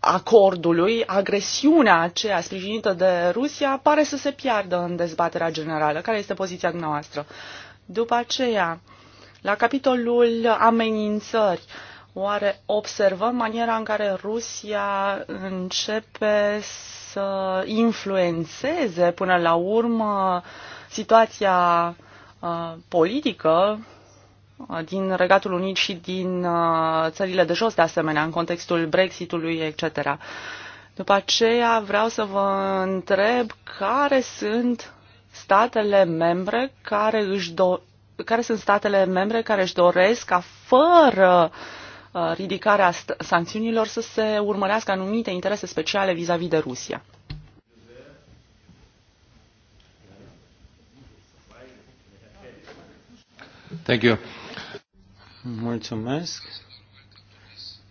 acordului, agresiunea aceea sprijinită de Rusia pare să se piardă în dezbaterea generală. Care este poziția dumneavoastră? După aceea, la capitolul amenințări, oare observăm maniera în care Rusia începe să influențeze până la urmă situația uh, politică din Regatul Unit și din uh, țările de jos, de asemenea, în contextul Brexitului, etc. După aceea vreau să vă întreb care sunt statele membre care își do- care sunt statele membre care își doresc ca fără uh, ridicarea sancțiunilor să se urmărească anumite interese speciale vis-a-vis -vis de Rusia. Thank you. Mulțumesc.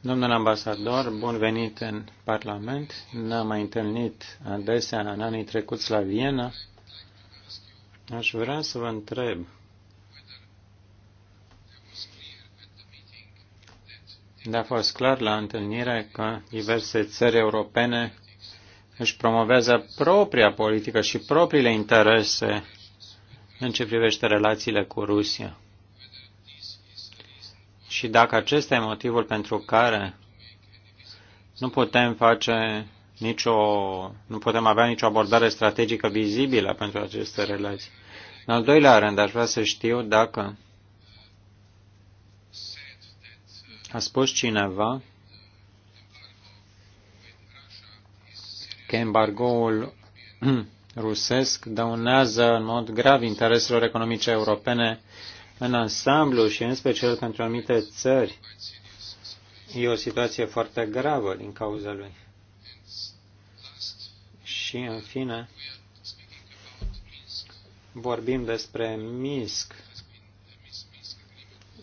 Domnul ambasador, bun venit în Parlament. Ne-am mai întâlnit adesea în anii trecuți la Viena. Aș vrea să vă întreb de da, a fost clar la întâlnire că diverse țări europene își promovează propria politică și propriile interese în ce privește relațiile cu Rusia. Și dacă acesta e motivul pentru care nu putem face nicio, nu putem avea nicio abordare strategică vizibilă pentru aceste relații. În al doilea rând, aș vrea să știu dacă a spus cineva că embargoul rusesc dăunează în mod grav intereselor economice europene în ansamblu și în special pentru anumite țări, e o situație foarte gravă din cauza lui. Și, în fine, vorbim despre MISC,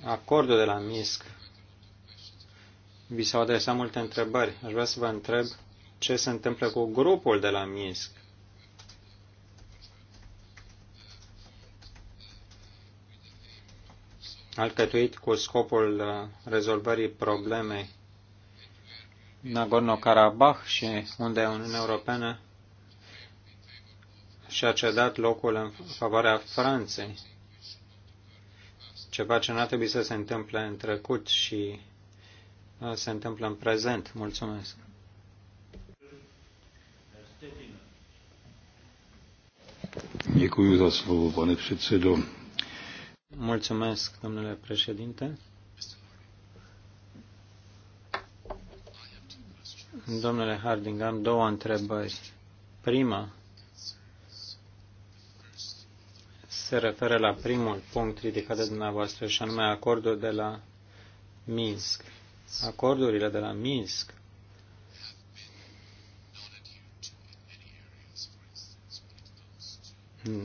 acordul de la MISC. Vi s-au adresat multe întrebări. Aș vrea să vă întreb ce se întâmplă cu grupul de la MISC alcătuit cu scopul uh, rezolvării problemei Nagorno-Karabakh și unde Uniunea Europeană și-a cedat locul în favoarea Franței, ceva ce n-a trebuit să se întâmple în trecut și uh, se întâmplă în prezent. Mulțumesc! Děkuji za slovo, pane předsedo. Mulțumesc, domnule președinte. Domnule Harding, am două întrebări. Prima se referă la primul punct ridicat de dumneavoastră, și anume acordul de la Minsk. Acordurile de la Minsk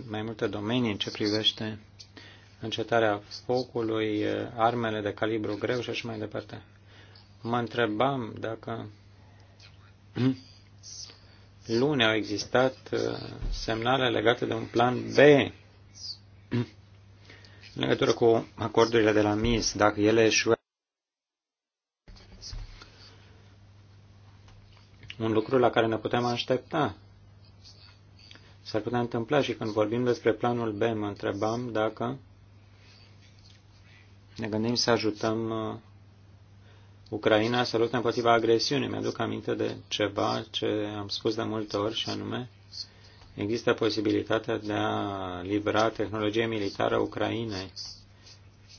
mai multe domenii în ce privește încetarea focului, armele de calibru greu și așa mai departe. Mă întrebam dacă luni au existat uh, semnale legate de un plan B în legătură cu acordurile de la MIS, dacă ele eșuează. Un lucru la care ne putem aștepta. S-ar putea întâmpla și când vorbim despre planul B, mă întrebam dacă ne gândim să ajutăm uh, Ucraina să lupte împotriva agresiunii. Mi-aduc aminte de ceva ce am spus de multe ori și anume există posibilitatea de a libera tehnologie militară Ucrainei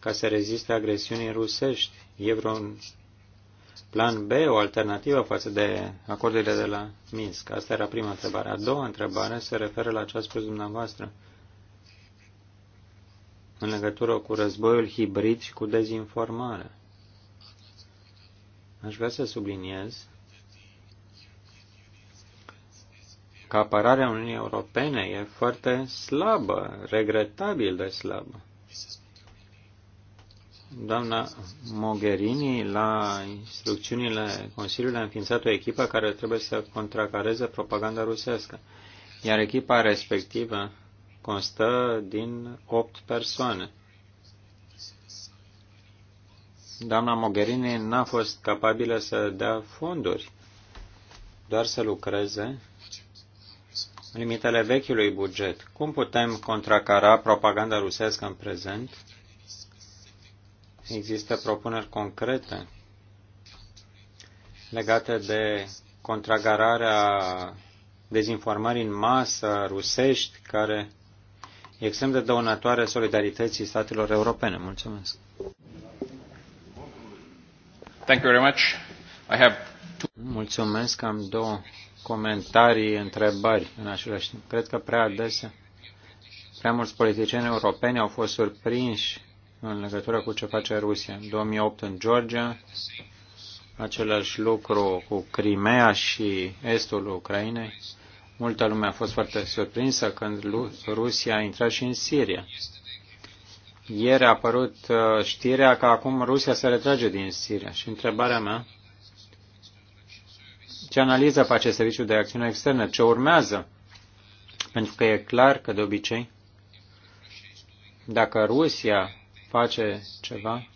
ca să reziste agresiunii rusești. E vreun plan B, o alternativă față de acordurile de la Minsk? Asta era prima întrebare. A doua întrebare se referă la ce a spus dumneavoastră în legătură cu războiul hibrid și cu dezinformarea. Aș vrea să subliniez că apărarea Uniunii Europene e foarte slabă, regretabil de slabă. Doamna Mogherini, la instrucțiunile Consiliului, a înființat o echipă care trebuie să contracareze propaganda rusească, iar echipa respectivă constă din opt persoane. Doamna Mogherini n-a fost capabilă să dea fonduri, doar să lucreze în limitele vechiului buget. Cum putem contracara propaganda rusească în prezent? Există propuneri concrete legate de contragararea dezinformării în masă rusești care Exemplu de dăunătoare solidarității statelor europene. Mulțumesc. Thank you very much. I have two... Mulțumesc. Am două comentarii, întrebări în același timp. Cred că prea adesea prea mulți politicieni europeni au fost surprinși în legătură cu ce face Rusia. În 2008 în Georgia, același lucru cu Crimea și estul Ucrainei Multă lume a fost foarte surprinsă când Rusia a intrat și în Siria. Ieri a apărut uh, știrea că acum Rusia se retrage din Siria și întrebarea mea, ce analiză face serviciul de acțiune externă? Ce urmează? Pentru că e clar că de obicei, dacă Rusia face ceva,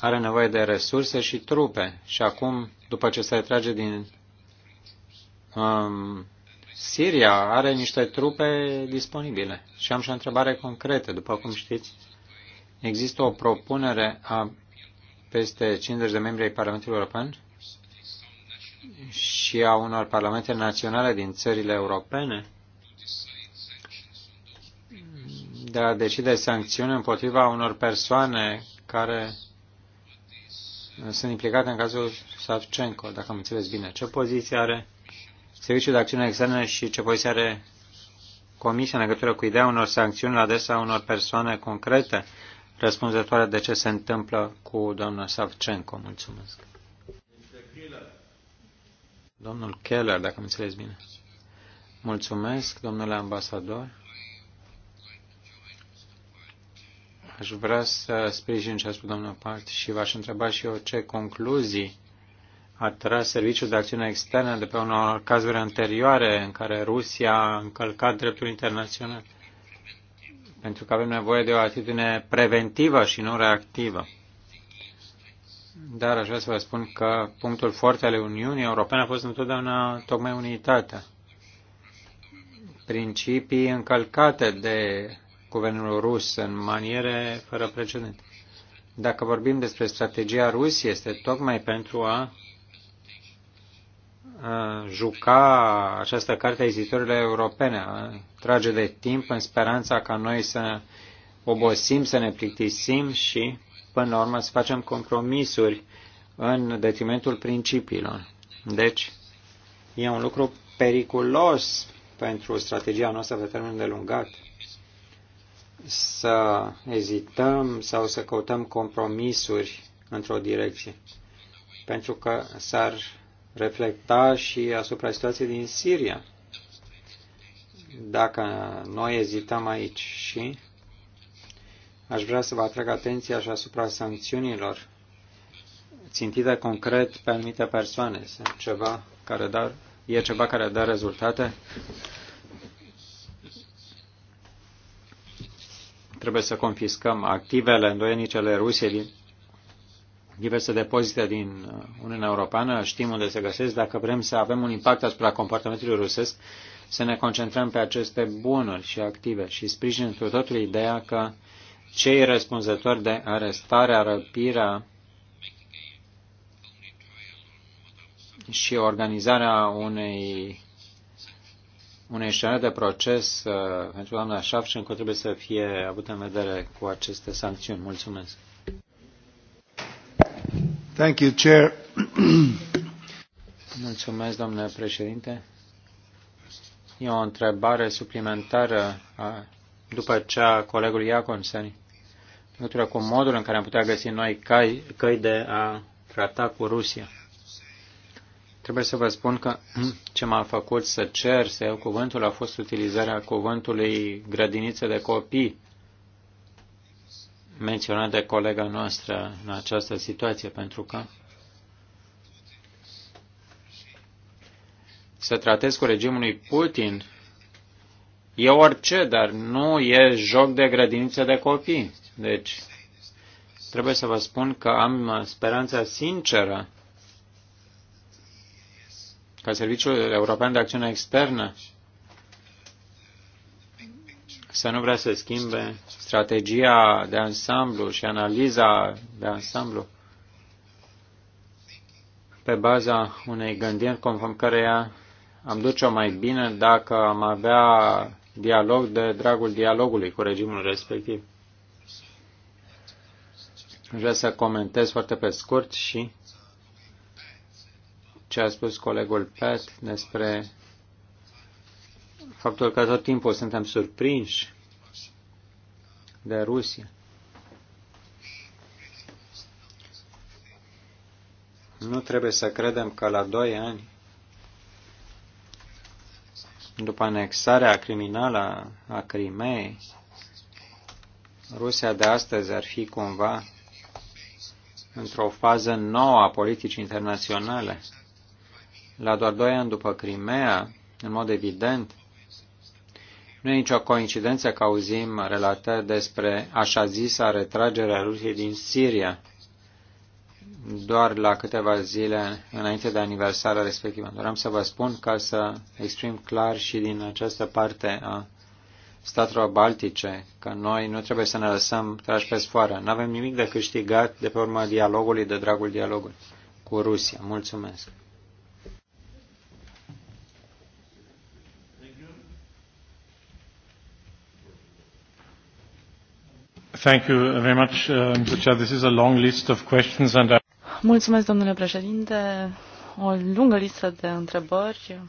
are nevoie de resurse și trupe. Și acum, după ce se retrage din um, Siria are niște trupe disponibile. Și am și o întrebare concretă. După cum știți, există o propunere a peste 50 de membri ai Parlamentului European și a unor parlamente naționale din țările europene de a decide sancțiuni împotriva unor persoane care sunt implicate în cazul Savchenko, dacă am înțeles bine. Ce poziție are Serviciul de Acțiune Externă și ce poziție are Comisia în legătură cu ideea unor sancțiuni la adresa unor persoane concrete răspunzătoare de ce se întâmplă cu doamna Savcenko. Mulțumesc. Domnul Keller, dacă mă înțeles bine. Mulțumesc, domnule ambasador. Aș vrea să sprijin ce a spus domnul Part și v-aș întreba și eu ce concluzii a tras serviciul de acțiune externă de pe unor cazuri anterioare în care Rusia a încălcat dreptul internațional, pentru că avem nevoie de o atitudine preventivă și nu reactivă. Dar aș vrea să vă spun că punctul foarte ale Uniunii Europene a fost întotdeauna tocmai unitatea. Principii încălcate de guvernul rus în maniere fără precedent. Dacă vorbim despre strategia Rusiei, este tocmai pentru a juca această carte a izitorilor europene, trage de timp în speranța ca noi să obosim, să ne plictisim și, până la urmă, să facem compromisuri în detrimentul principiilor. Deci, e un lucru periculos pentru strategia noastră pe termen delungat să ezităm sau să căutăm compromisuri într-o direcție, pentru că s-ar reflecta și asupra situației din Siria. Dacă noi ezităm aici și aș vrea să vă atrag atenția și asupra sancțiunilor țintite concret pe anumite persoane. Sunt ceva care dar, e ceva care dă rezultate. Trebuie să confiscăm activele îndoienicele Rusiei din diverse depozite din uh, Uniunea Europeană, știm unde se găsesc, dacă vrem să avem un impact asupra comportamentului rusesc, să ne concentrăm pe aceste bunuri și active și sprijin cu totul ideea că cei răspunzători de arestarea, răpirea și organizarea unei unei scenari de proces uh, pentru doamna Șafșenco trebuie să fie avut în vedere cu aceste sancțiuni. Mulțumesc. Thank you, Chair. Mulțumesc, domnule președinte. E o întrebare suplimentară a, după cea colegului Iaconsen, în legătură cu modul în care am putea găsi noi cai, căi de a trata cu Rusia. Trebuie să vă spun că ce m-a făcut să cer să iau cuvântul a fost utilizarea cuvântului grădiniță de copii menționat de colega noastră în această situație, pentru că să tratez cu regimul lui Putin e orice, dar nu e joc de grădiniță de copii. Deci, trebuie să vă spun că am speranța sinceră ca Serviciul European de Acțiune Externă să nu vrea să schimbe strategia de ansamblu și analiza de ansamblu pe baza unei gândiri conform căreia am duce-o mai bine dacă am avea dialog de dragul dialogului cu regimul respectiv. Vreau să comentez foarte pe scurt și ce a spus colegul Pat despre faptul că tot timpul suntem surprinși de Rusia. Nu trebuie să credem că la doi ani după anexarea criminală a Crimeei, Rusia de astăzi ar fi cumva într-o fază nouă a politicii internaționale. La doar doi ani după Crimea, în mod evident, nu e nicio coincidență că auzim relatări despre așa zisa retragerea Rusiei din Siria doar la câteva zile înainte de aniversarea respectivă. Doream să vă spun ca să exprim clar și din această parte a statelor baltice că noi nu trebuie să ne lăsăm trași pe sfoară. Nu avem nimic de câștigat de pe urma dialogului, de dragul dialogului cu Rusia. Mulțumesc! Mulțumesc, domnule președinte. O lungă listă de întrebări.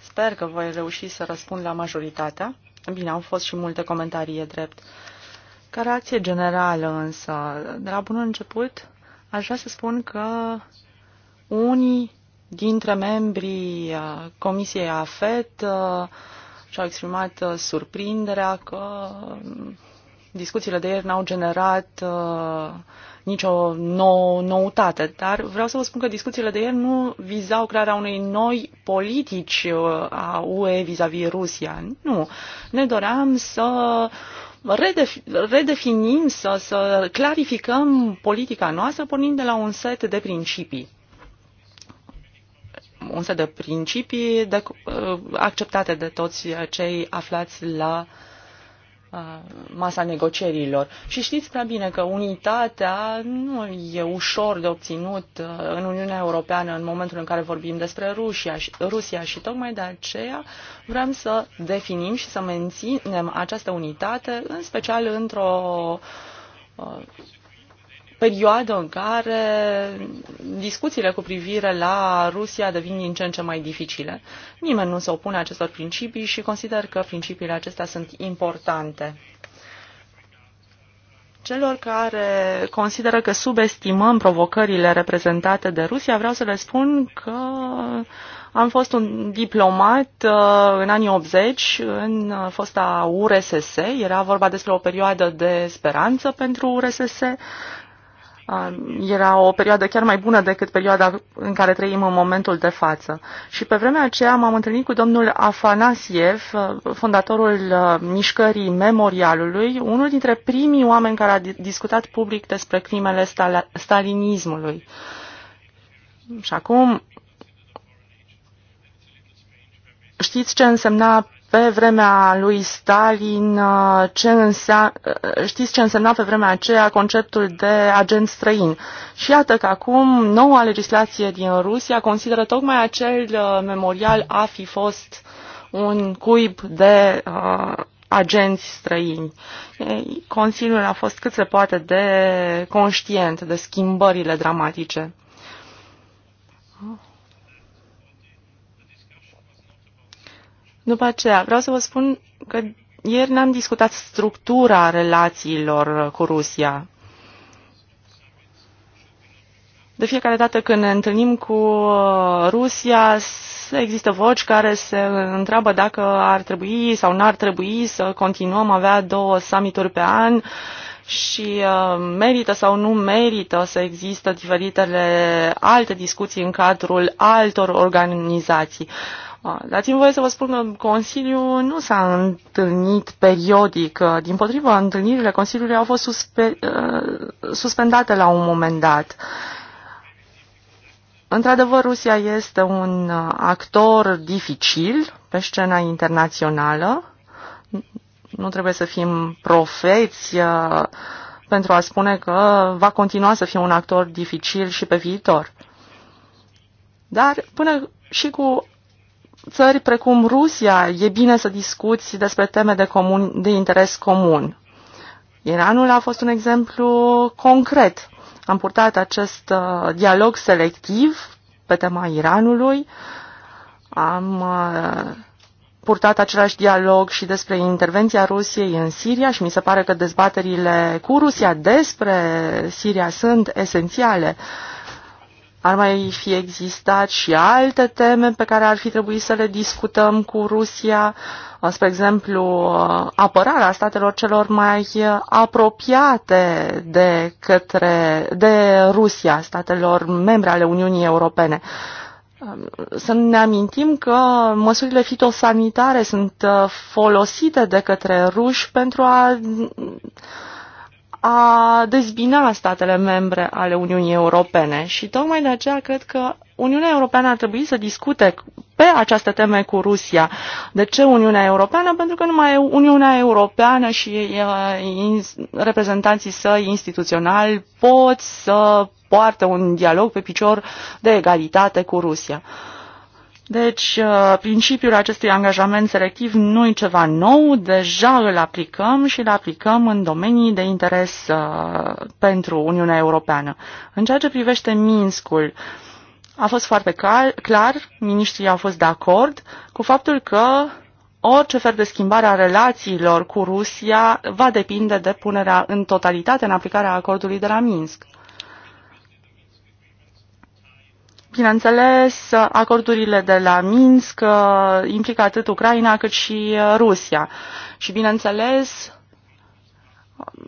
Sper că voi reuși să răspund la majoritatea. Bine, au fost și multe comentarii, e drept. Ca reacție generală însă, de la bun început, aș vrea să spun că unii dintre membrii uh, Comisiei AFET uh, și-au exprimat uh, surprinderea că discuțiile de ieri n-au generat uh, nicio nou, noutate, dar vreau să vă spun că discuțiile de ieri nu vizau crearea unei noi politici uh, a UE vis-a-vis -vis Rusia. Nu. Ne doream să redefi- redefinim, să, să clarificăm politica noastră pornind de la un set de principii un set de principii de, uh, acceptate de toți cei aflați la uh, masa negocierilor. Și știți prea bine că unitatea nu e ușor de obținut în Uniunea Europeană în momentul în care vorbim despre Rusia, Rusia și tocmai de aceea vrem să definim și să menținem această unitate, în special într-o perioadă în care discuțiile cu privire la Rusia devin din ce în ce mai dificile. Nimeni nu se opune acestor principii și consider că principiile acestea sunt importante. Celor care consideră că subestimăm provocările reprezentate de Rusia, vreau să le spun că am fost un diplomat uh, în anii 80 în uh, fosta URSS. Era vorba despre o perioadă de speranță pentru URSS era o perioadă chiar mai bună decât perioada în care trăim în momentul de față. Și pe vremea aceea m-am întâlnit cu domnul Afanasiev, uh, fondatorul uh, mișcării memorialului, unul dintre primii oameni care a discutat public despre crimele stal stalinismului. Și acum știți ce însemna pe vremea lui Stalin uh, ce însea, uh, știți ce însemna pe vremea aceea conceptul de agent străin. Și iată că acum noua legislație din Rusia consideră tocmai acel uh, memorial a fi fost un cuib de uh, agenți străini. Consiliul a fost cât se poate de conștient de schimbările dramatice. După aceea, vreau să vă spun că ieri n-am discutat structura relațiilor cu Rusia. De fiecare dată când ne întâlnim cu uh, Rusia, există voci care se întreabă dacă ar trebui sau n-ar trebui să continuăm avea două summituri pe an și uh, merită sau nu merită să există diferitele alte discuții în cadrul altor organizații. Dați-mi voie să vă spun că Consiliul nu s-a întâlnit periodic. Din potrivă, întâlnirile Consiliului au fost suspe suspendate la un moment dat. Într-adevăr, Rusia este un actor dificil pe scena internațională. Nu trebuie să fim profeți pentru a spune că va continua să fie un actor dificil și pe viitor. Dar până și cu țări precum Rusia e bine să discuți despre teme de, comun, de interes comun. Iranul a fost un exemplu concret. Am purtat acest uh, dialog selectiv pe tema Iranului. Am uh, purtat același dialog și despre intervenția Rusiei în Siria și mi se pare că dezbaterile cu Rusia despre Siria sunt esențiale. Uh, ar mai fi existat și alte teme pe care ar fi trebuit să le discutăm cu Rusia, uh, spre exemplu uh, apărarea statelor celor mai uh, apropiate de, către, de Rusia, statelor membre ale Uniunii Europene. Um, să ne amintim că măsurile fitosanitare sunt folosite de către ruși pentru a a dezbina statele membre ale Uniunii Europene și tocmai de aceea cred că Uniunea Europeană ar trebui să discute pe această teme cu Rusia. De ce Uniunea Europeană? Pentru că numai Uniunea Europeană și uh, reprezentanții săi instituționali pot să poartă un dialog pe picior de egalitate cu Rusia. Deci, uh, principiul acestui angajament selectiv nu e ceva nou, deja îl aplicăm și îl aplicăm în domenii de interes uh, pentru Uniunea Europeană. În ceea ce privește Minskul, a fost foarte clar, ministrii miniștrii au fost de acord cu faptul că orice fel de schimbare a relațiilor cu Rusia va depinde de punerea în totalitate în aplicarea acordului de la Minsk. Bineînțeles, acordurile de la Minsk uh, implică atât Ucraina cât și uh, Rusia. Și bineînțeles,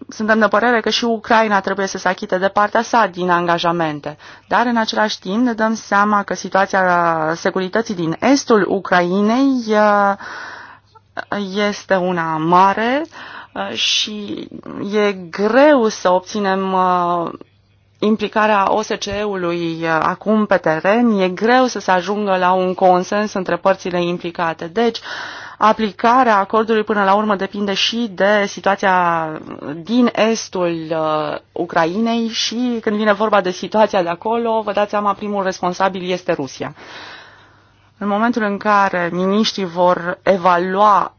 suntem de părere că și Ucraina trebuie să se achite de partea sa din angajamente. Dar în același timp ne dăm seama că situația securității din estul Ucrainei uh, este una mare și e greu să obținem implicarea OSCE-ului uh, acum pe teren, e greu să se ajungă la un consens între părțile implicate. Deci, aplicarea acordului până la urmă depinde și de situația din estul uh, Ucrainei și când vine vorba de situația de acolo, vă dați seama, primul responsabil este Rusia. În momentul în care miniștrii vor evalua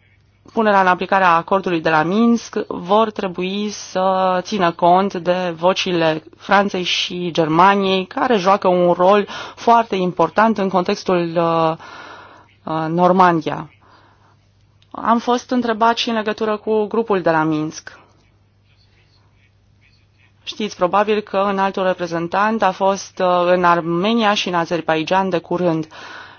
punerea în aplicare a acordului de la Minsk vor trebui să țină cont de vocile Franței și Germaniei, care joacă un rol foarte important în contextul uh, uh, Normandia. Am fost întrebat și în legătură cu grupul de la Minsk. Știți probabil că un altul reprezentant a fost uh, în Armenia și în Azerbaijan de curând. Uh,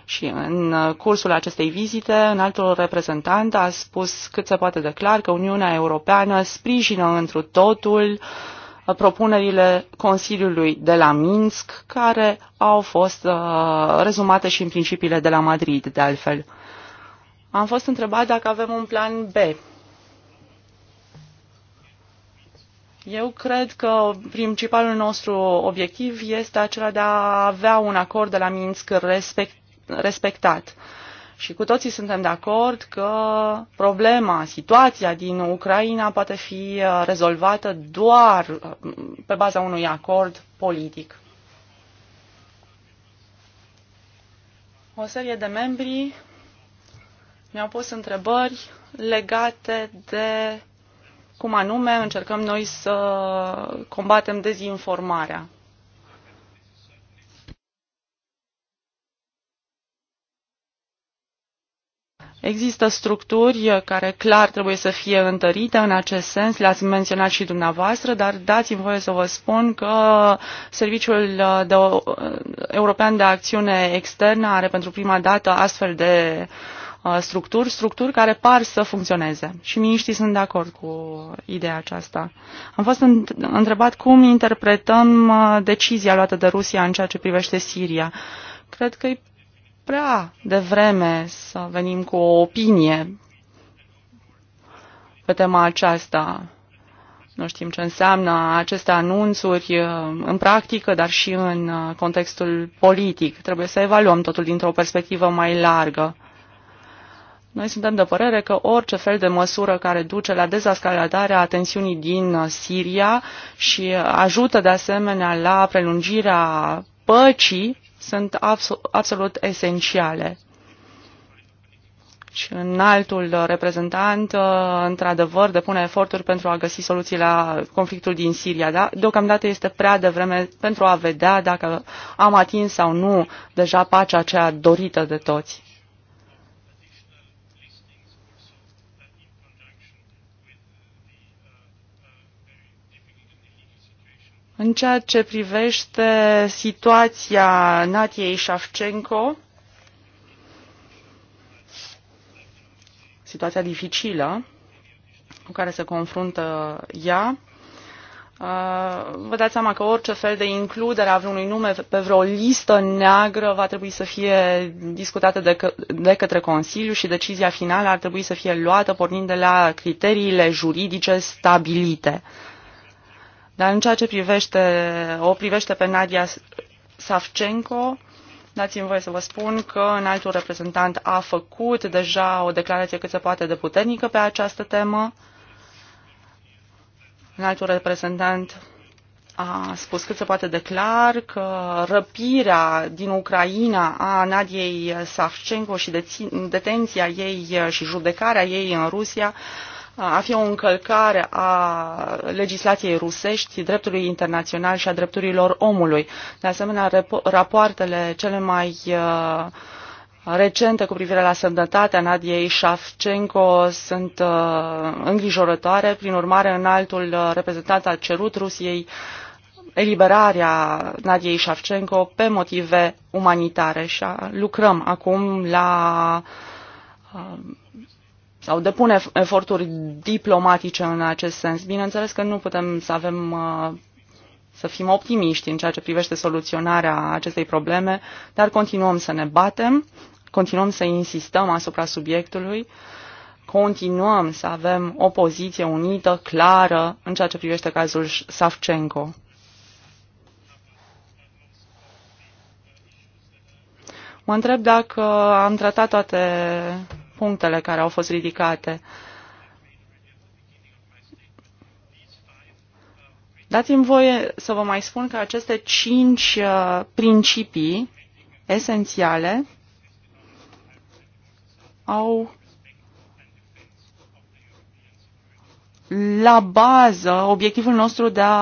și în uh, cursul acestei vizite, un altul reprezentant a spus cât se poate de clar că Uniunea Europeană sprijină întru totul uh, propunerile Consiliului de la Minsk, care au fost uh, rezumate și în principiile de la Madrid, de altfel. Am fost întrebat dacă avem un plan B. Eu cred că principalul nostru obiectiv este acela de a avea un acord de la Minsk respect, respectat. Și cu toții suntem de acord că problema, situația din Ucraina poate fi uh, rezolvată doar uh, pe baza unui acord politic. O serie de membri mi-au pus întrebări legate de cum anume încercăm noi să combatem dezinformarea. Există structuri care clar trebuie să fie întărite în acest sens, le-ați menționat și dumneavoastră, dar dați-mi voie să vă spun că Serviciul de, European de Acțiune Externă are pentru prima dată astfel de uh, structuri, structuri care par să funcționeze. Și miniștrii sunt de acord cu ideea aceasta. Am fost întrebat cum interpretăm uh, decizia luată de Rusia în ceea ce privește Siria. Cred că e prea devreme să venim cu o opinie pe tema aceasta. Nu știm ce înseamnă aceste anunțuri uh, în practică, dar și în uh, contextul politic. Trebuie să evaluăm totul dintr-o perspectivă mai largă. Noi suntem de părere că orice fel de măsură care duce la dezascaladarea tensiunii din uh, Siria și ajută de asemenea la prelungirea păcii sunt absolut esențiale. Și altul reprezentant, uh, într-adevăr, depune eforturi pentru a găsi soluții la conflictul din Siria. Da? Deocamdată este prea devreme pentru a vedea dacă am atins sau nu deja pacea cea dorită de toți. În ceea ce privește situația Natiei Șafcenco, situația dificilă cu care se confruntă ea, vă dați seama că orice fel de includere a vreunui nume pe vreo listă neagră va trebui să fie discutată de, că, de către Consiliu și decizia finală ar trebui să fie luată pornind de la criteriile juridice stabilite. Dar în ceea ce privește, o privește pe Nadia Savchenko, dați-mi voie să vă spun că în altul reprezentant a făcut deja o declarație cât se poate de puternică pe această temă. În altul reprezentant a spus cât se poate de clar că răpirea din Ucraina a Nadiei Savchenko și detenția ei și judecarea ei în Rusia a fi o încălcare a legislației rusești, dreptului internațional și a drepturilor omului. De asemenea, rapoartele cele mai uh, recente cu privire la sănătatea Nadiei Șafcenco sunt uh, îngrijorătoare. Prin urmare, înaltul uh, reprezentant a cerut Rusiei eliberarea Nadiei Șafcenco pe motive umanitare și lucrăm acum la sau depune eforturi diplomatice în acest sens. Bineînțeles că nu putem să avem uh, să fim optimiști în ceea ce privește soluționarea acestei probleme, dar continuăm să ne batem, continuăm să insistăm asupra subiectului, continuăm să avem o poziție unită, clară, în ceea ce privește cazul Savchenko. Mă întreb dacă am tratat toate punctele care au fost ridicate. Dați-mi voie să vă mai spun că aceste cinci uh, principii esențiale au la bază obiectivul nostru de a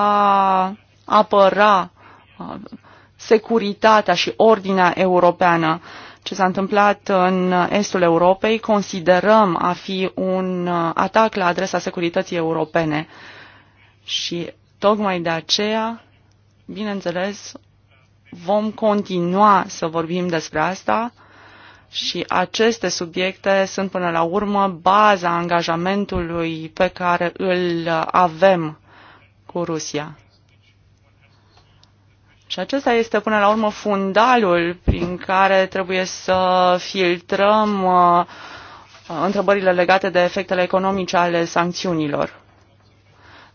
apăra uh, securitatea și ordinea europeană. Uh, ce s-a întâmplat în estul Europei considerăm a fi un uh, atac la adresa securității europene. Și tocmai de aceea, bineînțeles, vom continua să vorbim despre asta și aceste subiecte sunt până la urmă baza angajamentului pe care îl avem cu Rusia. Și acesta este până la urmă fundalul prin care trebuie să filtrăm uh, uh, întrebările legate de efectele economice ale sancțiunilor.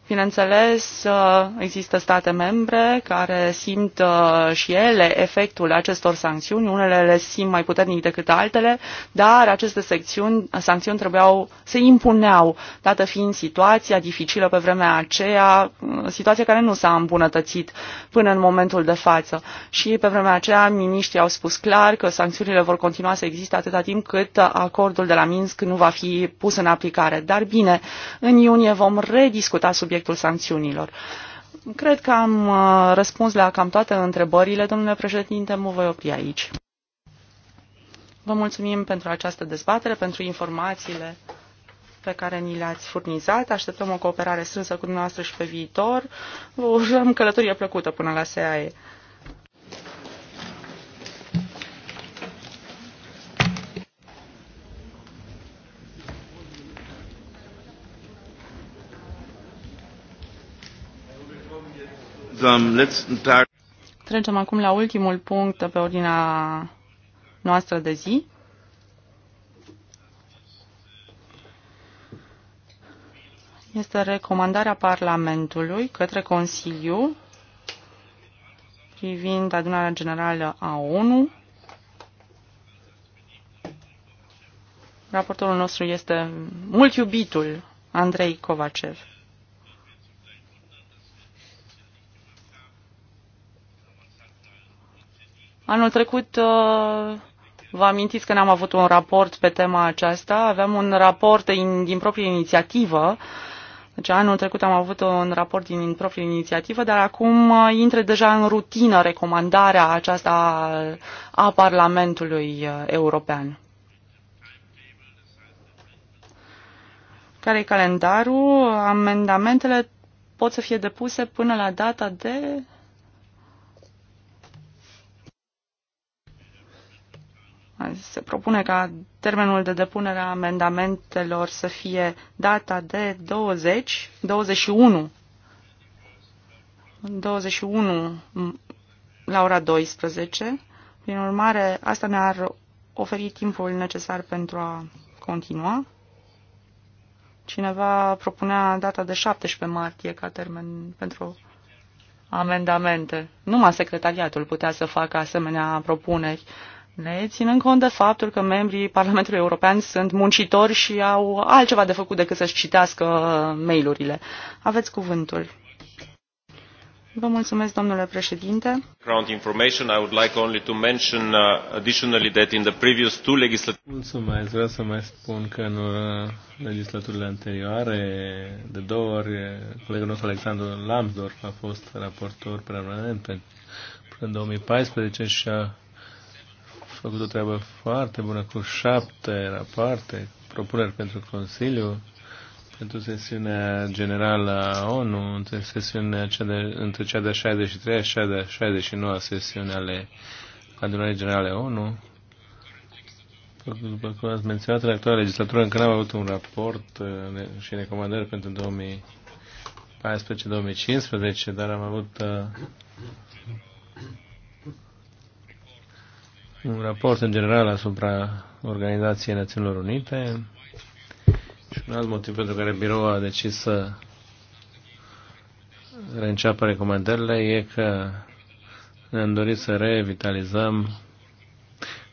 Bineînțeles, uh, există state membre care simt uh, și ele efectul acestor sancțiuni, unele le simt mai puternic decât altele, dar aceste secțiuni, sancțiuni trebuiau, se impuneau, dată fiind situația dificilă pe vremea aceea, uh, situația care nu s-a îmbunătățit până în momentul de față. Și pe vremea aceea, miniștrii au spus clar că sancțiunile vor continua să existe atâta timp cât acordul de la Minsk nu va fi pus în aplicare. Dar bine, în iunie vom rediscuta subiectul subiectul sancțiunilor. Cred că am uh, răspuns la cam toate întrebările. Domnule președinte, mă voi opri aici. Vă mulțumim pentru această dezbatere, pentru informațiile pe care ni le-ați furnizat. Așteptăm o cooperare strânsă cu dumneavoastră și pe viitor. Vă urăm călătorie plăcută până la SEAE. Trecem acum la ultimul punct pe ordinea noastră de zi. Este recomandarea Parlamentului către Consiliu privind adunarea generală a ONU. Raportorul nostru este mult iubitul Andrei Kovacev. Anul trecut uh, Vă amintiți că n-am avut un raport pe tema aceasta, aveam un raport din, din proprie inițiativă, deci anul trecut am avut un raport din, din proprie inițiativă, dar acum uh, intre deja în rutină recomandarea aceasta a Parlamentului uh, European. Care e calendarul? Amendamentele pot să fie depuse până la data de Se propune ca termenul de depunere a amendamentelor să fie data de 20, 21, 21 la ora 12. Prin urmare, asta ne-ar oferi timpul necesar pentru a continua. Cineva propunea data de 17 martie ca termen pentru amendamente. Numai secretariatul putea să facă asemenea propuneri ne ținând cont de faptul că membrii Parlamentului European sunt muncitori și au altceva de făcut decât să-și citească mail-urile. Aveți cuvântul. Vă mulțumesc, domnule președinte. Ground information, I would like only to mention uh, additionally that in the previous two legislative... Mulțumesc, vreau să mai spun că în uh, legislaturile anterioare, de două ori, uh, colegul nostru Alexandru Lambsdorff a fost raportor permanent în 2014 și a făcut o treabă foarte bună cu șapte rapoarte, propuneri pentru Consiliu, pentru sesiunea generală a ONU, între, sesiunea cea de, între cea de 63 și cea de 69 sesiune ale adunării generale a ONU. După cum ați menționat, în actuala legislatură încă n-am avut un raport și recomandări pentru 2014-2015, dar am avut uh, un raport în general asupra Organizației Națiunilor Unite și un alt motiv pentru care biroul a decis să reînceapă recomandările e că ne-am dorit să revitalizăm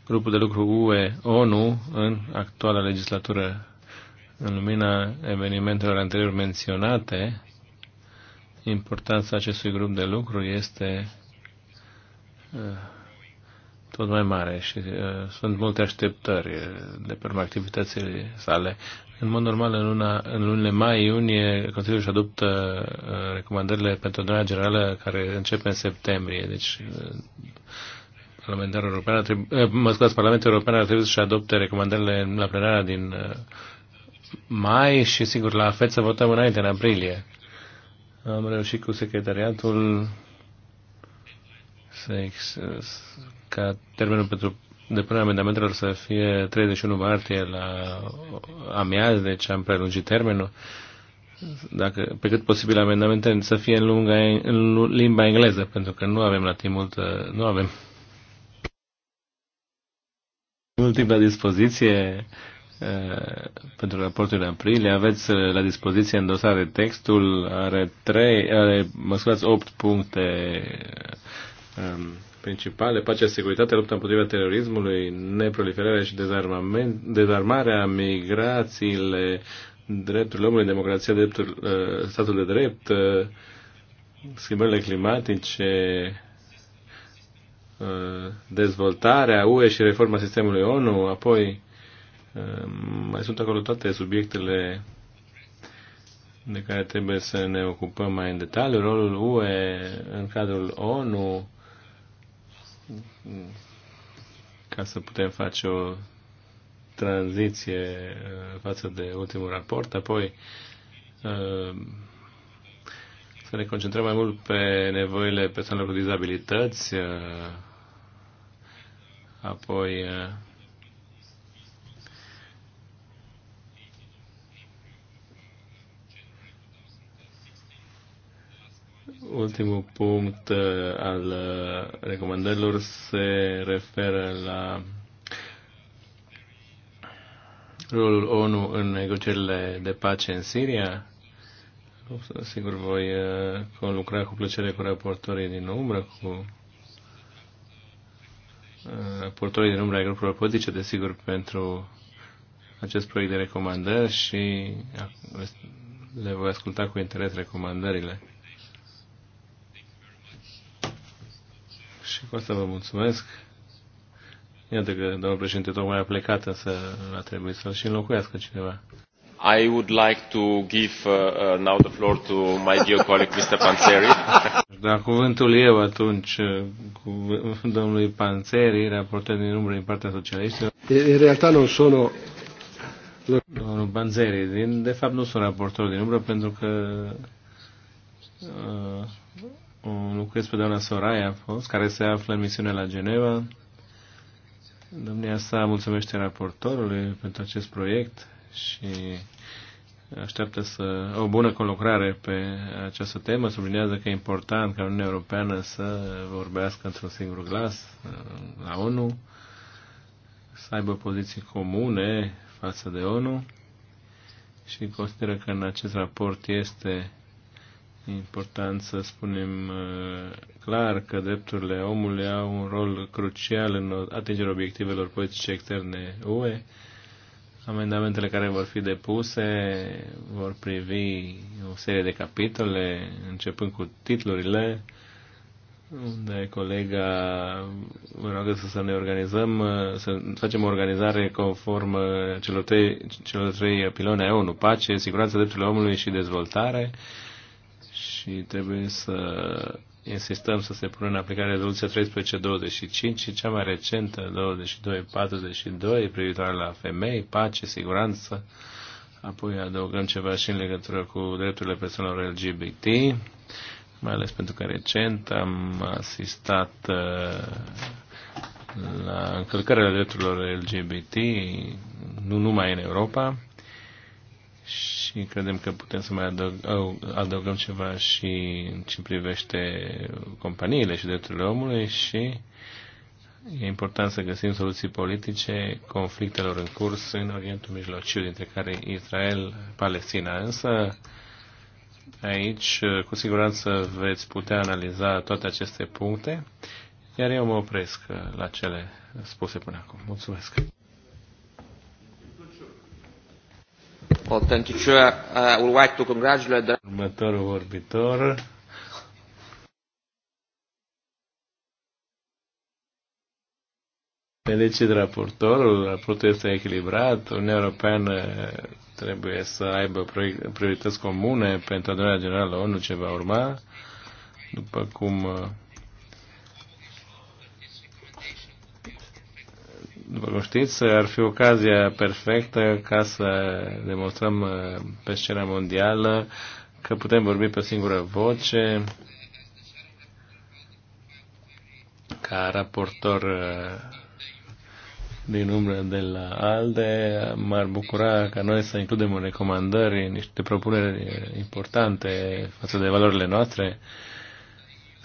grupul de lucru UE-ONU în actuala legislatură în lumina evenimentelor anterior menționate, importanța acestui grup de lucru este uh, tot mai mare și uh, sunt multe așteptări uh, de pe urma activitățile sale. În mod normal, în, luna, în lunile mai-iunie, Consiliul își adoptă uh, recomandările pentru adunarea generală care începe în septembrie. Deci, uh, European ar trebui, uh, mă scuzați, Parlamentul European ar trebui să-și adopte recomandările la plenarea din uh, mai și, sigur, la FED să votăm înainte, în aprilie. Am reușit cu secretariatul să, ex, ca termenul pentru depunerea amendamentelor să fie 31 martie la amiază, deci am prelungit termenul. Dacă, pe cât posibil amendamente să fie în, lunga, în limba engleză, pentru că nu avem la timp mult, nu avem mult timp la dispoziție uh, pentru raportul de aprilie. Aveți uh, la dispoziție în dosare textul, are, trei, are mă scuzați, 8 puncte um, principale, pacea, securitatea, lupta împotriva terorismului, neproliferarea și dezarmament, dezarmarea, migrațiile, drepturile omului, democrația, dreptul, uh, statul de drept, uh, schimbările climatice, uh, dezvoltarea UE și reforma sistemului ONU, apoi mai sunt acolo toate subiectele de care trebuie să ne ocupăm mai în detaliu, rolul UE în cadrul ONU, ca să putem face o tranziție uh, față de ultimul raport, apoi uh, să ne concentrăm mai mult pe nevoile persoanelor cu dizabilități, uh, apoi Ultimul punct uh, al uh, recomandărilor se referă la rolul ONU în negocierile de pace în Siria. Sigur, voi uh, lucra cu plăcere cu raportorii din umbră, cu raportorii din umbră ai grupurilor politice, desigur, pentru acest proiect de recomandări și le voi asculta cu interes recomandările. Și cu asta vă mulțumesc. Iată că domnul președinte tocmai a plecat, însă a trebuit să-l și înlocuiască cineva. I would like to give uh, uh, now the floor to my dear colleague Mr. Panzeri. Da, cuvântul eu atunci uh, cu domnului Panzeri, raportor din umbră din partea socialistă. În realitate nu sunt Domnul Panzeri, de fapt nu sunt raportor din umbră pentru că uh, lucrez pe doamna Soraya Fos, care se află în misiune la Geneva. Domnia sa mulțumește raportorului pentru acest proiect și așteaptă să o bună colocrare pe această temă. Sublinează că e important ca Uniunea Europeană să vorbească într-un singur glas la ONU, să aibă poziții comune față de ONU și consideră că în acest raport este important să spunem uh, clar că drepturile omului au un rol crucial în atingerea obiectivelor politice externe UE. Amendamentele care vor fi depuse vor privi o serie de capitole, începând cu titlurile, unde colega vă rog să ne organizăm, uh, să facem o organizare conform uh, celor trei, celor trei pilone ONU, pace, siguranță, drepturile omului și dezvoltare. Uh, și trebuie să insistăm să se pună în aplicare rezoluția 1325 și cea mai recentă 2242 privitoare la femei, pace, siguranță. Apoi adăugăm ceva și în legătură cu drepturile persoanelor LGBT, mai ales pentru că recent am asistat uh, la încălcările drepturilor LGBT, nu numai în Europa, și credem că putem să mai adăug, adăugăm ceva și în ce privește companiile și drepturile omului și e important să găsim soluții politice conflictelor în curs în Orientul Mijlociu, dintre care Israel, Palestina. Însă aici cu siguranță veți putea analiza toate aceste puncte, iar eu mă opresc la cele spuse până acum. Mulțumesc! Well, thank you, Chair. I would like to congratulate the... Următorul vorbitor. Deci, raportorul, raportul este echilibrat, Uniunea Europeană trebuie să aibă priorități comune pentru adunarea generală ONU ce va urma, după cum uh, după cum știți, ar fi ocazia perfectă ca să demonstrăm uh, pe scena mondială că putem vorbi pe singură voce ca raportor uh, din umbră de la ALDE. M-ar bucura ca noi să includem în recomandări niște propuneri uh, importante față de valorile noastre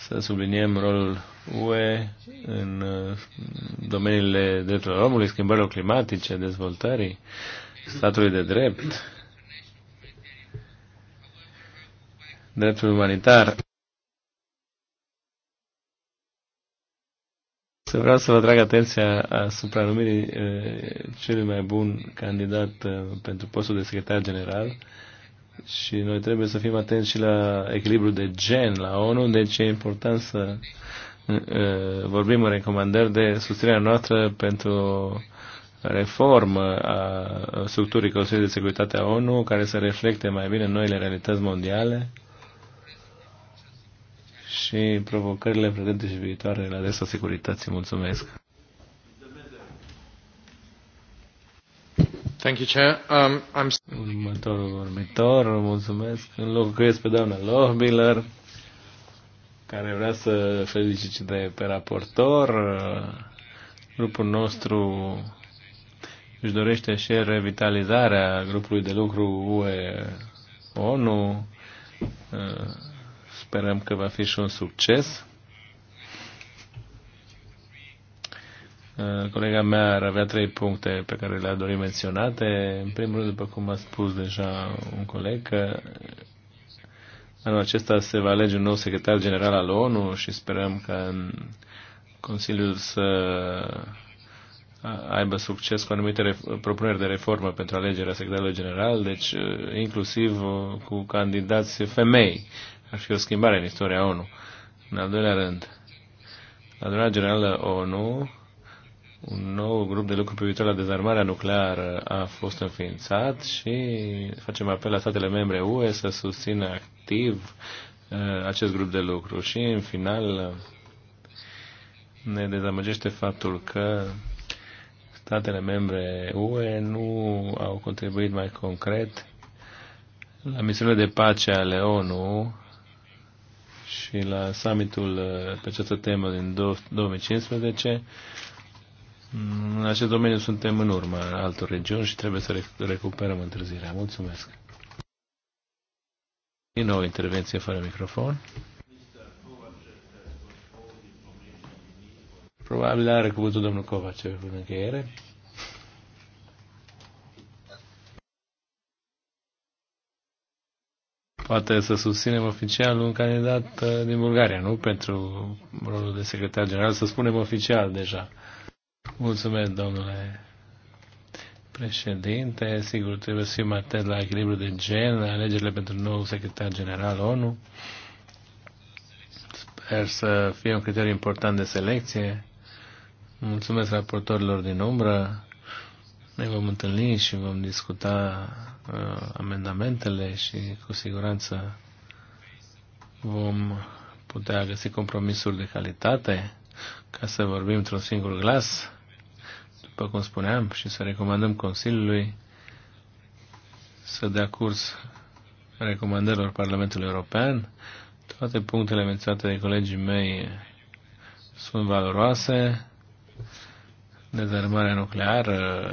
să subliniem rolul UE în uh, domeniile drepturilor omului, schimbărilor climatice, dezvoltării, statului de drept, dreptul umanitar. Să vreau să vă atrag atenția asupra numirii uh, celui mai bun candidat uh, pentru postul de secretar general și noi trebuie să fim atenți și la echilibru de gen la ONU, deci e important să uh, uh, vorbim în recomandări de susținerea noastră pentru reformă a structurii Consiliului de Securitate a ONU care să reflecte mai bine noile realități mondiale și provocările prezente și viitoare la adresa securității. Mulțumesc! Thank you, Chair. Um, I'm... Următorul vorbitor, mulțumesc. Înlocuiesc pe doamna Lohbiller, care vrea să felicite pe raportor. Grupul nostru își dorește și revitalizarea grupului de lucru UE ONU. Uh, sperăm că va fi și un succes. Uh, colega mea ar avea trei puncte pe care le-a dorit menționate. În primul rând, după cum a spus deja un coleg, că anul acesta se va alege un nou secretar general al ONU și sperăm că Consiliul să aibă succes cu anumite propuneri de reformă pentru alegerea secretarului general, deci uh, inclusiv uh, cu candidați femei. Ar fi o schimbare în istoria ONU. În al doilea rând, adunarea generală ONU un nou grup de lucru privitor la dezarmarea nucleară a fost înființat și facem apel la statele membre UE să susțină activ uh, acest grup de lucru. Și, în final, ne dezamăgește faptul că statele membre UE nu au contribuit mai concret la misiunile de pace ale ONU și la summitul uh, pe această temă din 2015 în acest domeniu suntem în urmă în altor regiuni și trebuie să recuperăm întârzirea. Mulțumesc. Din nou, intervenție fără microfon. Probabil are cuvântul domnul Covace în încheiere. Poate să susținem oficial un candidat uh, din Bulgaria, nu? Pentru rolul de secretar general, să spunem oficial deja. Mulțumesc, domnule președinte. Sigur, trebuie să fim atenți la echilibru de gen, la alegerile pentru nou secretar general ONU. Sper să fie un criteriu important de selecție. Mulțumesc raportorilor din umbră. Ne vom întâlni și vom discuta uh, amendamentele și cu siguranță vom putea găsi compromisuri de calitate ca să vorbim într-un singur glas după cum spuneam, și să recomandăm Consiliului să dea curs recomandărilor Parlamentului European. Toate punctele menționate de colegii mei sunt valoroase. Dezarmarea nucleară,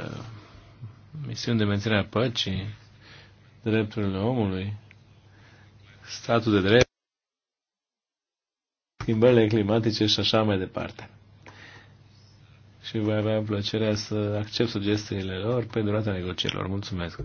misiuni de menținere a păcii, drepturile omului, statul de drept, schimbările climatice și așa mai departe și voi avea plăcerea să accept sugestiile lor pe durata negocierilor. Mulțumesc!